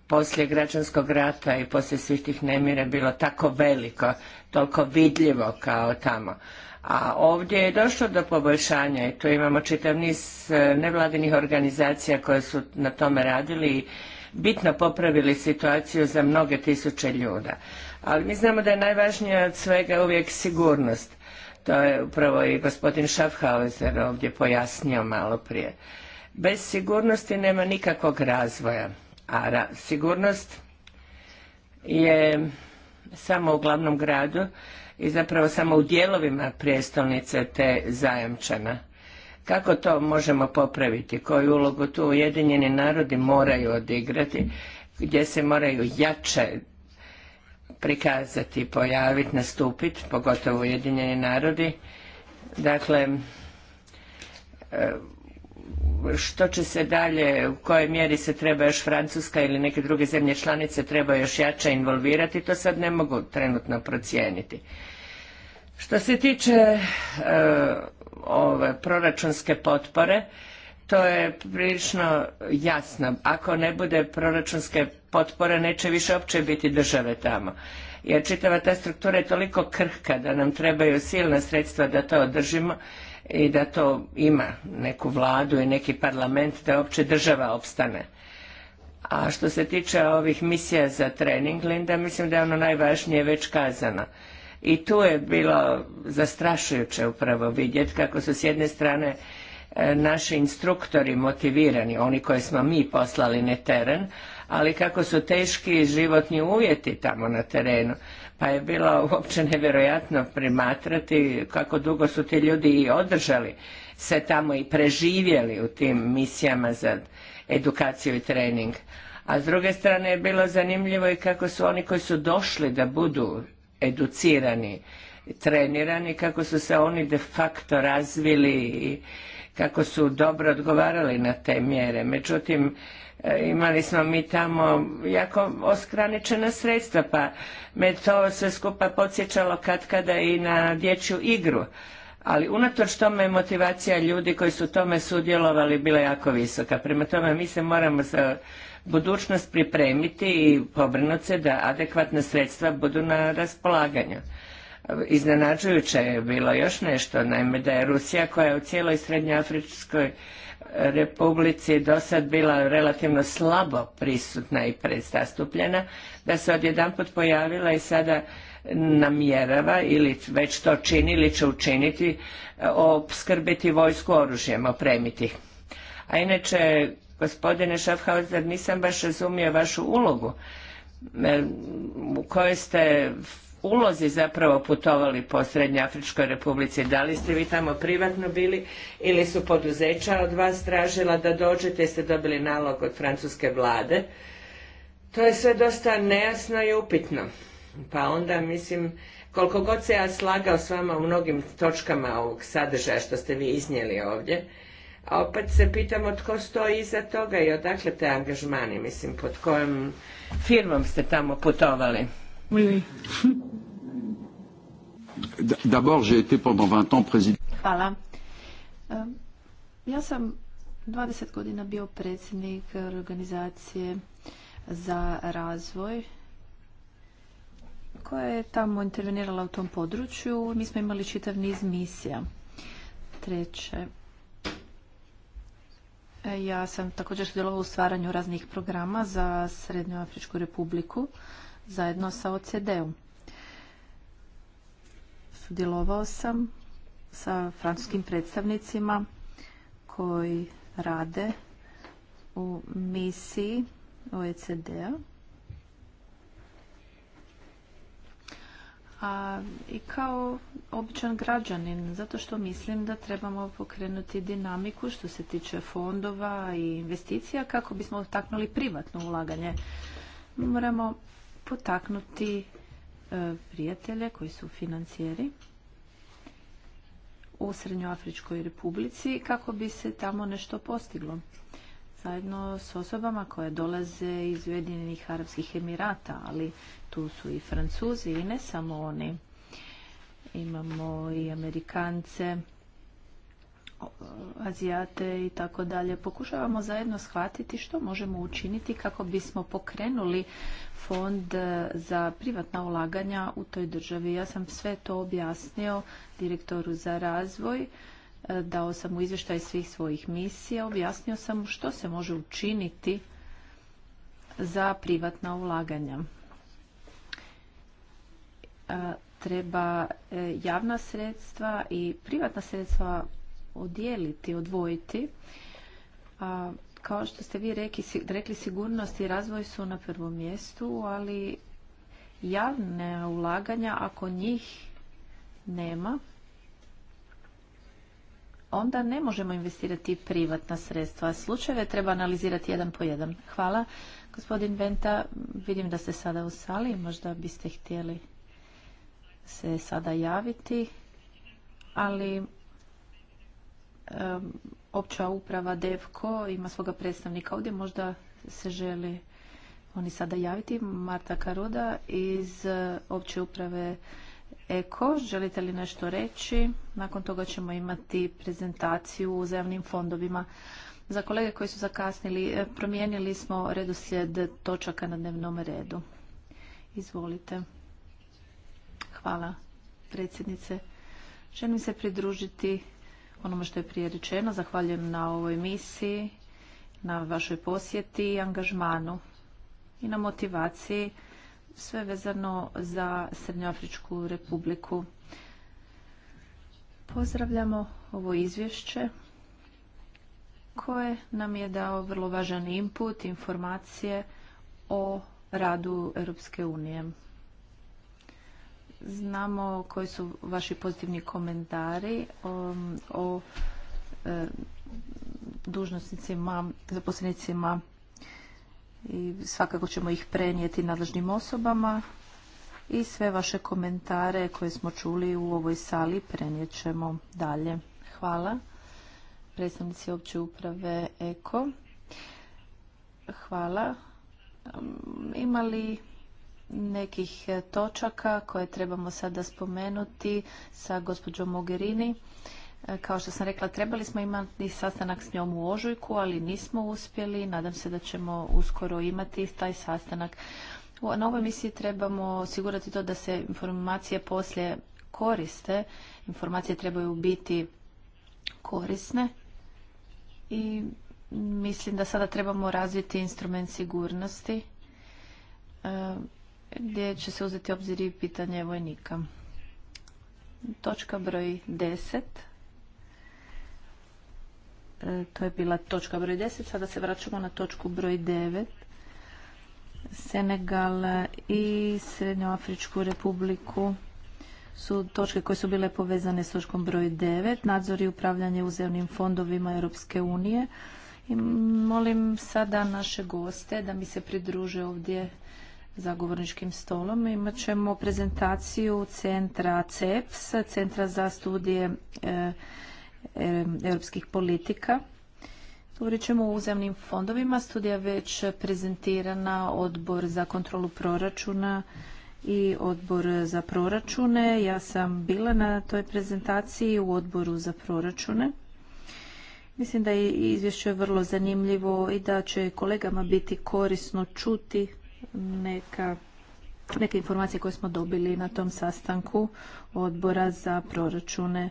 poslije građanskog rata i poslije svih tih nemira bilo tako veliko, toliko vidljivo kao tamo. A ovdje je došlo do poboljšanja i tu imamo čitav niz e, nevladinih organizacija koje su na tome radili i bitno popravili situaciju za mnoge tisuće ljudi. Ali mi znamo da je najvažnija od svega uvijek sigurnost. To je upravo i gospodin Schaffhauser ovdje pojasnio malo prije. Bez sigurnosti nema nikakvog razvoja, a sigurnost je samo u glavnom gradu i zapravo samo u dijelovima prijestolnice te zajamčena. Kako to možemo popraviti? Koju ulogu tu Ujedinjeni narodi moraju odigrati? Gdje se moraju jače prikazati, pojaviti, nastupiti, pogotovo Ujedinjeni narodi? Dakle, e, što će se dalje, u kojoj mjeri se treba još Francuska ili neke druge zemlje članice treba još jače involvirati, to sad ne mogu trenutno procijeniti. Što se tiče e, ove proračunske potpore, to je prilično jasno. Ako ne bude proračunske potpore, neće više uopće biti države tamo. Jer čitava ta struktura je toliko krhka da nam trebaju silna sredstva da to održimo i da to ima neku vladu i neki parlament da uopće država opstane. A što se tiče ovih misija za trening, Linda, mislim da je ono najvažnije već kazano. I tu je bilo zastrašujuće upravo vidjeti kako su s jedne strane e, naši instruktori motivirani, oni koje smo mi poslali na teren, ali kako su teški životni uvjeti tamo na terenu. Pa je bilo uopće nevjerojatno primatrati kako dugo su ti ljudi i održali se tamo i preživjeli u tim misijama za edukaciju i trening. A s druge strane je bilo zanimljivo i kako su oni koji su došli da budu educirani, trenirani, kako su se oni de facto razvili i kako su dobro odgovarali na te mjere. Međutim, e, imali smo mi tamo jako oskraničena sredstva, pa me to sve skupa podsjećalo kad kada i na dječju igru. Ali unatoč tome je motivacija ljudi koji su tome sudjelovali bila jako visoka. Prema tome mi se moramo budućnost pripremiti i pobrinuti se da adekvatna sredstva budu na raspolaganju. Iznenađujuće je bilo još nešto, naime da je Rusija koja je u cijeloj Srednjoafričkoj e, republici do sad bila relativno slabo prisutna i predstastupljena da se odjedanput pojavila i sada namjerava ili već to čini ili će učiniti e, opskrbiti vojsku oružjem, opremiti. A inače Gospodine Schaffhauser, nisam baš razumio vašu ulogu e, u kojoj ste ulozi zapravo putovali po Afričkoj republici. Da li ste vi tamo privatno bili ili su poduzeća od vas tražila da dođete i ste dobili nalog od francuske vlade? To je sve dosta nejasno i upitno. Pa onda mislim, koliko god se ja slagao s vama u mnogim točkama ovog sadržaja što ste vi iznijeli ovdje, a opet se pitamo tko stoji iza toga i odakle te angažmani, mislim, pod kojom firmom ste tamo putovali. Hvala. Ja sam 20 godina bio predsjednik organizacije za razvoj koja je tamo intervenirala u tom području. Mi smo imali čitav niz misija. Treće, ja sam također sudjelovao u stvaranju raznih programa za Srednjoafričku republiku zajedno sa OCD-om. Sudjelovao sam sa francuskim predstavnicima koji rade u misiji OECD-a i kao običan građanin, zato što mislim da trebamo pokrenuti dinamiku što se tiče fondova i investicija kako bismo potaknuli privatno ulaganje. Moramo potaknuti e, prijatelje koji su financijeri u Srednjoafričkoj republici kako bi se tamo nešto postiglo. Zajedno s osobama koje dolaze iz Ujedinjenih Arabskih Emirata, ali tu su i Francuzi i ne samo oni. Imamo i Amerikance, Azijate i tako dalje. Pokušavamo zajedno shvatiti što možemo učiniti kako bismo pokrenuli fond za privatna ulaganja u toj državi. Ja sam sve to objasnio direktoru za razvoj e, dao sam mu izvještaj svih svojih misija, objasnio sam što se može učiniti za privatna ulaganja. E, treba e, javna sredstva i privatna sredstva odijeliti, odvojiti. A, kao što ste vi rekli, rekli sigurnost i razvoj su na prvom mjestu, ali javne ulaganja, ako njih nema, onda ne možemo investirati privatna sredstva. Slučajeve treba analizirati jedan po jedan. Hvala. Gospodin Venta, vidim da ste sada u sali, možda biste htjeli se sada javiti, ali opća uprava DEVKO ima svoga predstavnika ovdje, možda se želi oni sada javiti. Marta Karuda iz e, opće uprave Eko, želite li nešto reći? Nakon toga ćemo imati prezentaciju u zemnim fondovima. Za kolege koji su zakasnili, e, promijenili smo redoslijed točaka na dnevnom redu. Izvolite. Hvala predsjednice. Želim se pridružiti onome što je prije rečeno. Zahvaljujem na ovoj misiji, na vašoj posjeti i angažmanu i na motivaciji sve vezano za Srednjoafričku republiku. Pozdravljamo ovo izvješće koje nam je dao vrlo važan input, informacije o radu Europske unije Znamo koji su vaši pozitivni komentari o, um, o e, dužnosnicima, zaposlenicima i svakako ćemo ih prenijeti nadležnim osobama i sve vaše komentare koje smo čuli u ovoj sali prenijet ćemo dalje. Hvala predstavnici opće uprave EKO. Hvala. Um, Imali nekih e, točaka koje trebamo sada spomenuti sa gospođom Mogherini. E, kao što sam rekla, trebali smo imati sastanak s njom u ožujku, ali nismo uspjeli. Nadam se da ćemo uskoro imati taj sastanak. Na novoj misiji trebamo osigurati to da se informacije poslije koriste. Informacije trebaju biti korisne i mislim da sada trebamo razviti instrument sigurnosti e, gdje će se uzeti obzir i pitanje vojnika. Točka broj 10. E, to je bila točka broj 10. Sada se vraćamo na točku broj 9. Senegal i Srednjoafričku republiku su točke koje su bile povezane s točkom broj 9. Nadzor i upravljanje uzemnim fondovima Europske unije. I molim sada naše goste da mi se pridruže ovdje za govorničkim stolom. Imat ćemo prezentaciju centra CEPS, Centra za studije e, e, europskih politika. Govorit ćemo o uzemnim fondovima. Studija već prezentirana odbor za kontrolu proračuna i odbor za proračune. Ja sam bila na toj prezentaciji u odboru za proračune. Mislim da je izvješće vrlo zanimljivo i da će kolegama biti korisno čuti neka neke informacije koje smo dobili na tom sastanku odbora za proračune.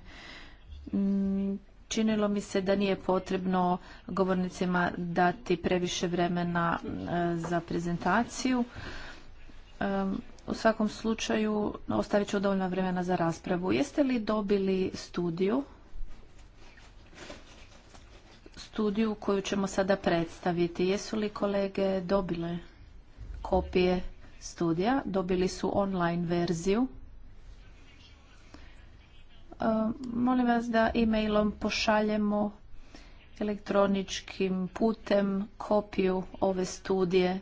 Mm, činilo mi se da nije potrebno govornicima dati previše vremena e, za prezentaciju. E, u svakom slučaju ostavit ću dovoljno vremena za raspravu. Jeste li dobili studiju? Studiju koju ćemo sada predstaviti. Jesu li kolege dobile? kopije studija, dobili su online verziju. E, molim vas da e-mailom pošaljemo elektroničkim putem kopiju ove studije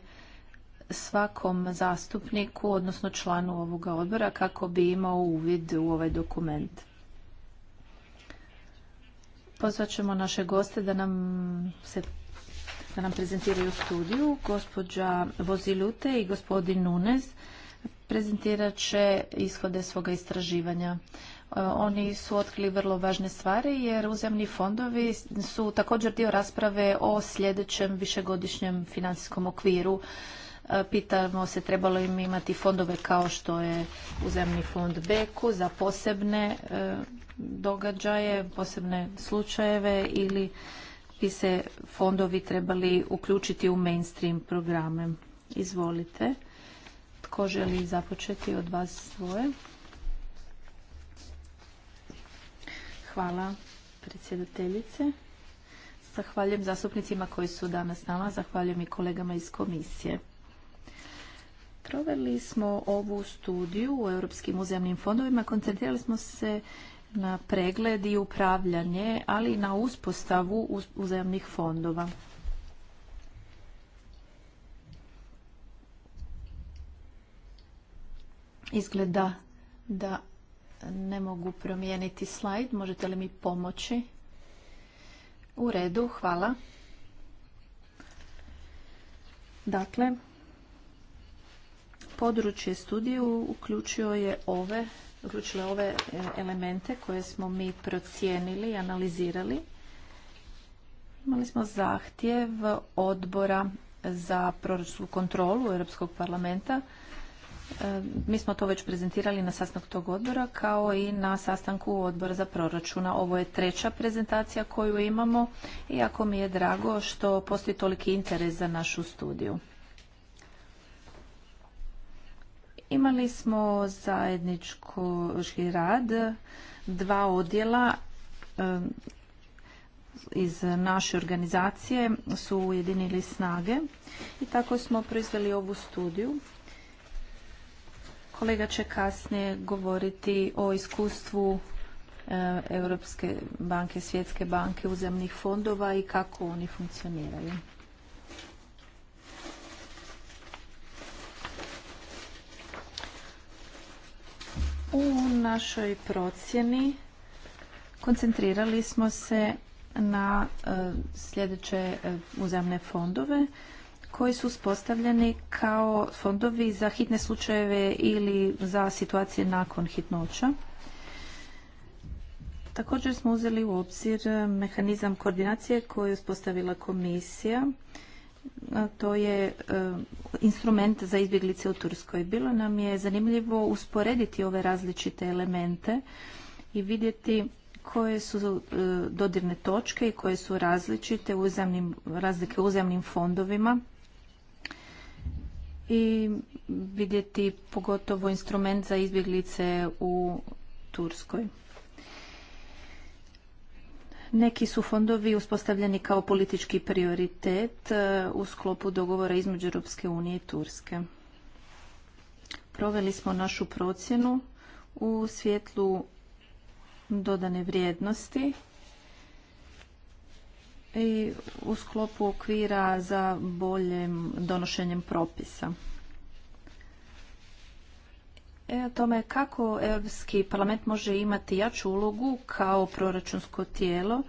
svakom zastupniku, odnosno članu ovoga odbora, kako bi imao uvid u ovaj dokument. Pozvat ćemo naše goste da nam se da nam prezentiraju studiju. Gospođa Vozilute i gospodin Nunez prezentirat će ishode svoga istraživanja. E, oni su otkrili vrlo važne stvari jer uzemni fondovi su također dio rasprave o sljedećem višegodišnjem financijskom okviru. E, pitamo se trebalo im imati fondove kao što je uzemni fond Beku za posebne e, događaje, posebne slučajeve ili bi se fondovi trebali uključiti u mainstream programe. Izvolite. Tko želi započeti od vas svoje? Hvala predsjedateljice. Zahvaljujem zastupnicima koji su danas s nama, zahvaljujem i kolegama iz komisije. Proveli smo ovu studiju u Europskim uzemnim fondovima, koncentrirali smo se na pregled i upravljanje, ali i na uspostavu uzajamnih fondova. Izgleda da ne mogu promijeniti slajd. Možete li mi pomoći? U redu, hvala. Dakle, područje studiju uključio je ove uključile ove e, elemente koje smo mi procijenili i analizirali. Imali smo zahtjev odbora za proračunsku kontrolu Europskog parlamenta. E, mi smo to već prezentirali na sastanku tog odbora kao i na sastanku odbora za proračuna. Ovo je treća prezentacija koju imamo i jako mi je drago što postoji toliki interes za našu studiju. Imali smo zajednički rad, dva odjela iz naše organizacije su ujedinili snage i tako smo proizveli ovu studiju. Kolega će kasnije govoriti o iskustvu e, Europske banke, Svjetske banke uzemnih fondova i kako oni funkcioniraju. U našoj procjeni koncentrirali smo se na e, sljedeće e, uzemne fondove koji su uspostavljeni kao fondovi za hitne slučajeve ili za situacije nakon hitnoća. Također smo uzeli u obzir mehanizam koordinacije koji je uspostavila komisija to je e, instrument za izbjeglice u Turskoj. Bilo nam je zanimljivo usporediti ove različite elemente i vidjeti koje su e, dodirne točke i koje su različite uzemnim, razlike u uzemnim fondovima i vidjeti pogotovo instrument za izbjeglice u Turskoj. Neki su fondovi uspostavljeni kao politički prioritet e, u sklopu dogovora između Europske unije i Turske. Proveli smo našu procjenu u svjetlu dodane vrijednosti i u sklopu okvira za boljem donošenjem propisa. E, o tome kako Europski parlament može imati jaču ulogu kao proračunsko tijelo.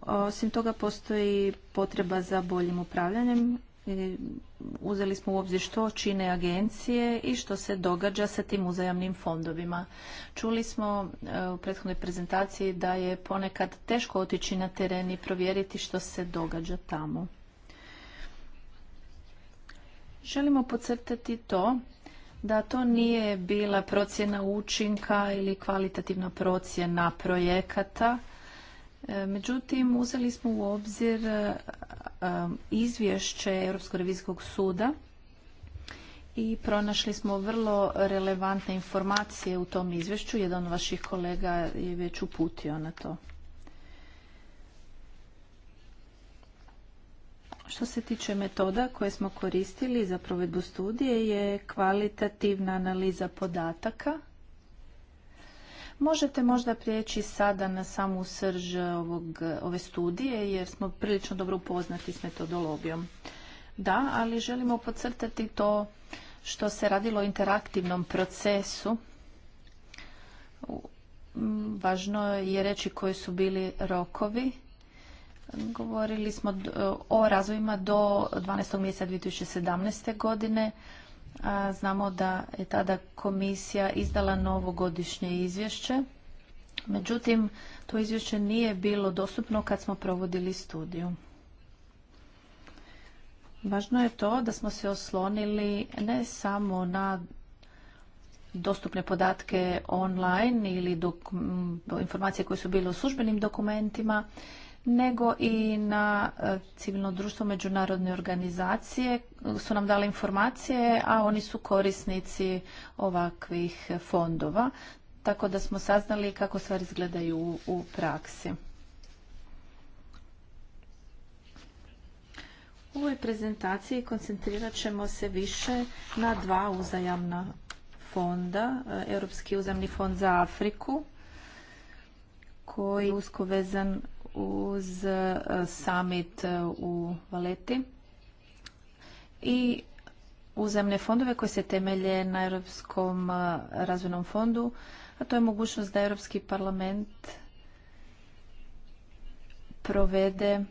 Osim toga postoji potreba za boljim upravljanjem. E, uzeli smo u obzir što čine agencije i što se događa sa tim uzajamnim fondovima. Čuli smo e, u prethodnoj prezentaciji da je ponekad teško otići na teren i provjeriti što se događa tamo. Želimo podcrtati to da to nije bila procjena učinka ili kvalitativna procjena projekata. E, međutim, uzeli smo u obzir e, izvješće Europskog revizijskog suda i pronašli smo vrlo relevantne informacije u tom izvješću. Jedan od vaših kolega je već uputio na to. Što se tiče metoda koje smo koristili za provedbu studije je kvalitativna analiza podataka. Možete možda prijeći sada na samu srž ovog, ove studije jer smo prilično dobro upoznati s metodologijom. Da, ali želimo podcrtati to što se radilo o interaktivnom procesu. Važno je reći koji su bili rokovi Govorili smo e, o razvojima do 12. mjeseca 2017. godine. Znamo da je tada komisija izdala novogodišnje izvješće. Međutim, to izvješće nije bilo dostupno kad smo provodili studiju. Važno je to da smo se oslonili ne samo na dostupne podatke online ili informacije koje su bile u službenim dokumentima, nego i na e, civilno društvo međunarodne organizacije su nam dali informacije, a oni su korisnici ovakvih fondova, tako da smo saznali kako stvari izgledaju u praksi. U ovoj prezentaciji koncentrirat ćemo se više na dva uzajamna fonda, Europski uzajamni fond za Afriku, koji je usko vezan uz e, summit e, u Valeti i uzemne fondove koje se temelje na Europskom e, razvojnom fondu, a to je mogućnost da Europski parlament provede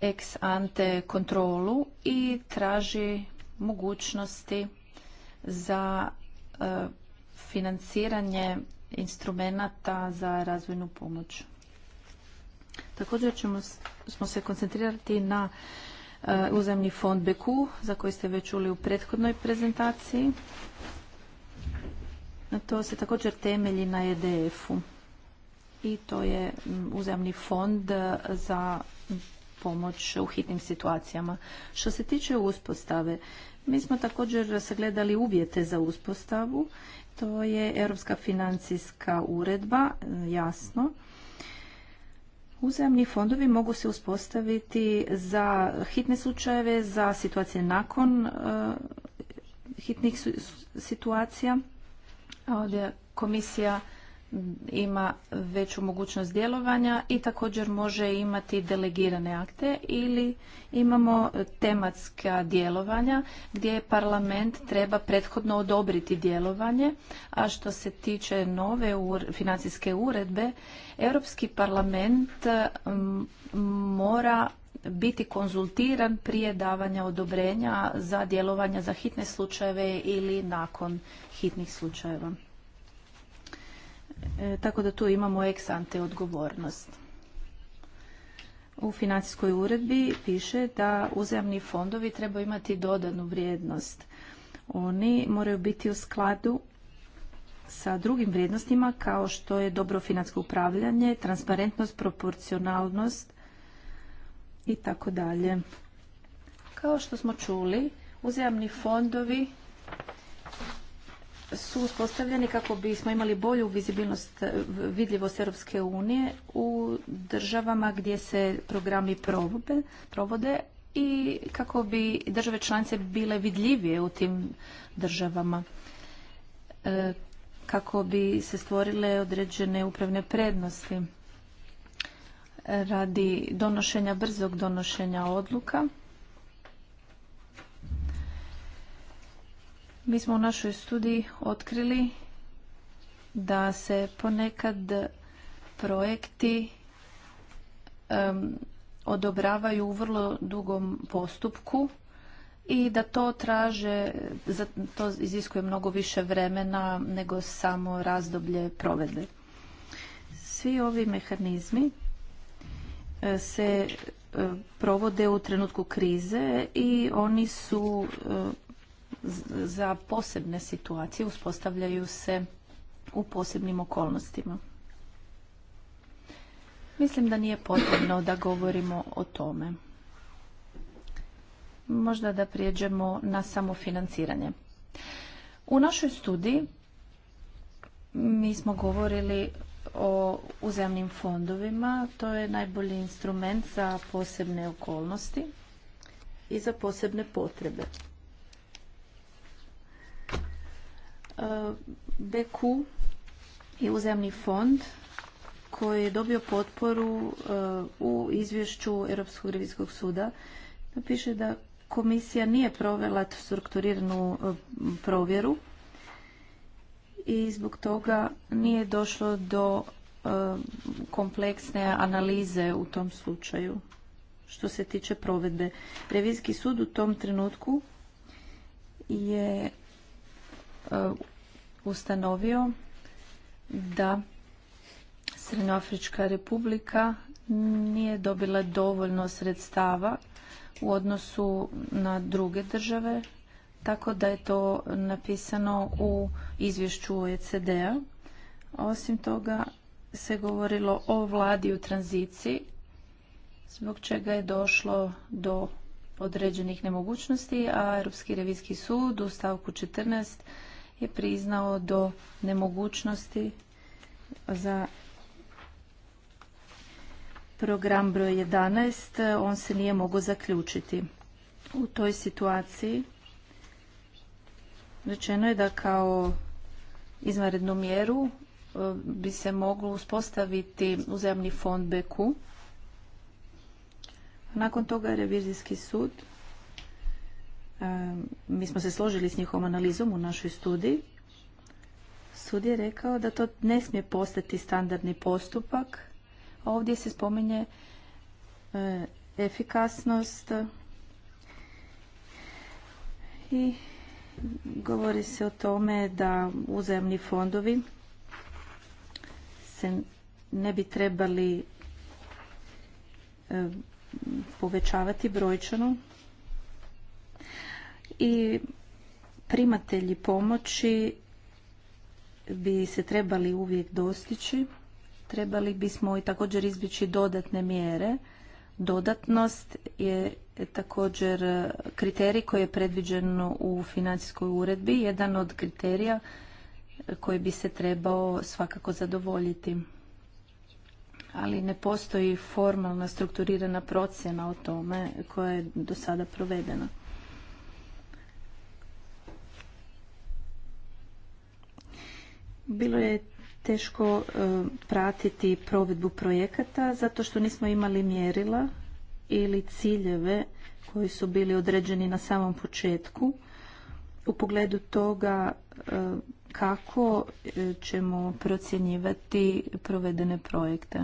ex ante kontrolu i traži mogućnosti za financiranje instrumenata za razvojnu pomoć. Također ćemo smo se koncentrirati na e, uzemni fond BQ za koji ste već čuli u prethodnoj prezentaciji. E, to se također temelji na EDF-u i to je uzemni fond e, za pomoć u hitnim situacijama. Što se tiče uspostave, mi smo također sagledali uvjete za uspostavu. To je Europska financijska uredba, jasno. Uzajamni fondovi mogu se uspostaviti za hitne slučajeve, za situacije nakon e, hitnih situacija. ovdje komisija ima veću mogućnost djelovanja i također može imati delegirane akte ili imamo tematska djelovanja gdje parlament treba prethodno odobriti djelovanje, a što se tiče nove financijske uredbe, Europski parlament mora biti konzultiran prije davanja odobrenja za djelovanja za hitne slučajeve ili nakon hitnih slučajeva. E, tako da tu imamo ex ante odgovornost. U financijskoj uredbi piše da uzajamni fondovi trebaju imati dodanu vrijednost. Oni moraju biti u skladu sa drugim vrijednostima kao što je dobro financijsko upravljanje, transparentnost, proporcionalnost i tako dalje. Kao što smo čuli, uzajamni fondovi su uspostavljeni kako bismo imali bolju vizibilnost, eh, vidljivost Europske unije u državama gdje se programi provode, provode i kako bi države članice bile vidljivije u tim državama eh, kako bi se stvorile određene upravne prednosti radi donošenja brzog donošenja odluka Mi smo u našoj studiji otkrili da se ponekad projekti odobravaju u vrlo dugom postupku i da to traže, za to iziskuje mnogo više vremena nego samo razdoblje provedbe. Svi ovi mehanizmi e, se e, provode u trenutku krize i oni su e, za posebne situacije uspostavljaju se u posebnim okolnostima. Mislim da nije potrebno da govorimo o tome. Možda da prijeđemo na samofinanciranje. U našoj studiji mi smo govorili o uzemnim fondovima. To je najbolji instrument za posebne okolnosti i za posebne potrebe. BQ i uzemni fond koji je dobio potporu eh, u izvješću Europskog revizijskog suda da piše da komisija nije provela strukturiranu eh, provjeru i zbog toga nije došlo do eh, kompleksne analize u tom slučaju što se tiče provedbe. Revizijski sud u tom trenutku je ustanovio da Srednjoafrička republika nije dobila dovoljno sredstava u odnosu na druge države, tako da je to napisano u izvješću OECD-a. Osim toga se govorilo o vladi u tranziciji, zbog čega je došlo do određenih nemogućnosti, a Europski revijski sud u stavku 14 je priznao do nemogućnosti za program broj 11. On se nije mogao zaključiti. U toj situaciji rečeno je da kao izvanrednu mjeru e, bi se moglo uspostaviti uzemni fond BQ. Nakon toga je revizijski sud mi smo se složili s njihovom analizom u našoj studiji. Sud je rekao da to ne smije postati standardni postupak. Ovdje se spominje e, efikasnost i govori se o tome da uzajemni fondovi se ne bi trebali e, povećavati brojčano i primatelji pomoći bi se trebali uvijek dostići. Trebali bismo i također izbjeći dodatne mjere. Dodatnost je također kriterij koji je predviđen u financijskoj uredbi, jedan od kriterija koji bi se trebao svakako zadovoljiti. Ali ne postoji formalna strukturirana procjena o tome koja je do sada provedena. Bilo je teško e, pratiti provedbu projekata zato što nismo imali mjerila ili ciljeve koji su bili određeni na samom početku u pogledu toga e, kako e, ćemo procjenjivati provedene projekte.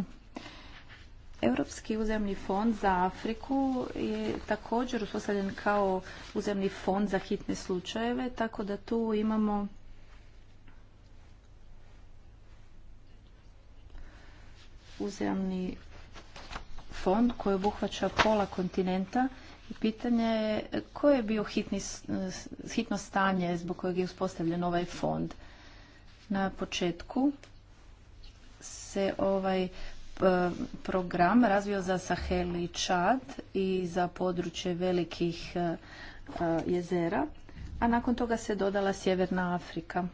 Europski uzemni fond za Afriku je također uspostavljen kao uzemni fond za hitne slučajeve, tako da tu imamo uzemni fond koji obuhvaća pola kontinenta i pitanje je koje je bio hitni, hitno stanje zbog kojeg je uspostavljen ovaj fond. Na početku se ovaj program razvio za Sahel i Čad i za područje velikih e, jezera, a nakon toga se dodala Sjeverna Afrika.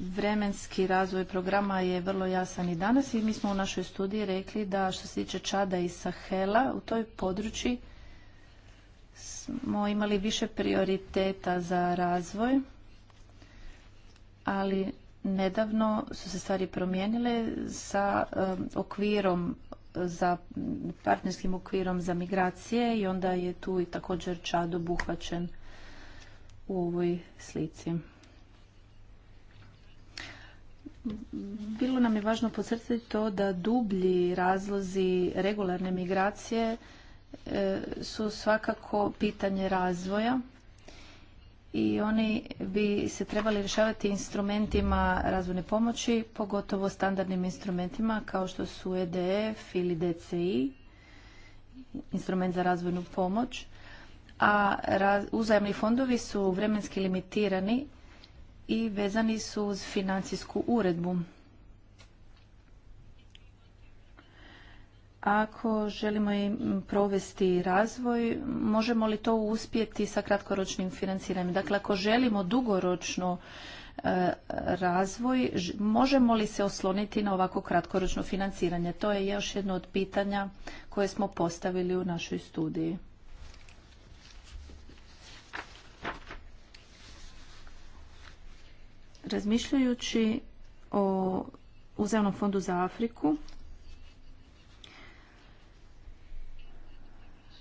vremenski razvoj programa je vrlo jasan i danas i mi smo u našoj studiji rekli da što se tiče Čada i Sahela u toj područji smo imali više prioriteta za razvoj, ali nedavno su se stvari promijenile sa um, okvirom za partnerskim okvirom za migracije i onda je tu i također Čad obuhvaćen u ovoj slici. Bilo nam je važno podcrtati to da dublji razlozi regularne migracije e, su svakako pitanje razvoja i oni bi se trebali rješavati instrumentima razvojne pomoći, pogotovo standardnim instrumentima kao što su EDF ili DCI, instrument za razvojnu pomoć, a uzajemni fondovi su vremenski limitirani i vezani su uz financijsku uredbu. Ako želimo i provesti razvoj, možemo li to uspjeti sa kratkoročnim financiranjem? Dakle, ako želimo dugoročno e, razvoj, možemo li se osloniti na ovako kratkoročno financiranje? To je još jedno od pitanja koje smo postavili u našoj studiji. Razmišljajući o uzemnom fondu za Afriku,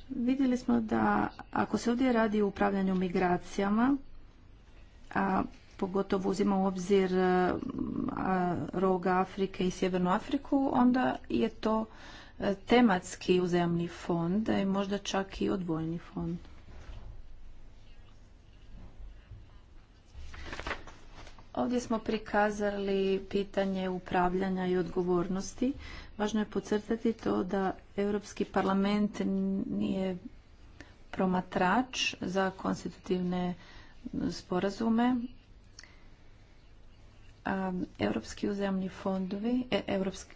vidjeli smo da ako se ovdje radi o upravljanju migracijama, a pogotovo uzima u obzir e, Roga Afrike i Sjevernu Afriku, onda je to e, tematski uzemni fond, možda čak i odvojni fond. Ovdje smo prikazali pitanje upravljanja i odgovornosti. Važno je podcrtati to da Europski parlament nije promatrač za konstitutivne sporazume. Europski uzajamni fondovi, e,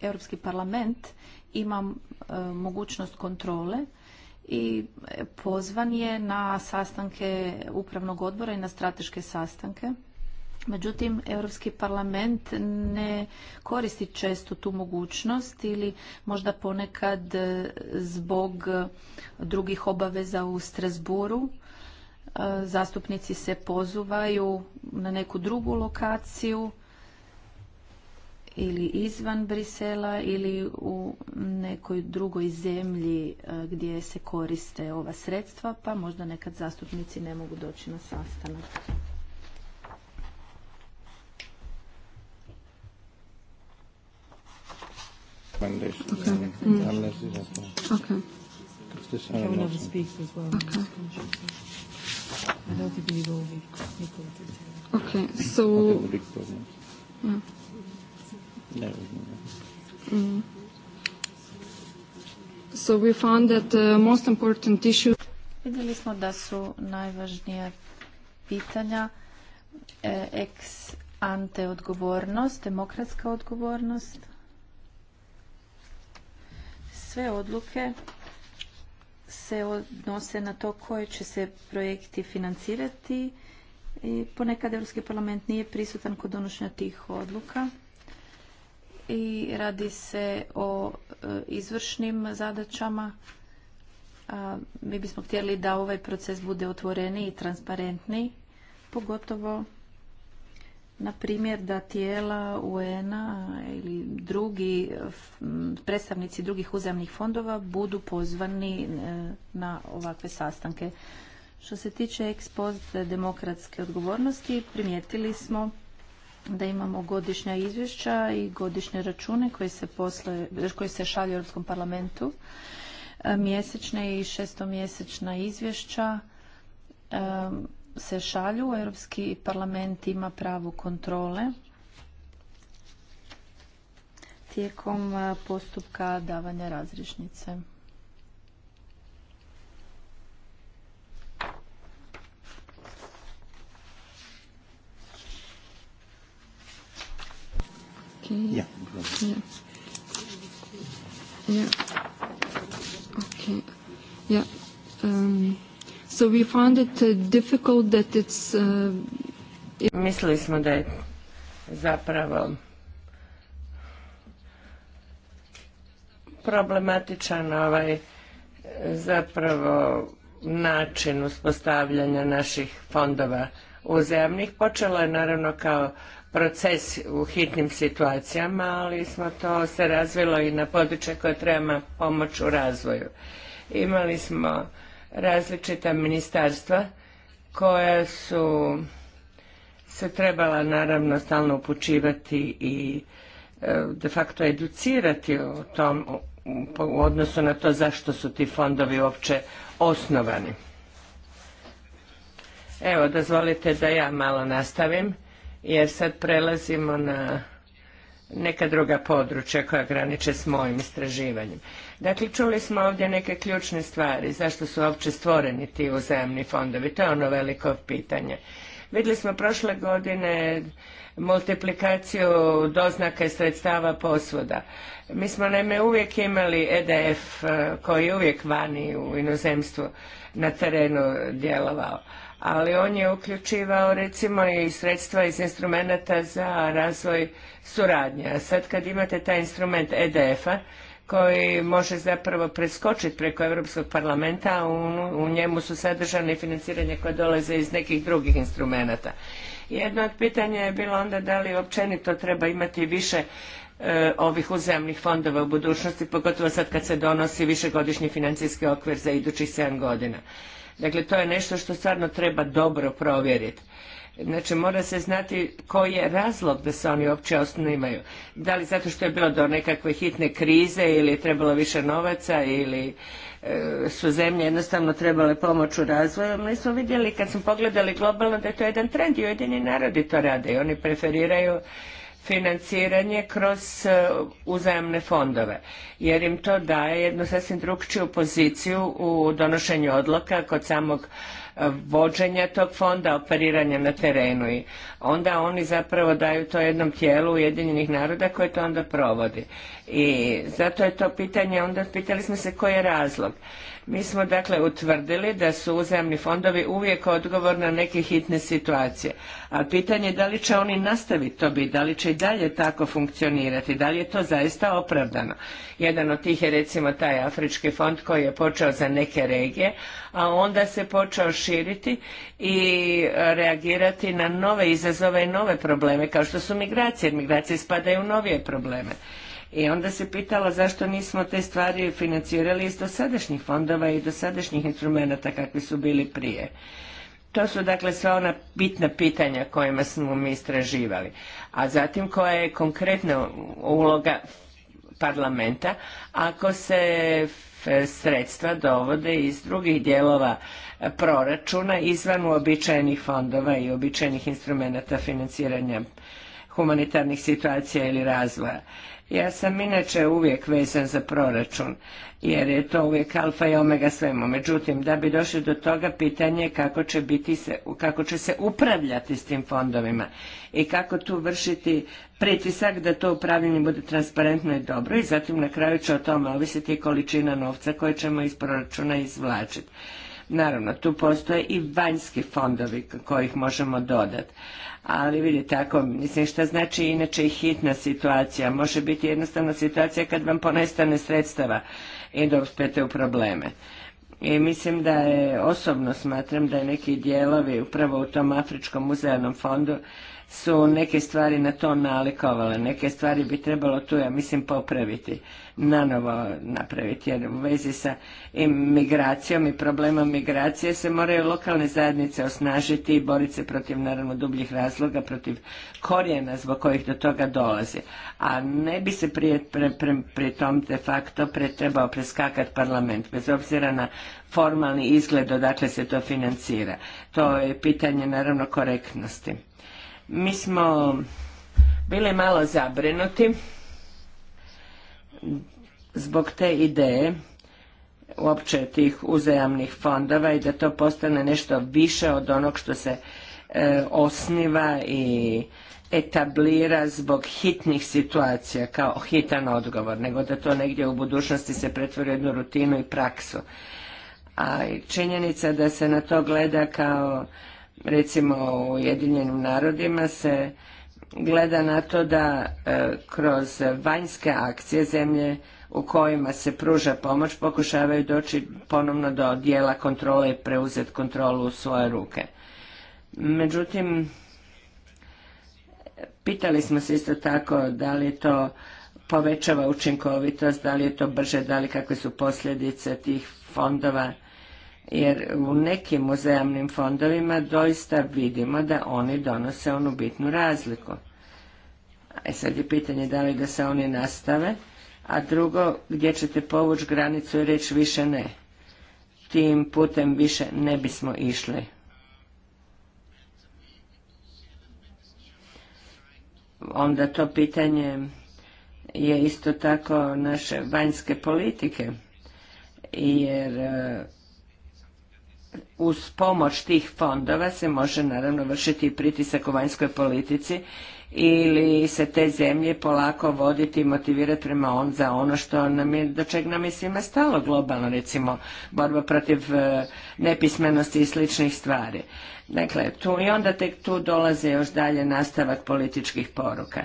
Europski parlament ima e, mogućnost kontrole i e, pozvan je na sastanke upravnog odbora i na strateške sastanke Međutim, Europski parlament ne koristi često tu mogućnost ili možda ponekad e, zbog drugih obaveza u Strasburu e, zastupnici se pozuvaju na neku drugu lokaciju ili izvan Brisela ili u nekoj drugoj zemlji e, gdje se koriste ova sredstva, pa možda nekad zastupnici ne mogu doći na sastanak. Okay. Mm. Okay. Carolina speaks as well. Okay. I don't believe all the Okay, so... the big problem. Yeah. No, mm. So we found that the most important issue... Vidjeli smo da su najvažnija pitanja eh, ex ante odgovornost, demokratska odgovornost, sve odluke se odnose na to koje će se projekti financirati i ponekad Europski parlament nije prisutan kod donošenja tih odluka i radi se o e, izvršnim zadaćama. Mi bismo htjeli da ovaj proces bude otvoreniji i transparentniji, pogotovo na primjer da tijela UN-a ili drugi predstavnici drugih uzemnih fondova budu pozvani e, na ovakve sastanke. Što se tiče ekspoz demokratske odgovornosti, primijetili smo da imamo godišnja izvješća i godišnje račune koje se, posle, koje se šalju Europskom parlamentu, e, mjesečne i šestomjesečna izvješća, e, se šalju. Europski parlament ima pravo kontrole tijekom e, postupka davanja razrišnice. Okay. Yeah. Yeah. Yeah. Okay. Yeah. Um. So uh, uh, Mislili smo da je zapravo problematičan ovaj e, zapravo način uspostavljanja naših fondova zemlji. Počelo je naravno kao proces u hitnim situacijama, ali smo to se razvilo i na područje koje treba pomoć u razvoju. Imali smo različita ministarstva koja su se trebala naravno stalno upućivati i e, de facto educirati o tom u odnosu na to zašto su ti fondovi uopće osnovani. Evo, dozvolite da ja malo nastavim, jer sad prelazimo na neka druga područja koja graniče s mojim istraživanjem. Dakle, čuli smo ovdje neke ključne stvari, zašto su uopće stvoreni ti uzajamni fondovi, to je ono veliko pitanje. Vidjeli smo prošle godine multiplikaciju doznaka i sredstava posvoda. Mi smo naime uvijek imali EDF eh, koji je uvijek vani u inozemstvu na terenu djelovao, ali on je uključivao recimo i sredstva iz instrumenta za razvoj suradnje. A sad kad imate taj instrument EDF-a, koji može zapravo preskočiti preko Europskog parlamenta, a u, njemu su sadržane financiranje koje dolaze iz nekih drugih instrumenata. Jedno od pitanja je bilo onda da li općenito treba imati više e, ovih uzajamnih fondova u budućnosti, pogotovo sad kad se donosi višegodišnji financijski okvir za idućih 7 godina. Dakle, to je nešto što stvarno treba dobro provjeriti. Znači mora se znati koji je razlog da se oni uopće osnivaju. Da li zato što je bilo do nekakve hitne krize ili je trebalo više novaca ili e, su zemlje jednostavno trebale pomoć u razvoju. Mi smo vidjeli kad smo pogledali globalno da je to jedan trend i ujedini narodi to rade i oni preferiraju financiranje kroz e, uzajamne fondove, jer im to daje jednu sasvim drugčiju poziciju u donošenju odluka kod samog vođenja tog fonda, operiranja na terenu i onda oni zapravo daju to jednom tijelu Ujedinjenih naroda koje to onda provodi. I zato je to pitanje, onda pitali smo se koji je razlog. Mi smo dakle utvrdili da su uzajamni fondovi uvijek odgovor na neke hitne situacije. A pitanje je da li će oni nastaviti to biti, da li će i dalje tako funkcionirati, da li je to zaista opravdano. Jedan od tih je recimo taj Afrički fond koji je počeo za neke regije, a onda se počeo širiti i reagirati na nove izazove i nove probleme, kao što su migracije, migracije spadaju u novije probleme. I onda se pitala zašto nismo te stvari financirali iz dosadašnjih fondova i dosadašnjih instrumenta kakvi su bili prije. To su dakle sva ona bitna pitanja kojima smo mi istraživali. A zatim koja je konkretna uloga parlamenta ako se sredstva dovode iz drugih dijelova proračuna izvan uobičajenih fondova i uobičajenih instrumenata financiranja humanitarnih situacija ili razvoja. Ja sam inače uvijek vezan za proračun, jer je to uvijek alfa i omega svemu. Međutim, da bi došli do toga, pitanje je kako će, biti se, kako će se upravljati s tim fondovima i kako tu vršiti pritisak da to upravljanje bude transparentno i dobro i zatim na kraju će o tome ovisiti količina novca koje ćemo iz proračuna izvlačiti. Naravno, tu postoje i vanjski fondovi kojih možemo dodati. Ali vidite, tako mislim, šta znači inače i hitna situacija? Može biti jednostavna situacija kad vam ponestane sredstava i dospete u probleme. I mislim da je, osobno smatram da je neki dijelovi upravo u tom Afričkom muzejnom fondu su neke stvari na to nalikovale, neke stvari bi trebalo tu, ja mislim, popraviti, nanovo napraviti, jer u vezi sa migracijom i problemom migracije se moraju lokalne zajednice osnažiti i boriti se protiv, naravno, dubljih razloga, protiv korijena zbog kojih do toga dolazi. A ne bi se prije, pri tom de facto pre, trebao preskakati parlament, bez obzira na formalni izgled odakle se to financira. To je pitanje, naravno, korektnosti. Mi smo bili malo zabrinuti zbog te ideje uopće tih uzajamnih fondova i da to postane nešto više od onog što se e, osniva i etablira zbog hitnih situacija kao hitan odgovor, nego da to negdje u budućnosti se pretvori jednu rutinu i praksu. A činjenica da se na to gleda kao recimo u Ujedinjenim narodima se gleda na to da e, kroz vanjske akcije zemlje u kojima se pruža pomoć pokušavaju doći ponovno do dijela kontrole i preuzeti kontrolu u svoje ruke. Međutim, pitali smo se isto tako da li to povećava učinkovitost, da li je to brže, da li kakve su posljedice tih fondova jer u nekim uzajamnim fondovima doista vidimo da oni donose onu bitnu razliku. E sad je pitanje da li da se oni nastave, a drugo gdje ćete povući granicu i reći više ne. Tim putem više ne bismo išli. Onda to pitanje je isto tako naše vanjske politike jer e, uz pomoć tih fondova se može naravno vršiti pritisak u vanjskoj politici ili se te zemlje polako voditi i motivirati prema on za ono što nam je, do čeg nam je svima stalo globalno, recimo borba protiv e, nepismenosti i sličnih stvari. Dakle, tu i onda tek tu dolaze još dalje nastavak političkih poruka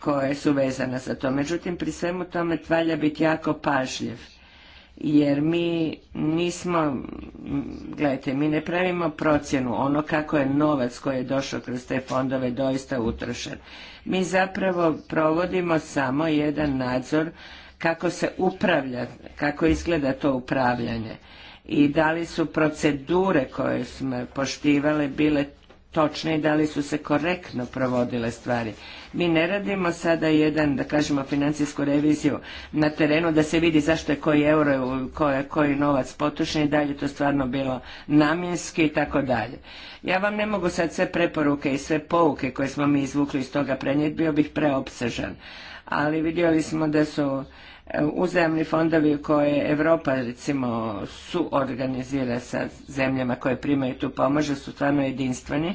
koje su vezane za to. Međutim, pri svemu tome valja biti jako pažljiv jer mi nismo, gledajte, mi ne pravimo procjenu ono kako je novac koji je došao kroz te fondove doista utrošen. Mi zapravo provodimo samo jedan nadzor kako se upravlja, kako izgleda to upravljanje i da li su procedure koje smo poštivale bile točne i da li su se korektno provodile stvari. Mi ne radimo sada jedan, da kažemo, financijsku reviziju na terenu da se vidi zašto je koji euro, koji, koji novac potušen i da li je to stvarno bilo namjenski i tako dalje. Ja vam ne mogu sad sve preporuke i sve pouke koje smo mi izvukli iz toga prenijeti, bio bih preopsežan. Ali vidjeli smo da su uzajamni fondovi koje Evropa recimo suorganizira sa zemljama koje primaju tu pomoć su stvarno jedinstveni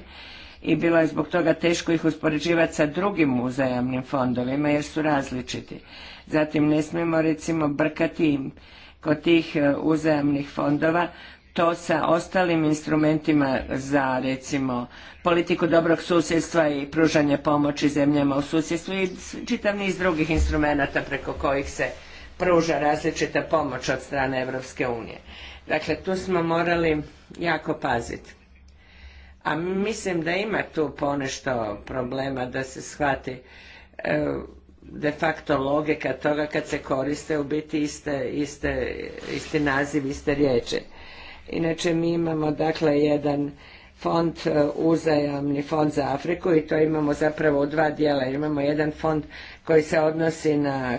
i bilo je zbog toga teško ih uspoređivati sa drugim uzajamnim fondovima jer su različiti. Zatim ne smijemo recimo brkati kod tih e, uzajamnih fondova to sa ostalim instrumentima za recimo politiku dobrog susjedstva i pružanje pomoći zemljama u susjedstvu i čitav niz drugih instrumenata preko kojih se pruža različita pomoć od strane Europske unije. Dakle, tu smo morali jako paziti. A mislim da ima tu ponešto problema da se shvati e, de facto logika toga kad se koriste u biti iste, iste, isti naziv, iste riječi. Inače mi imamo dakle jedan fond e, uzajamni fond za Afriku i to imamo zapravo u dva dijela. Imamo jedan fond koji se odnosi na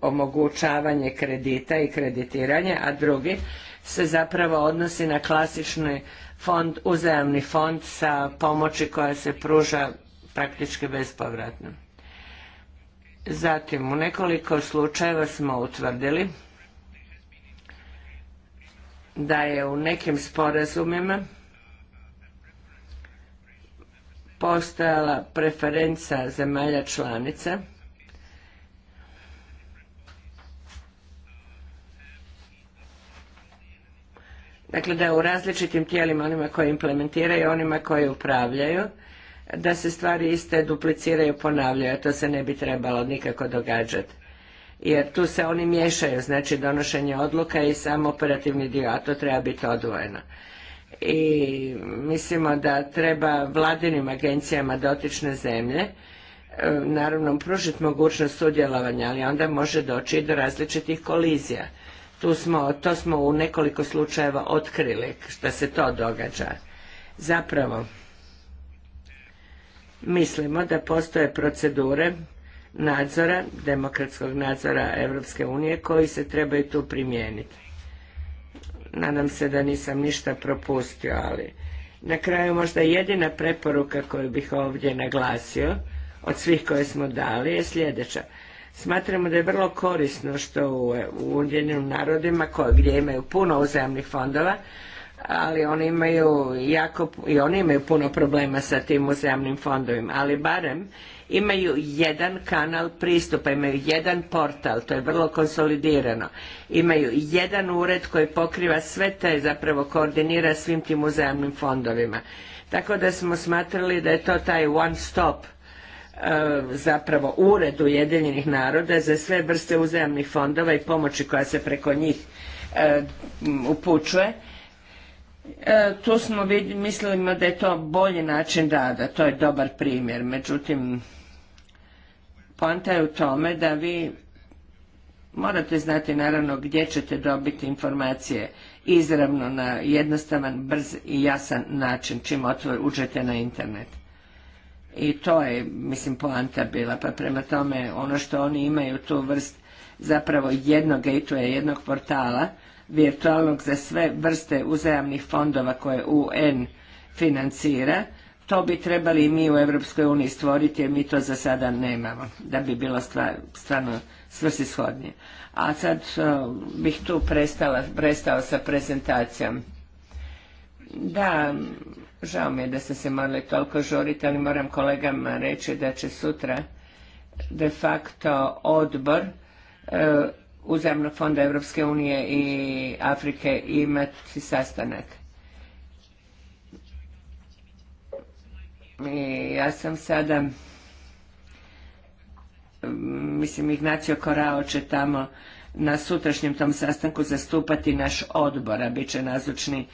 omogućavanje kredita i kreditiranje, a drugi se zapravo odnosi na klasični fond, uzajamni fond sa pomoći koja se pruža praktički bespovratno. Zatim, u nekoliko slučajeva smo utvrdili da je u nekim sporazumima postojala preferenca zemalja članica dakle da u različitim tijelima onima koji implementiraju onima koji upravljaju da se stvari iste dupliciraju ponavljaju a to se ne bi trebalo nikako događati jer tu se oni miješaju, znači donošenje odluka i sam operativni dio, a to treba biti odvojeno. I mislimo da treba vladinim agencijama dotične zemlje e, naravno pružiti mogućnost sudjelovanja, ali onda može doći i do različitih kolizija. Tu smo, to smo u nekoliko slučajeva otkrili što se to događa. Zapravo, mislimo da postoje procedure nadzora, demokratskog nadzora Europske unije koji se trebaju tu primijeniti. Nadam se da nisam ništa propustio, ali na kraju možda jedina preporuka koju bih ovdje naglasio od svih koje smo dali je sljedeća. Smatramo da je vrlo korisno što u, u narodima koje, gdje imaju puno uzajamnih fondova, ali oni imaju jako, i oni imaju puno problema sa tim uzajamnim fondovima, ali barem imaju jedan kanal pristupa, imaju jedan portal, to je vrlo konsolidirano. Imaju jedan ured koji pokriva sve te, zapravo koordinira svim tim uzajamnim fondovima. Tako da smo smatrali da je to taj one stop e, zapravo ured Ujedinjenih naroda za sve vrste uzajamnih fondova i pomoći koja se preko njih e, upućuje. E, tu smo mislili da je to bolji način rada, to je dobar primjer. Međutim, Poanta je u tome da vi morate znati naravno gdje ćete dobiti informacije izravno na jednostavan, brz i jasan način čim uđete na internet. I to je, mislim, poanta bila. Pa prema tome, ono što oni imaju tu vrst zapravo jednog gatewaya, jednog portala, virtualnog za sve vrste uzajamnih fondova koje UN financira, to bi trebali i mi u Europskoj uniji stvoriti jer mi to za sada nemamo da bi bilo stvarno svrsishodnije. A sad bih tu prestala, prestao sa prezentacijom. Da, žao mi je da ste se morali toliko žuriti, ali moram kolegama reći da će sutra de facto odbor e, Uzemnog fonda Europske unije i Afrike imati sastanak. ja sam sada mislim Ignacio Korao će tamo na sutrašnjem tom sastanku zastupati naš odbor, a bit će nazočni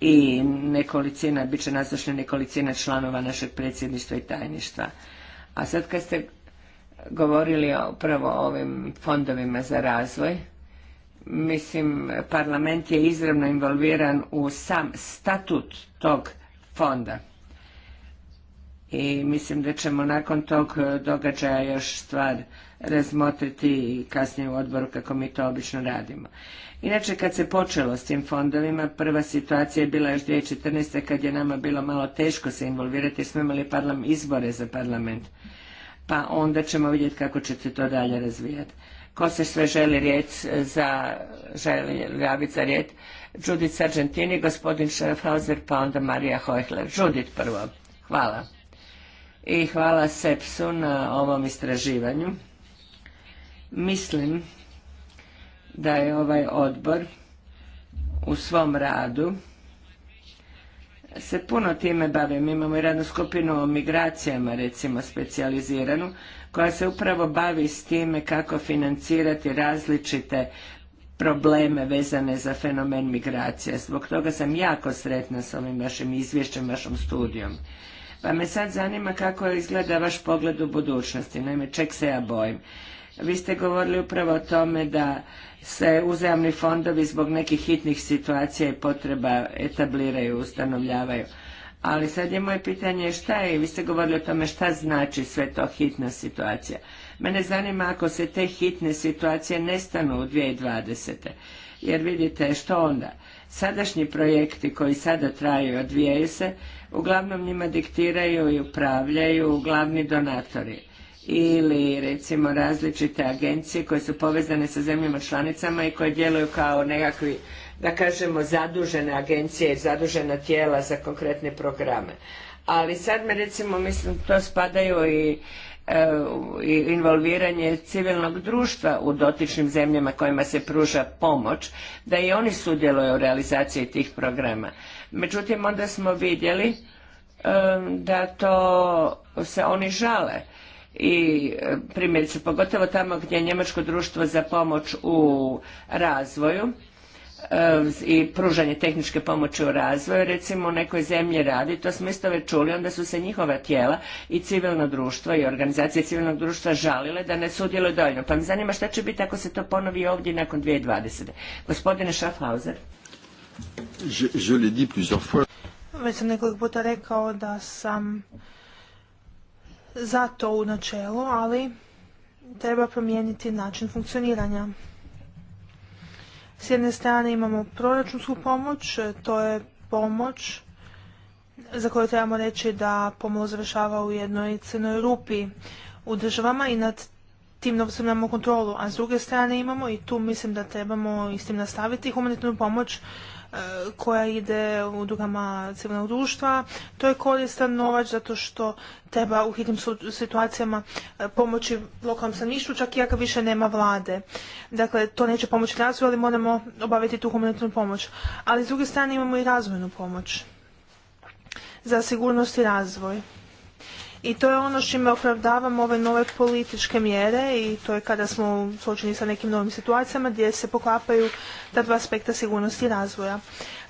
i nekolicina, bit će nazočni nekolicina članova našeg predsjedništva i tajništva. A sad kad ste govorili upravo o ovim fondovima za razvoj, mislim parlament je izravno involviran u sam statut tog fonda i mislim da ćemo nakon tog e, događaja još stvar razmotriti i kasnije u odboru kako mi to obično radimo. Inače, kad se počelo s tim fondovima, prva situacija je bila još 2014. kad je nama bilo malo teško se involvirati jer smo imali izbore za parlament. Pa onda ćemo vidjeti kako će se to dalje razvijati. Ko se sve želi riječ e, za, želi javiti za riječ? Judith Sargentini, gospodin Schaffhauser, pa onda Marija Hojhler. Judith prvo. Hvala i hvala Sepsu na ovom istraživanju. Mislim da je ovaj odbor u svom radu se puno time bavi. Mi imamo i radnu skupinu o migracijama, recimo, specijaliziranu, koja se upravo bavi s time kako financirati različite probleme vezane za fenomen migracije. Zbog toga sam jako sretna s ovim vašim izvješćem, vašom studijom. Pa me sad zanima kako izgleda vaš pogled u budućnosti, naime čeg se ja bojim. Vi ste govorili upravo o tome da se uzajamni fondovi zbog nekih hitnih situacija i potreba etabliraju, ustanovljavaju. Ali sad je moje pitanje šta je, vi ste govorili o tome šta znači sve to hitna situacija. Mene zanima ako se te hitne situacije nestanu u 2020. Jer vidite što onda? Sadašnji projekti koji sada traju i odvijaju se, uglavnom njima diktiraju i upravljaju glavni donatori ili recimo različite agencije koje su povezane sa zemljama članicama i koje djeluju kao nekakvi da kažemo zadužene agencije, zadužena tijela za konkretne programe. Ali sad me recimo mislim to spadaju i e, i involviranje civilnog društva u dotičnim zemljama kojima se pruža pomoć, da i oni sudjeluju u realizaciji tih programa. Međutim, onda smo vidjeli da to se oni žale i e, primjerice pogotovo tamo gdje je Njemačko društvo za pomoć u razvoju i pružanje tehničke pomoći u razvoju recimo u nekoj zemlji radi, to smo isto već čuli, onda su se njihova tijela i civilno društvo i organizacije civilnog društva žalile da ne sudjeluju dovoljno. Pa me zanima šta će biti ako se to ponovi ovdje nakon 2020. Gospodine Schaffhauser. Već sam nekoliko puta rekao da sam za to u načelu, ali treba promijeniti način funkcioniranja. S jedne strane imamo proračunsku pomoć, to je pomoć za koju trebamo reći da pomoć završava u jednoj crnoj rupi u državama i nad tim novcem imamo kontrolu. A s druge strane imamo, i tu mislim da trebamo istim nastaviti, humanitarnu pomoć E, koja ide u dugama civilnog društva. To je koristan novac zato što treba u hitnim situacijama e, pomoći lokalnom stanovništvu, čak i ako više nema vlade. Dakle, to neće pomoći razvoju, ali moramo obaviti tu humanitarnu pomoć. Ali s druge strane imamo i razvojnu pomoć za sigurnost i razvoj. I to je ono čime opravdavamo ove nove političke mjere i to je kada smo suočeni sa nekim novim situacijama gdje se poklapaju ta dva aspekta sigurnosti i razvoja.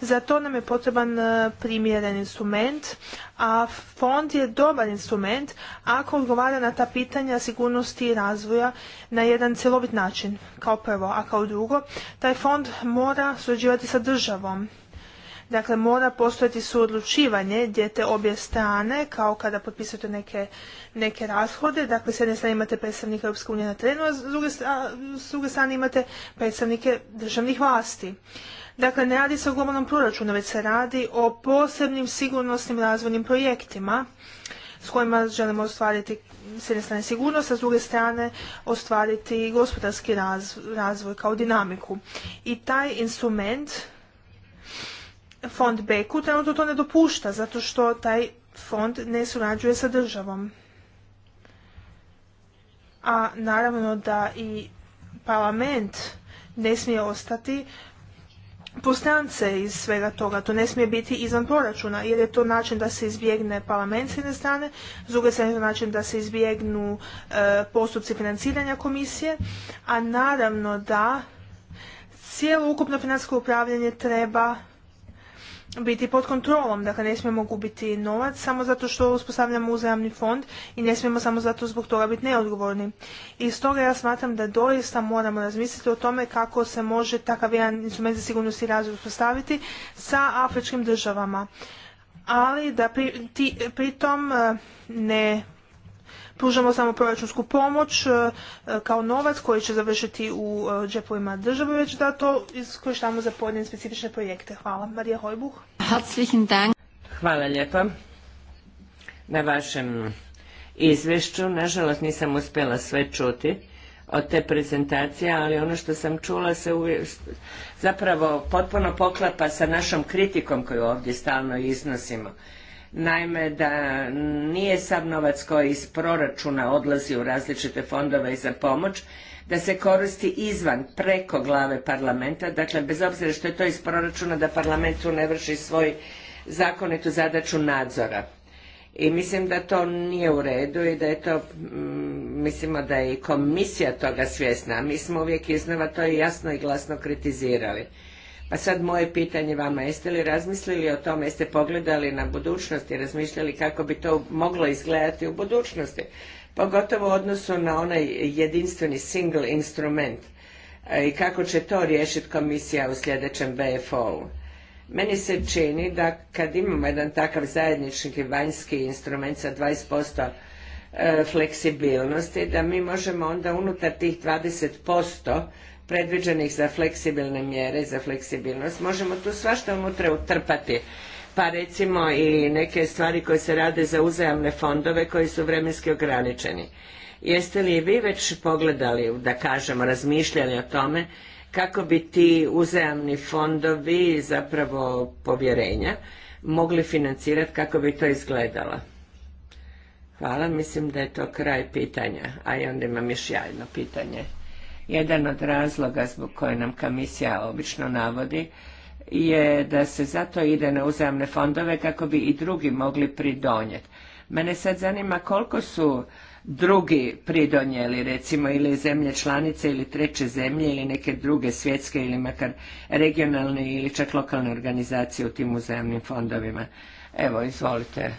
Za to nam je potreban e, primjeren instrument, a fond je dobar instrument ako odgovara na ta pitanja sigurnosti i razvoja na jedan cjelovit način, kao prvo, a kao drugo, taj fond mora surađivati sa državom Dakle, mora postojati suodlučivanje gdje te obje strane, kao kada potpisujete neke, neke rashode, dakle s jedne strane imate predstavnika Europske unije na terenu, a s druge, strane imate predstavnike državnih vlasti. Dakle, ne radi se o globalnom proračunu, već se radi o posebnim sigurnosnim razvojnim projektima s kojima želimo ostvariti s jedne strane sigurnost, a s druge strane ostvariti gospodarski razvoj kao dinamiku. I taj instrument fond Beku trenutno to ne dopušta, zato što taj fond ne surađuje sa državom. A naravno da i parlament ne smije ostati postrance iz svega toga. To ne smije biti izvan proračuna, jer je to način da se izbjegne parlament s jedne strane, s druge strane je to način da se izbjegnu e, postupci financiranja komisije, a naravno da cijelo ukupno financijsko upravljanje treba biti pod kontrolom. Dakle, ne smijemo gubiti novac samo zato što uspostavljamo uzajamni fond i ne smijemo samo zato zbog toga biti neodgovorni. I stoga ja smatram da doista moramo razmisliti o tome kako se može takav jedan instrument za sigurnost i razvoj uspostaviti sa afričkim državama. Ali da pritom eh, ne pružamo samo proračunsku pomoć e, kao novac koji će završiti u e, džepovima države, već da to iskoristamo za pojedine specifične projekte. Hvala. Marija Hojbuh. Hvala lijepa na vašem izvješću. Nažalost nisam uspjela sve čuti od te prezentacije, ali ono što sam čula se uvijek zapravo potpuno poklapa sa našom kritikom koju ovdje stalno iznosimo Naime, da nije sav novac koji iz proračuna odlazi u različite fondove i za pomoć, da se koristi izvan, preko glave parlamenta, dakle bez obzira što je to iz proračuna da parlament tu ne vrši svoj zakonitu zadaću nadzora. I mislim da to nije u redu i da je to, mm, mislimo da je i komisija toga svjesna, a mi smo uvijek iznova to jasno i glasno kritizirali. Pa sad moje pitanje vama, jeste li razmislili o tome, jeste pogledali na budućnost i razmišljali kako bi to moglo izgledati u budućnosti, pogotovo u odnosu na onaj jedinstveni single instrument e, i kako će to riješiti komisija u sljedećem BFO-u. Meni se čini da kad imamo jedan takav zajednički vanjski instrument sa 20% e, fleksibilnosti, da mi možemo onda unutar tih 20% predviđenih za fleksibilne mjere za fleksibilnost. Možemo tu svašta unutra utrpati pa recimo i neke stvari koje se rade za uzajamne fondove koji su vremenski ograničeni. Jeste li vi već pogledali, da kažemo, razmišljali o tome kako bi ti uzajamni fondovi zapravo povjerenja mogli financirati, kako bi to izgledalo? Hvala, mislim da je to kraj pitanja, a i onda imam još jedno pitanje. Jedan od razloga zbog koje nam komisija obično navodi je da se zato ide na uzajamne fondove kako bi i drugi mogli pridonijeti. Mene sad zanima koliko su drugi pridonijeli, recimo ili zemlje članice ili treće zemlje ili neke druge svjetske ili makar regionalne ili čak lokalne organizacije u tim uzajamnim fondovima. Evo, izvolite.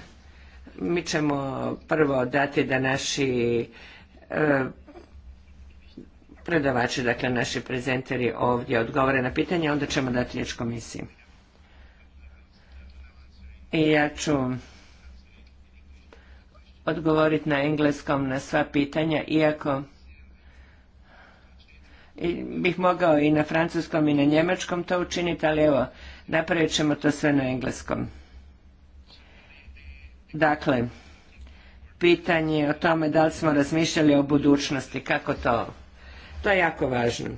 Mi ćemo prvo dati da naši e, predavači, dakle naši prezenteri ovdje odgovore na pitanje, onda ćemo dati riječ komisiji. I ja ću odgovoriti na engleskom na sva pitanja, iako bih mogao i na francuskom i na njemačkom to učiniti, ali evo, napravit ćemo to sve na engleskom. Dakle, pitanje o tome da li smo razmišljali o budućnosti, kako to to je jako važno.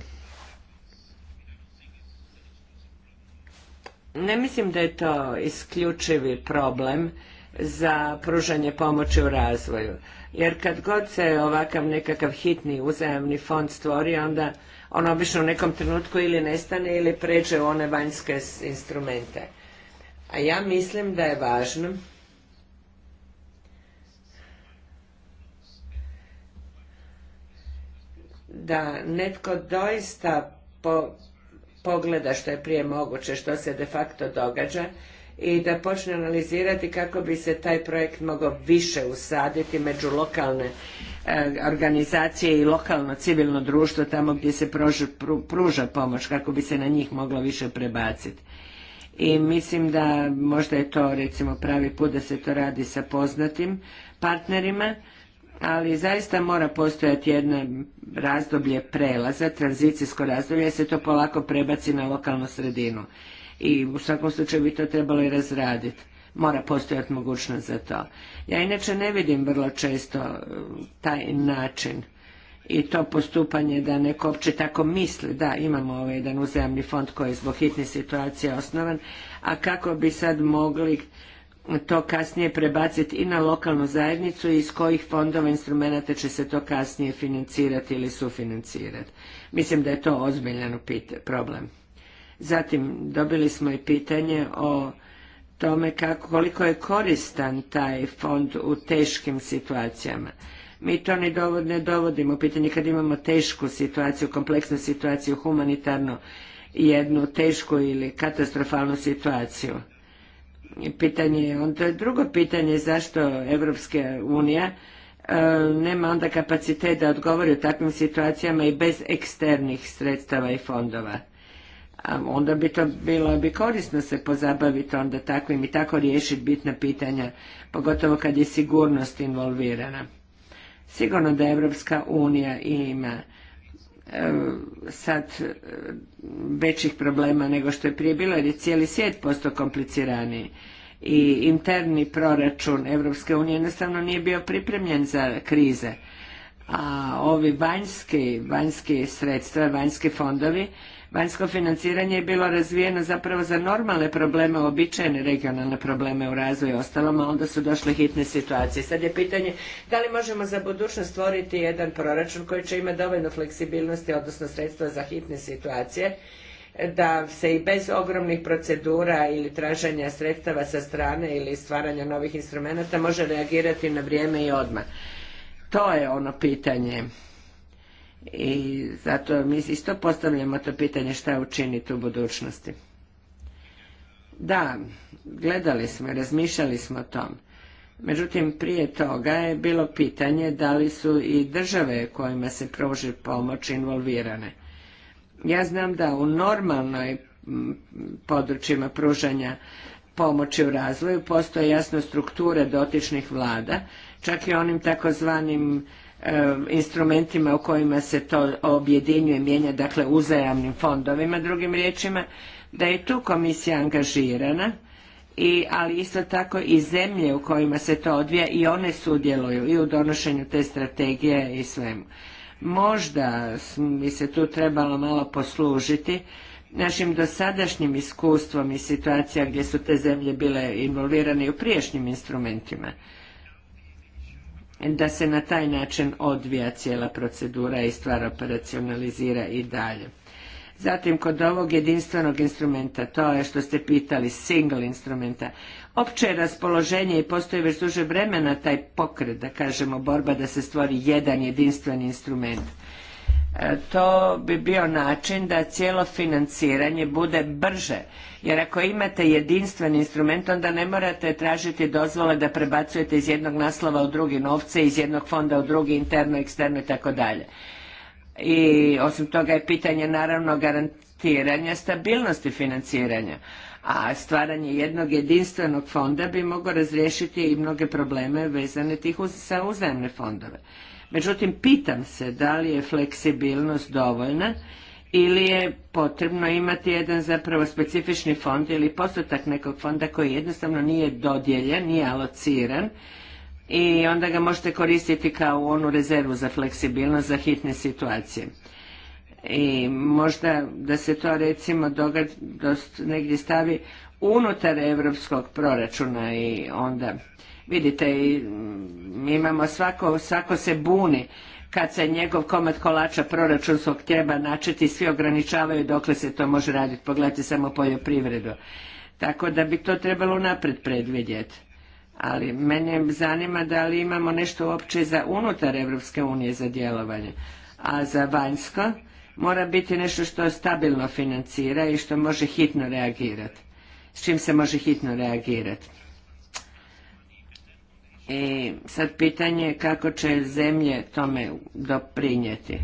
Ne mislim da je to isključivi problem za pružanje pomoći u razvoju. Jer kad god se ovakav nekakav hitni uzajamni fond stvori, onda on obično u nekom trenutku ili nestane ili pređe u one vanjske instrumente. A ja mislim da je važno da netko doista pogleda što je prije moguće, što se de facto događa i da počne analizirati kako bi se taj projekt mogao više usaditi među lokalne eh, organizacije i lokalno civilno društvo tamo gdje se pruža pomoć, kako bi se na njih moglo više prebaciti. I mislim da možda je to recimo pravi put da se to radi sa poznatim partnerima, ali zaista mora postojati jedno razdoblje prelaza, tranzicijsko razdoblje, se to polako prebaci na lokalnu sredinu. I u svakom slučaju bi to trebalo i razraditi. Mora postojati mogućnost za to. Ja inače ne vidim vrlo često uh, taj način i to postupanje da neko uopće tako misli. Da, imamo ovaj jedan uzajamni fond koji je zbog hitne situacije osnovan, a kako bi sad mogli to kasnije prebaciti i na lokalnu zajednicu i iz kojih fondova instrumenata će se to kasnije financirati ili sufinancirati. Mislim da je to ozbiljan problem. Zatim dobili smo i pitanje o tome kako, koliko je koristan taj fond u teškim situacijama. Mi to ne, dovod, dovodimo u pitanje kad imamo tešku situaciju, kompleksnu situaciju, humanitarnu, jednu tešku ili katastrofalnu situaciju pitanje, onda je drugo pitanje zašto Evropska unija e, nema onda kapacitet da odgovori u takvim situacijama i bez eksternih sredstava i fondova. A onda bi to bilo bi korisno se pozabaviti onda takvim i tako riješiti bitna pitanja, pogotovo kad je sigurnost involvirana. Sigurno da Evropska unija ima sad eh, većih problema nego što je prije bilo jer je cijeli svijet postao kompliciraniji i interni proračun Europske unije jednostavno nije bio pripremljen za krize a ovi vanjski sredstva, vanjski fondovi Vanjsko financiranje je bilo razvijeno zapravo za normalne probleme, običajne regionalne probleme u razvoju i ostalom, a onda su došle hitne situacije. Sad je pitanje da li možemo za budućnost stvoriti jedan proračun koji će imati dovoljno fleksibilnosti, odnosno sredstva za hitne situacije, da se i bez ogromnih procedura ili traženja sredstava sa strane ili stvaranja novih instrumenata može reagirati na vrijeme i odmah. To je ono pitanje. I zato mi isto postavljamo to pitanje šta učiniti u budućnosti. Da, gledali smo i razmišljali smo o tom. Međutim, prije toga je bilo pitanje da li su i države kojima se pruži pomoć involvirane. Ja znam da u normalnoj područjima pružanja pomoći u razvoju postoje jasno strukture dotičnih vlada, čak i onim takozvanim Eh, instrumentima u kojima se to objedinjuje, mijenja, dakle uzajamnim fondovima, drugim riječima, da je tu komisija angažirana, i, ali isto tako i zemlje u kojima se to odvija i one sudjeluju i u donošenju te strategije i svemu. Možda bi se tu trebalo malo poslužiti našim dosadašnjim iskustvom i situacija gdje su te zemlje bile involvirane i u prijašnjim instrumentima da se na taj način odvija cijela procedura i stvar operacionalizira i dalje. Zatim kod ovog jedinstvenog instrumenta, to je što ste pitali, single instrumenta, opće je raspoloženje i postoji već duže vremena taj pokret, da kažemo, borba da se stvori jedan jedinstveni instrument. E, to bi bio način da cijelo financiranje bude brže. Jer ako imate jedinstven instrument, onda ne morate tražiti dozvole da prebacujete iz jednog naslova u drugi novce, iz jednog fonda u drugi, interno, eksterno i tako dalje. I osim toga je pitanje naravno garantiranja stabilnosti financiranja. A stvaranje jednog jedinstvenog fonda bi moglo razriješiti i mnoge probleme vezane tih uz, sa fondove. Međutim, pitam se da li je fleksibilnost dovoljna ili je potrebno imati jedan zapravo specifični fond ili postotak nekog fonda koji jednostavno nije dodijeljen, nije alociran i onda ga možete koristiti kao onu rezervu za fleksibilnost za hitne situacije. I možda da se to recimo negdje stavi unutar europskog proračuna i onda Vidite, mm, mi imamo svako, svako se buni kad se njegov komad kolača proračunskog treba načeti, svi ograničavaju dokle se to može raditi. Pogledajte samo poljoprivredu. Tako da bi to trebalo napred predvidjeti. Ali mene zanima da li imamo nešto uopće za unutar Evropske unije za djelovanje. A za vanjsko mora biti nešto što stabilno financira i što može hitno reagirati. S čim se može hitno reagirati. I e, sad pitanje je kako će zemlje tome doprinjeti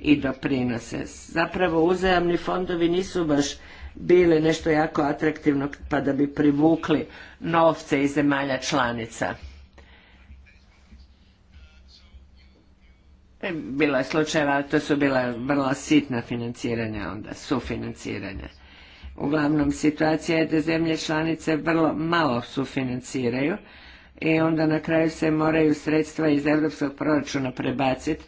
i doprinose. Zapravo uzajamni fondovi nisu baš bili nešto jako atraktivno pa da bi privukli novce iz zemalja članica. E, Bilo je slučajeva, to su bila vrlo sitna financiranja onda, sufinanciranja. Uglavnom, situacija je da zemlje članice vrlo malo sufinanciraju, i onda na kraju se moraju sredstva iz europskog proračuna prebaciti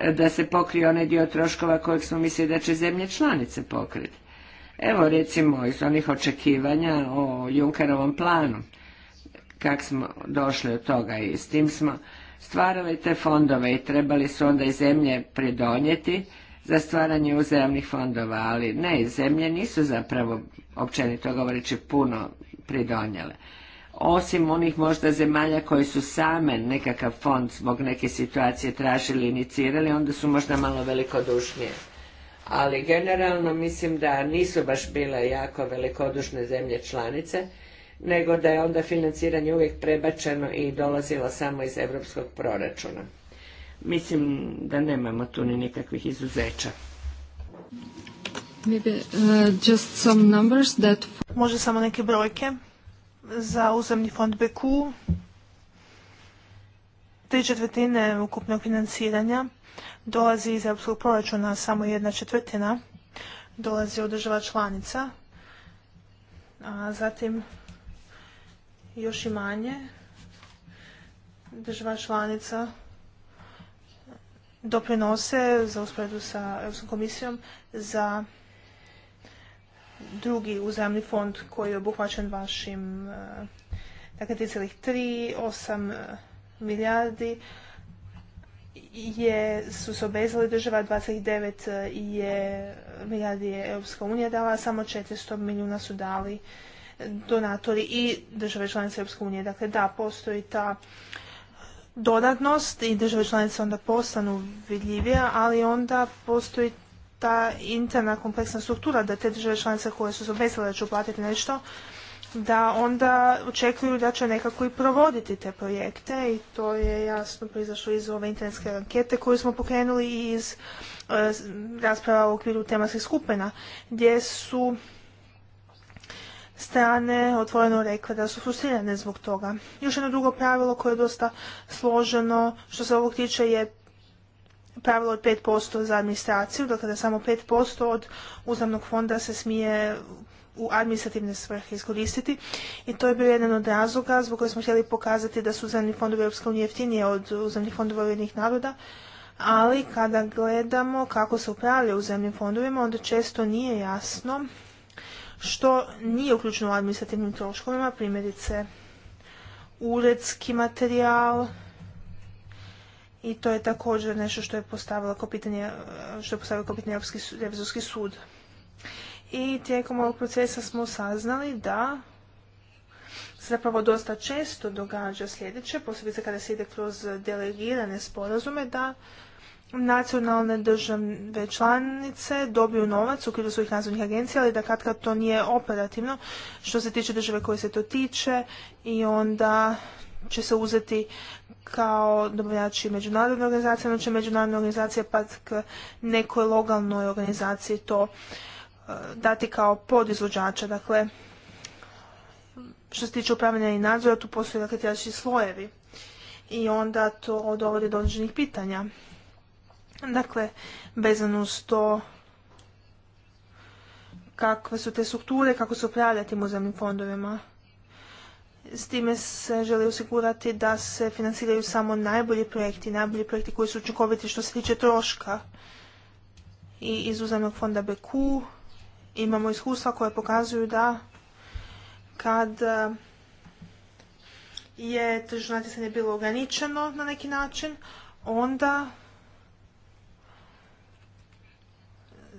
e, da se pokrije onaj dio troškova kojeg smo mislili da će zemlje članice pokriti. Evo recimo iz onih očekivanja o Junkerovom planu, kak smo došli od toga i s tim smo stvarali te fondove i trebali su onda i zemlje pridonijeti za stvaranje uzajamnih fondova, ali ne, zemlje nisu zapravo općenito govoreći puno pridonjele osim onih možda zemalja koje su same nekakav fond zbog neke situacije tražili, inicirali, onda su možda malo velikodušnije. Ali generalno mislim da nisu baš bile jako velikodušne zemlje članice, nego da je onda financiranje uvijek prebačeno i dolazilo samo iz europskog proračuna. Mislim da nemamo tu ni nikakvih izuzeća. Maybe, uh, Može samo neke brojke za uzemni fond BQ, tri četvrtine ukupnog financiranja dolazi iz europskog proračuna, samo jedna četvrtina dolazi od država članica, a zatim još i manje država članica doprinose za uspredu sa Europskom komisijom za drugi uzajamni fond koji je obuhvaćen vašim e, dakle 3,38 e, milijardi je, su se obezali država, 29 e, je, milijardi je Europska unija dala, samo 400 milijuna su dali donatori i države članice Europske unije. Dakle, da, postoji ta dodatnost i države članice onda postanu vidljivija ali onda postoji ta interna kompleksna struktura da te države članice koje su se da će uplatiti nešto, da onda očekuju da će nekako i provoditi te projekte i to je jasno proizašlo iz ove internetske ankete koju smo pokrenuli i iz e, rasprava u okviru tematskih skupina gdje su strane otvoreno rekle da su frustrirane zbog toga. Još jedno drugo pravilo koje je dosta složeno što se ovog tiče je pravilo od 5% za administraciju, dakle da samo 5% od uzemnog fonda se smije u administrativne svrhe iskoristiti i to je bio jedan od razloga zbog koje smo htjeli pokazati da su uzemni fondovi Europske unije jeftinije od uzemnih fondova ujednih naroda, ali kada gledamo kako se upravlja uzemnim fondovima, onda često nije jasno što nije uključeno u administrativnim troškovima, primjerice uredski materijal, i to je također nešto što je postavilo kao pitanje, što je postavilo kao pitanje revizorski sud. I tijekom ovog procesa smo saznali da se zapravo dosta često događa sljedeće, posebice kada se ide kroz delegirane sporazume, da nacionalne države članice dobiju novac u okviru svojih nazivnih agencija, ali da kad, kad to nije operativno što se tiče države koje se to tiče i onda će se uzeti kao dobavljači međunarodne organizacije, znači međunarodne organizacije pa nekoj lokalnoj organizaciji to e, dati kao podizvođača. Dakle, što se tiče upravljanja i nadzora, tu postoje dakle slojevi i onda to dovodi do određenih pitanja. Dakle, vezano uz to kakve su te strukture, kako se upravljati tim fondovima. S time se želi osigurati da se financiraju samo najbolji projekti, najbolji projekti koji su učinkoviti što se tiče troška. I iz uzemnog fonda BQ imamo iskustva koje pokazuju da kad e, je tržno natjecanje bilo ograničeno na neki način, onda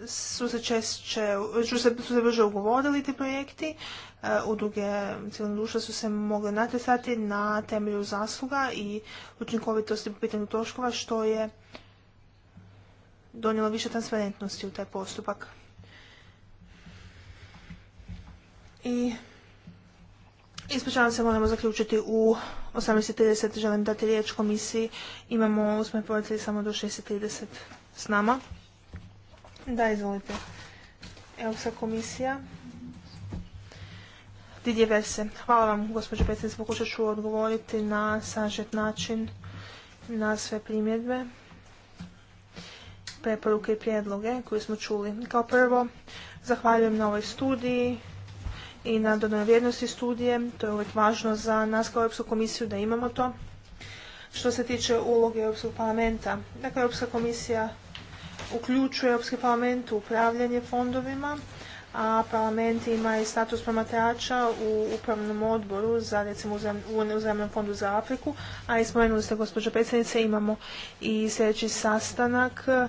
su se češće, su se brže ugovorili ti projekti, E, udruge civilne društva su se mogle natjecati na temelju zasluga i učinkovitosti po pitanju troškova što je donijelo više transparentnosti u taj postupak. I Ispričavam se, moramo zaključiti u 18.30. Želim dati riječ komisiji. Imamo usme pojatelji samo do 6.30 s nama. Da, izvolite. Europska komisija. Didje Vese. Hvala vam, gospođo predsjednice. Pokušat ću odgovoriti na sažet način na sve primjedbe, preporuke i prijedloge koje smo čuli. Kao prvo, zahvaljujem na ovoj studiji i na dodanoj vrijednosti studije. To je uvijek važno za nas kao Europsku komisiju da imamo to. Što se tiče uloge Europskog parlamenta, dakle Europska komisija uključuje Europski parlament u upravljanje fondovima a parlament ima i status promatrača u upravnom odboru za recimo u fondu za Afriku, a i spomenuli ste gospođo predsjednice, imamo i sljedeći sastanak e,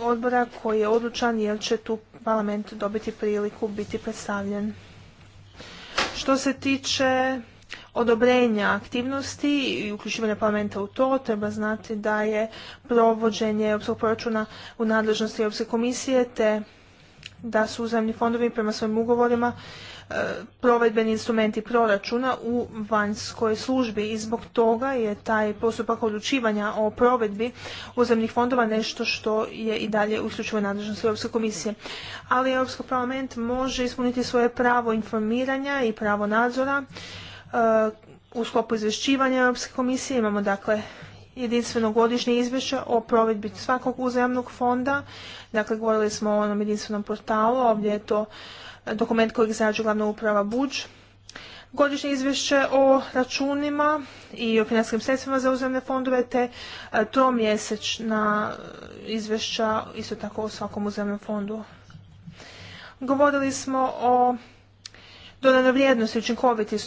odbora koji je odlučan jer će tu parlament dobiti priliku biti predstavljen. Što se tiče odobrenja aktivnosti i uključivanja parlamenta u to, treba znati da je provođenje europskog proračuna u nadležnosti Europske komisije te da su uzajemni fondovi prema svojim ugovorima e, provedbeni instrumenti proračuna u vanjskoj službi i zbog toga je taj postupak odlučivanja o provedbi uzajemnih fondova nešto što je i dalje u isključivoj nadležnosti Europske komisije. Ali Europski parlament može ispuniti svoje pravo informiranja i pravo nadzora e, u sklopu izvješćivanja Europske komisije imamo dakle jedinstveno godišnje izvješće o provedbi svakog uzajamnog fonda. Dakle, govorili smo o onom jedinstvenom portalu, ovdje je to dokument kojeg izrađuje glavna uprava Buđ. Godišnje izvješće o računima i o financijskim sredstvima za uzajamne fondove te e, tromjesečna e, izvješća isto tako o svakom uzajamnom fondu. Govorili smo o dodane vrijednosti učinkoviti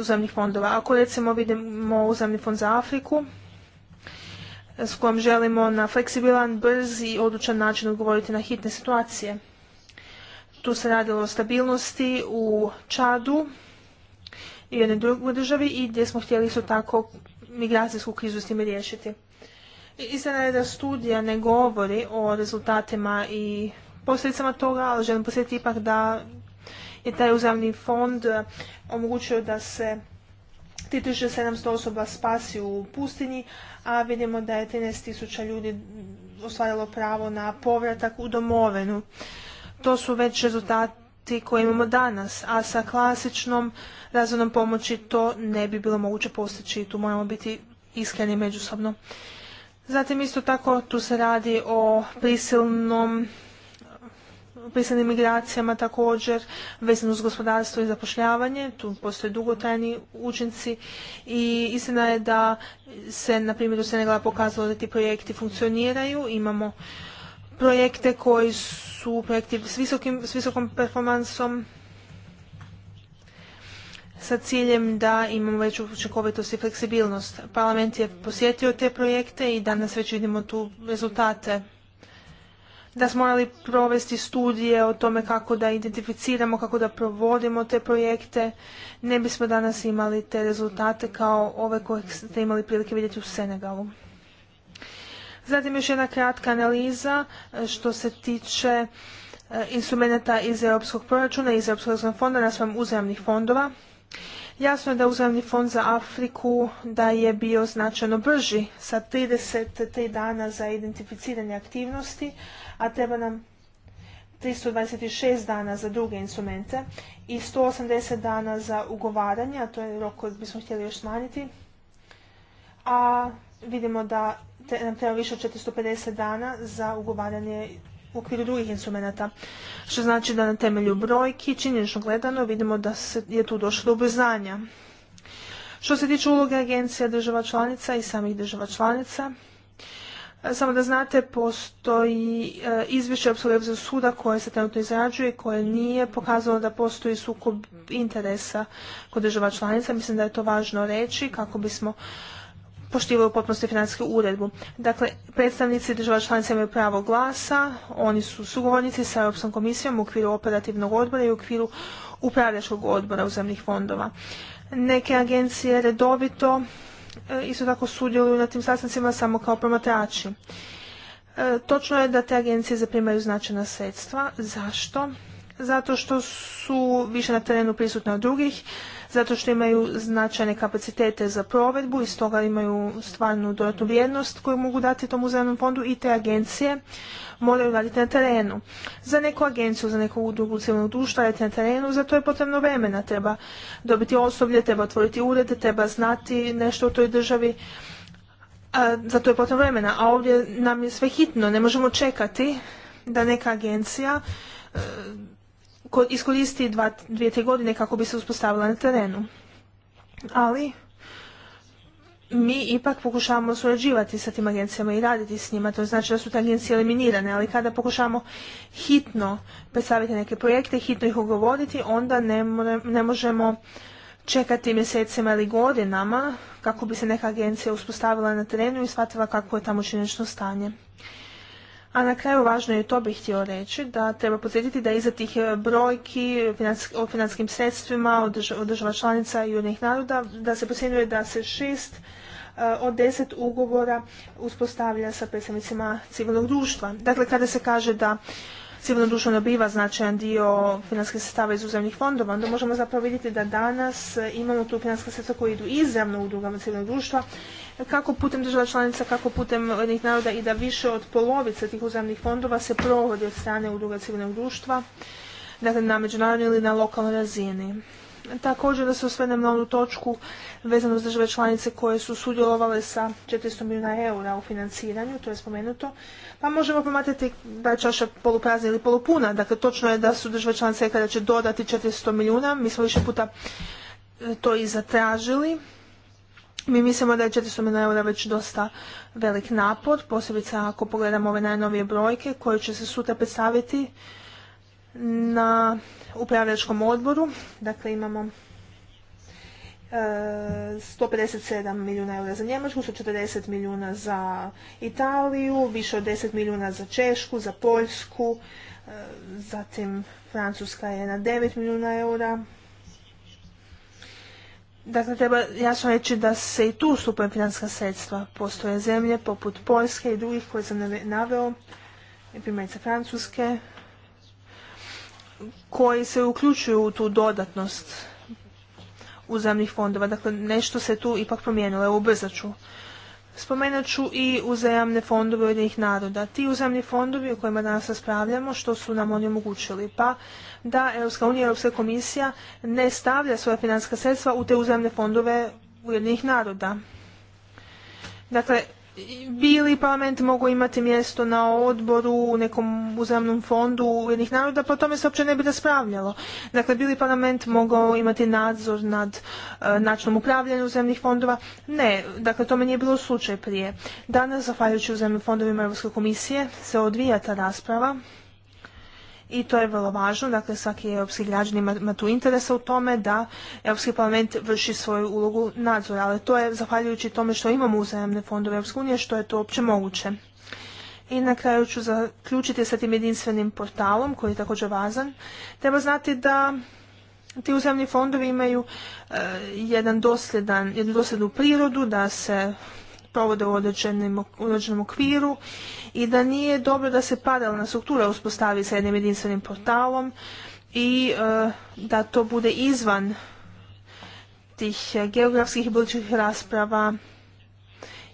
uzemnih fondova. Ako recimo vidimo uzemni fond za Afriku, s kojom želimo na fleksibilan, brz i odlučan način odgovoriti na hitne situacije. Tu se radilo o stabilnosti u Čadu i jednoj drugoj državi i gdje smo htjeli isto tako migracijsku krizu s time riješiti. Istina je da studija ne govori o rezultatima i posljedicama toga, ali želim posjetiti ipak da je taj uzavni fond eh, omogućio da se 3700 osoba spasi u pustinji, a vidimo da je 13.000 ljudi ostvarilo pravo na povratak u domovenu. To su već rezultati koje imamo danas, a sa klasičnom razvojnom pomoći to ne bi bilo moguće postići i tu moramo biti iskreni međusobno. Zatim isto tako tu se radi o prisilnom pisanim migracijama također, vezano uz gospodarstvo i zapošljavanje, tu postoje dugotrajni učinci i istina je da se na u Senegala pokazalo da ti projekti funkcioniraju, imamo projekte koji su projekti s, s visokom performansom, sa ciljem da imamo veću učinkovitost i fleksibilnost. Parlament je posjetio te projekte i danas već vidimo tu rezultate da smo morali provesti studije o tome kako da identificiramo, kako da provodimo te projekte, ne bismo danas imali te rezultate kao ove koje ste imali prilike vidjeti u Senegalu. Zatim još jedna kratka analiza e, što se tiče e, instrumenta iz europskog proračuna, iz europskog fonda na svom uzajamnih fondova. Jasno je da uzajamni fond za Afriku da je bio značajno brži sa 33 dana za identificiranje aktivnosti, a treba nam 326 dana za druge instrumente i 180 dana za ugovaranje, a to je rok koji bismo htjeli još smanjiti. A vidimo da nam treba više od 450 dana za ugovaranje u okviru drugih instrumenta. Što znači da na temelju brojki, činjenično gledano, vidimo da se, je tu došlo do ubrzanja. Što se tiče uloge agencija država članica i samih država članica, samo da znate, postoji e, izvješće Europskog suda koje se trenutno izrađuje koje nije pokazalo da postoji sukob interesa kod država članica. Mislim da je to važno reći kako bismo poštivali u potpunosti financijsku uredbu. Dakle, predstavnici država članica imaju pravo glasa, oni su sugovornici sa Europskom komisijom u okviru operativnog odbora i u okviru upravljačkog odbora uzemnih fondova. Neke agencije redovito E, isto tako sudjeluju na tim sastancima samo kao promatrači. E, točno je da te agencije zaprimaju značajna sredstva. Zašto? Zato što su više na terenu prisutne od drugih, zato što imaju značajne kapacitete za provedbu i stoga imaju stvarnu dodatnu vrijednost koju mogu dati tom uzajemnom fondu i te agencije moraju raditi na terenu. Za neku agenciju, za neku udrugu civilnog društva raditi na terenu, za to je potrebno vremena. Treba dobiti osoblje, treba otvoriti urede, treba znati nešto o toj državi. za to je potrebno vremena. A ovdje nam je sve hitno, ne možemo čekati da neka agencija e, iskoristi dva, dvije, tri godine kako bi se uspostavila na terenu. Ali mi ipak pokušavamo surađivati sa tim agencijama i raditi s njima, to znači da su te agencije eliminirane, ali kada pokušavamo hitno predstaviti neke projekte, hitno ih ugovoriti, onda ne, možemo čekati mjesecima ili godinama kako bi se neka agencija uspostavila na terenu i shvatila kako je tamo činjenično stanje. A na kraju važno je to bih htio reći da treba podsjetiti da iza tih e, brojki o financijskim sredstvima od država, članica i unih naroda da se procjenjuje da se šest e, od deset ugovora uspostavlja sa predstavnicima civilnog društva. Dakle, kada se kaže da civilno društvo dobiva značajan dio financijskih sredstava iz uzemnih fondova, onda možemo zapravo vidjeti da danas e, imamo tu financijska sredstva koja idu izravno udrugama civilnog društva, kako putem država članica, kako putem jednih naroda i da više od polovice tih uzemnih fondova se provodi od strane udruga civilnog društva, dakle na međunarodnoj ili na lokalnoj razini. Također da se osvrnem na onu točku vezano s države članice koje su sudjelovale sa 400 milijuna eura u financiranju, to je spomenuto pa možemo promatrati da je čaša poluprazna ili polupuna. Dakle, točno je da su države članice kada će dodati 400 milijuna. Mi smo više puta e, to i zatražili. Mi mislimo da je 400 milijuna eura već dosta velik napor, posebice ako pogledamo ove najnovije brojke koje će se sutra predstaviti na upravljačkom odboru. Dakle, imamo 157 milijuna eura za Njemačku, 140 milijuna za Italiju, više od 10 milijuna za Češku, za Poljsku, e, zatim Francuska je na 9 milijuna eura. Dakle, treba jasno reći da se i tu stupaju financijska sredstva. Postoje zemlje poput Poljske i drugih koje sam naveo, primjerice Francuske, koji se uključuju u tu dodatnost uzajamnih fondova. Dakle, nešto se tu ipak promijenilo, evo ubrzat ću. Spomenut ću i uzajamne fondove Ujedinih naroda. Ti uzajamni fondovi o kojima danas raspravljamo, što su nam oni omogućili? Pa da Europska unija i Europska komisija ne stavlja svoja financijska sredstva u te uzajamne fondove Ujedinih naroda. Dakle, bili parlament mogu imati mjesto na odboru u nekom uzemnom fondu jednih naroda, pa o tome se uopće ne bi raspravljalo. Dakle, bili parlament mogao imati nadzor nad e, načinom upravljanja uzemnih fondova? Ne, dakle, tome nije bilo slučaj prije. Danas, zahvaljujući uzemnim fondovima Europske komisije, se odvija ta rasprava i to je vrlo važno. Dakle, svaki europski građan ima tu interesa u tome da Europski parlament vrši svoju ulogu nadzora, ali to je zahvaljujući tome što imamo uzajemne fondove Europske unije, što je to uopće moguće. I na kraju ću zaključiti sa tim jedinstvenim portalom koji je također važan. Treba znati da ti uzajemni fondovi imaju e, jedan dosljedan, jednu dosljednu prirodu da se provode u određenom, okviru i da nije dobro da se paralelna struktura uspostavi sa jednim jedinstvenim portalom i e, da to bude izvan tih geografskih i budućih rasprava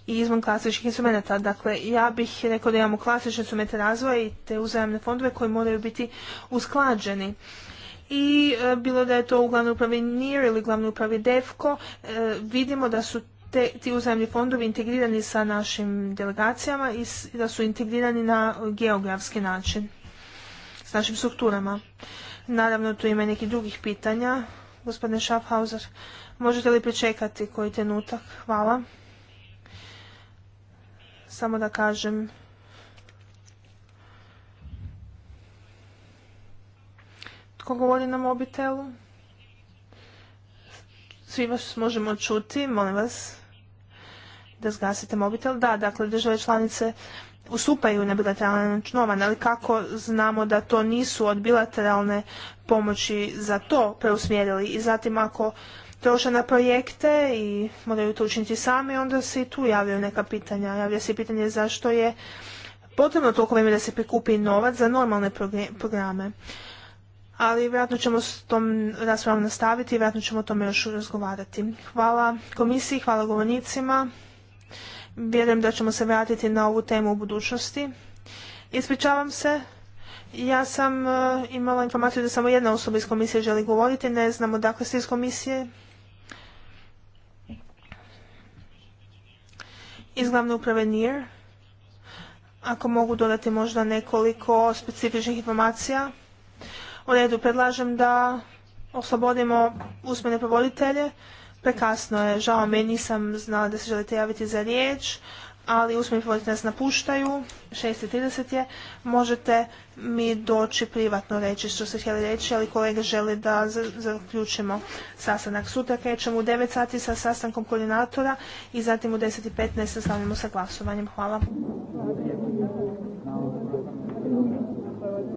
i izvan klasičnih instrumenta. Dakle, ja bih rekao da imamo klasične instrumente razvoja i te uzajamne fondove koji moraju biti usklađeni. I e, bilo da je to u glavnoj upravi NIR ili glavnoj upravi DEFCO, e, vidimo da su te, ti uzajemni fondovi integrirani sa našim delegacijama i da su integrirani na geografski način s našim strukturama. Naravno, tu ima nekih drugih pitanja. Gospodine Schaffhauser, možete li pričekati koji trenutak? Hvala. Samo da kažem tko govori na mobitelu. Svi vas možemo čuti, molim vas da zgasite mobitel. Da, dakle, države članice usupaju na bilateralne ali kako znamo da to nisu od bilateralne pomoći za to preusmjerili i zatim ako troše na projekte i moraju to učiniti sami, onda se i tu javljaju neka pitanja. Javlja se pitanje zašto je potrebno toliko vremena da se prikupi novac za normalne programe ali vjerojatno ćemo s tom raspravom nastaviti i vjerojatno ćemo o tome još razgovarati. Hvala komisiji, hvala govornicima. Vjerujem da ćemo se vratiti na ovu temu u budućnosti. Ispričavam se, ja sam e, imala informaciju da samo jedna osoba iz komisije želi govoriti, ne znam odakle ste iz komisije. Iz glavne uprave NIR. Ako mogu dodati možda nekoliko specifičnih informacija. U redu, predlažem da oslobodimo usmene provoditelje. Prekasno je, žao mi, nisam znala da se želite javiti za riječ, ali usmeni provoditelji nas napuštaju, 6.30 je. Možete mi doći privatno reći što ste htjeli reći, ali kolega želi da zaključimo sastanak. Sutra krećemo u 9 sati sa sastankom koordinatora i zatim u 10.15 nastavljamo sa glasovanjem. Hvala.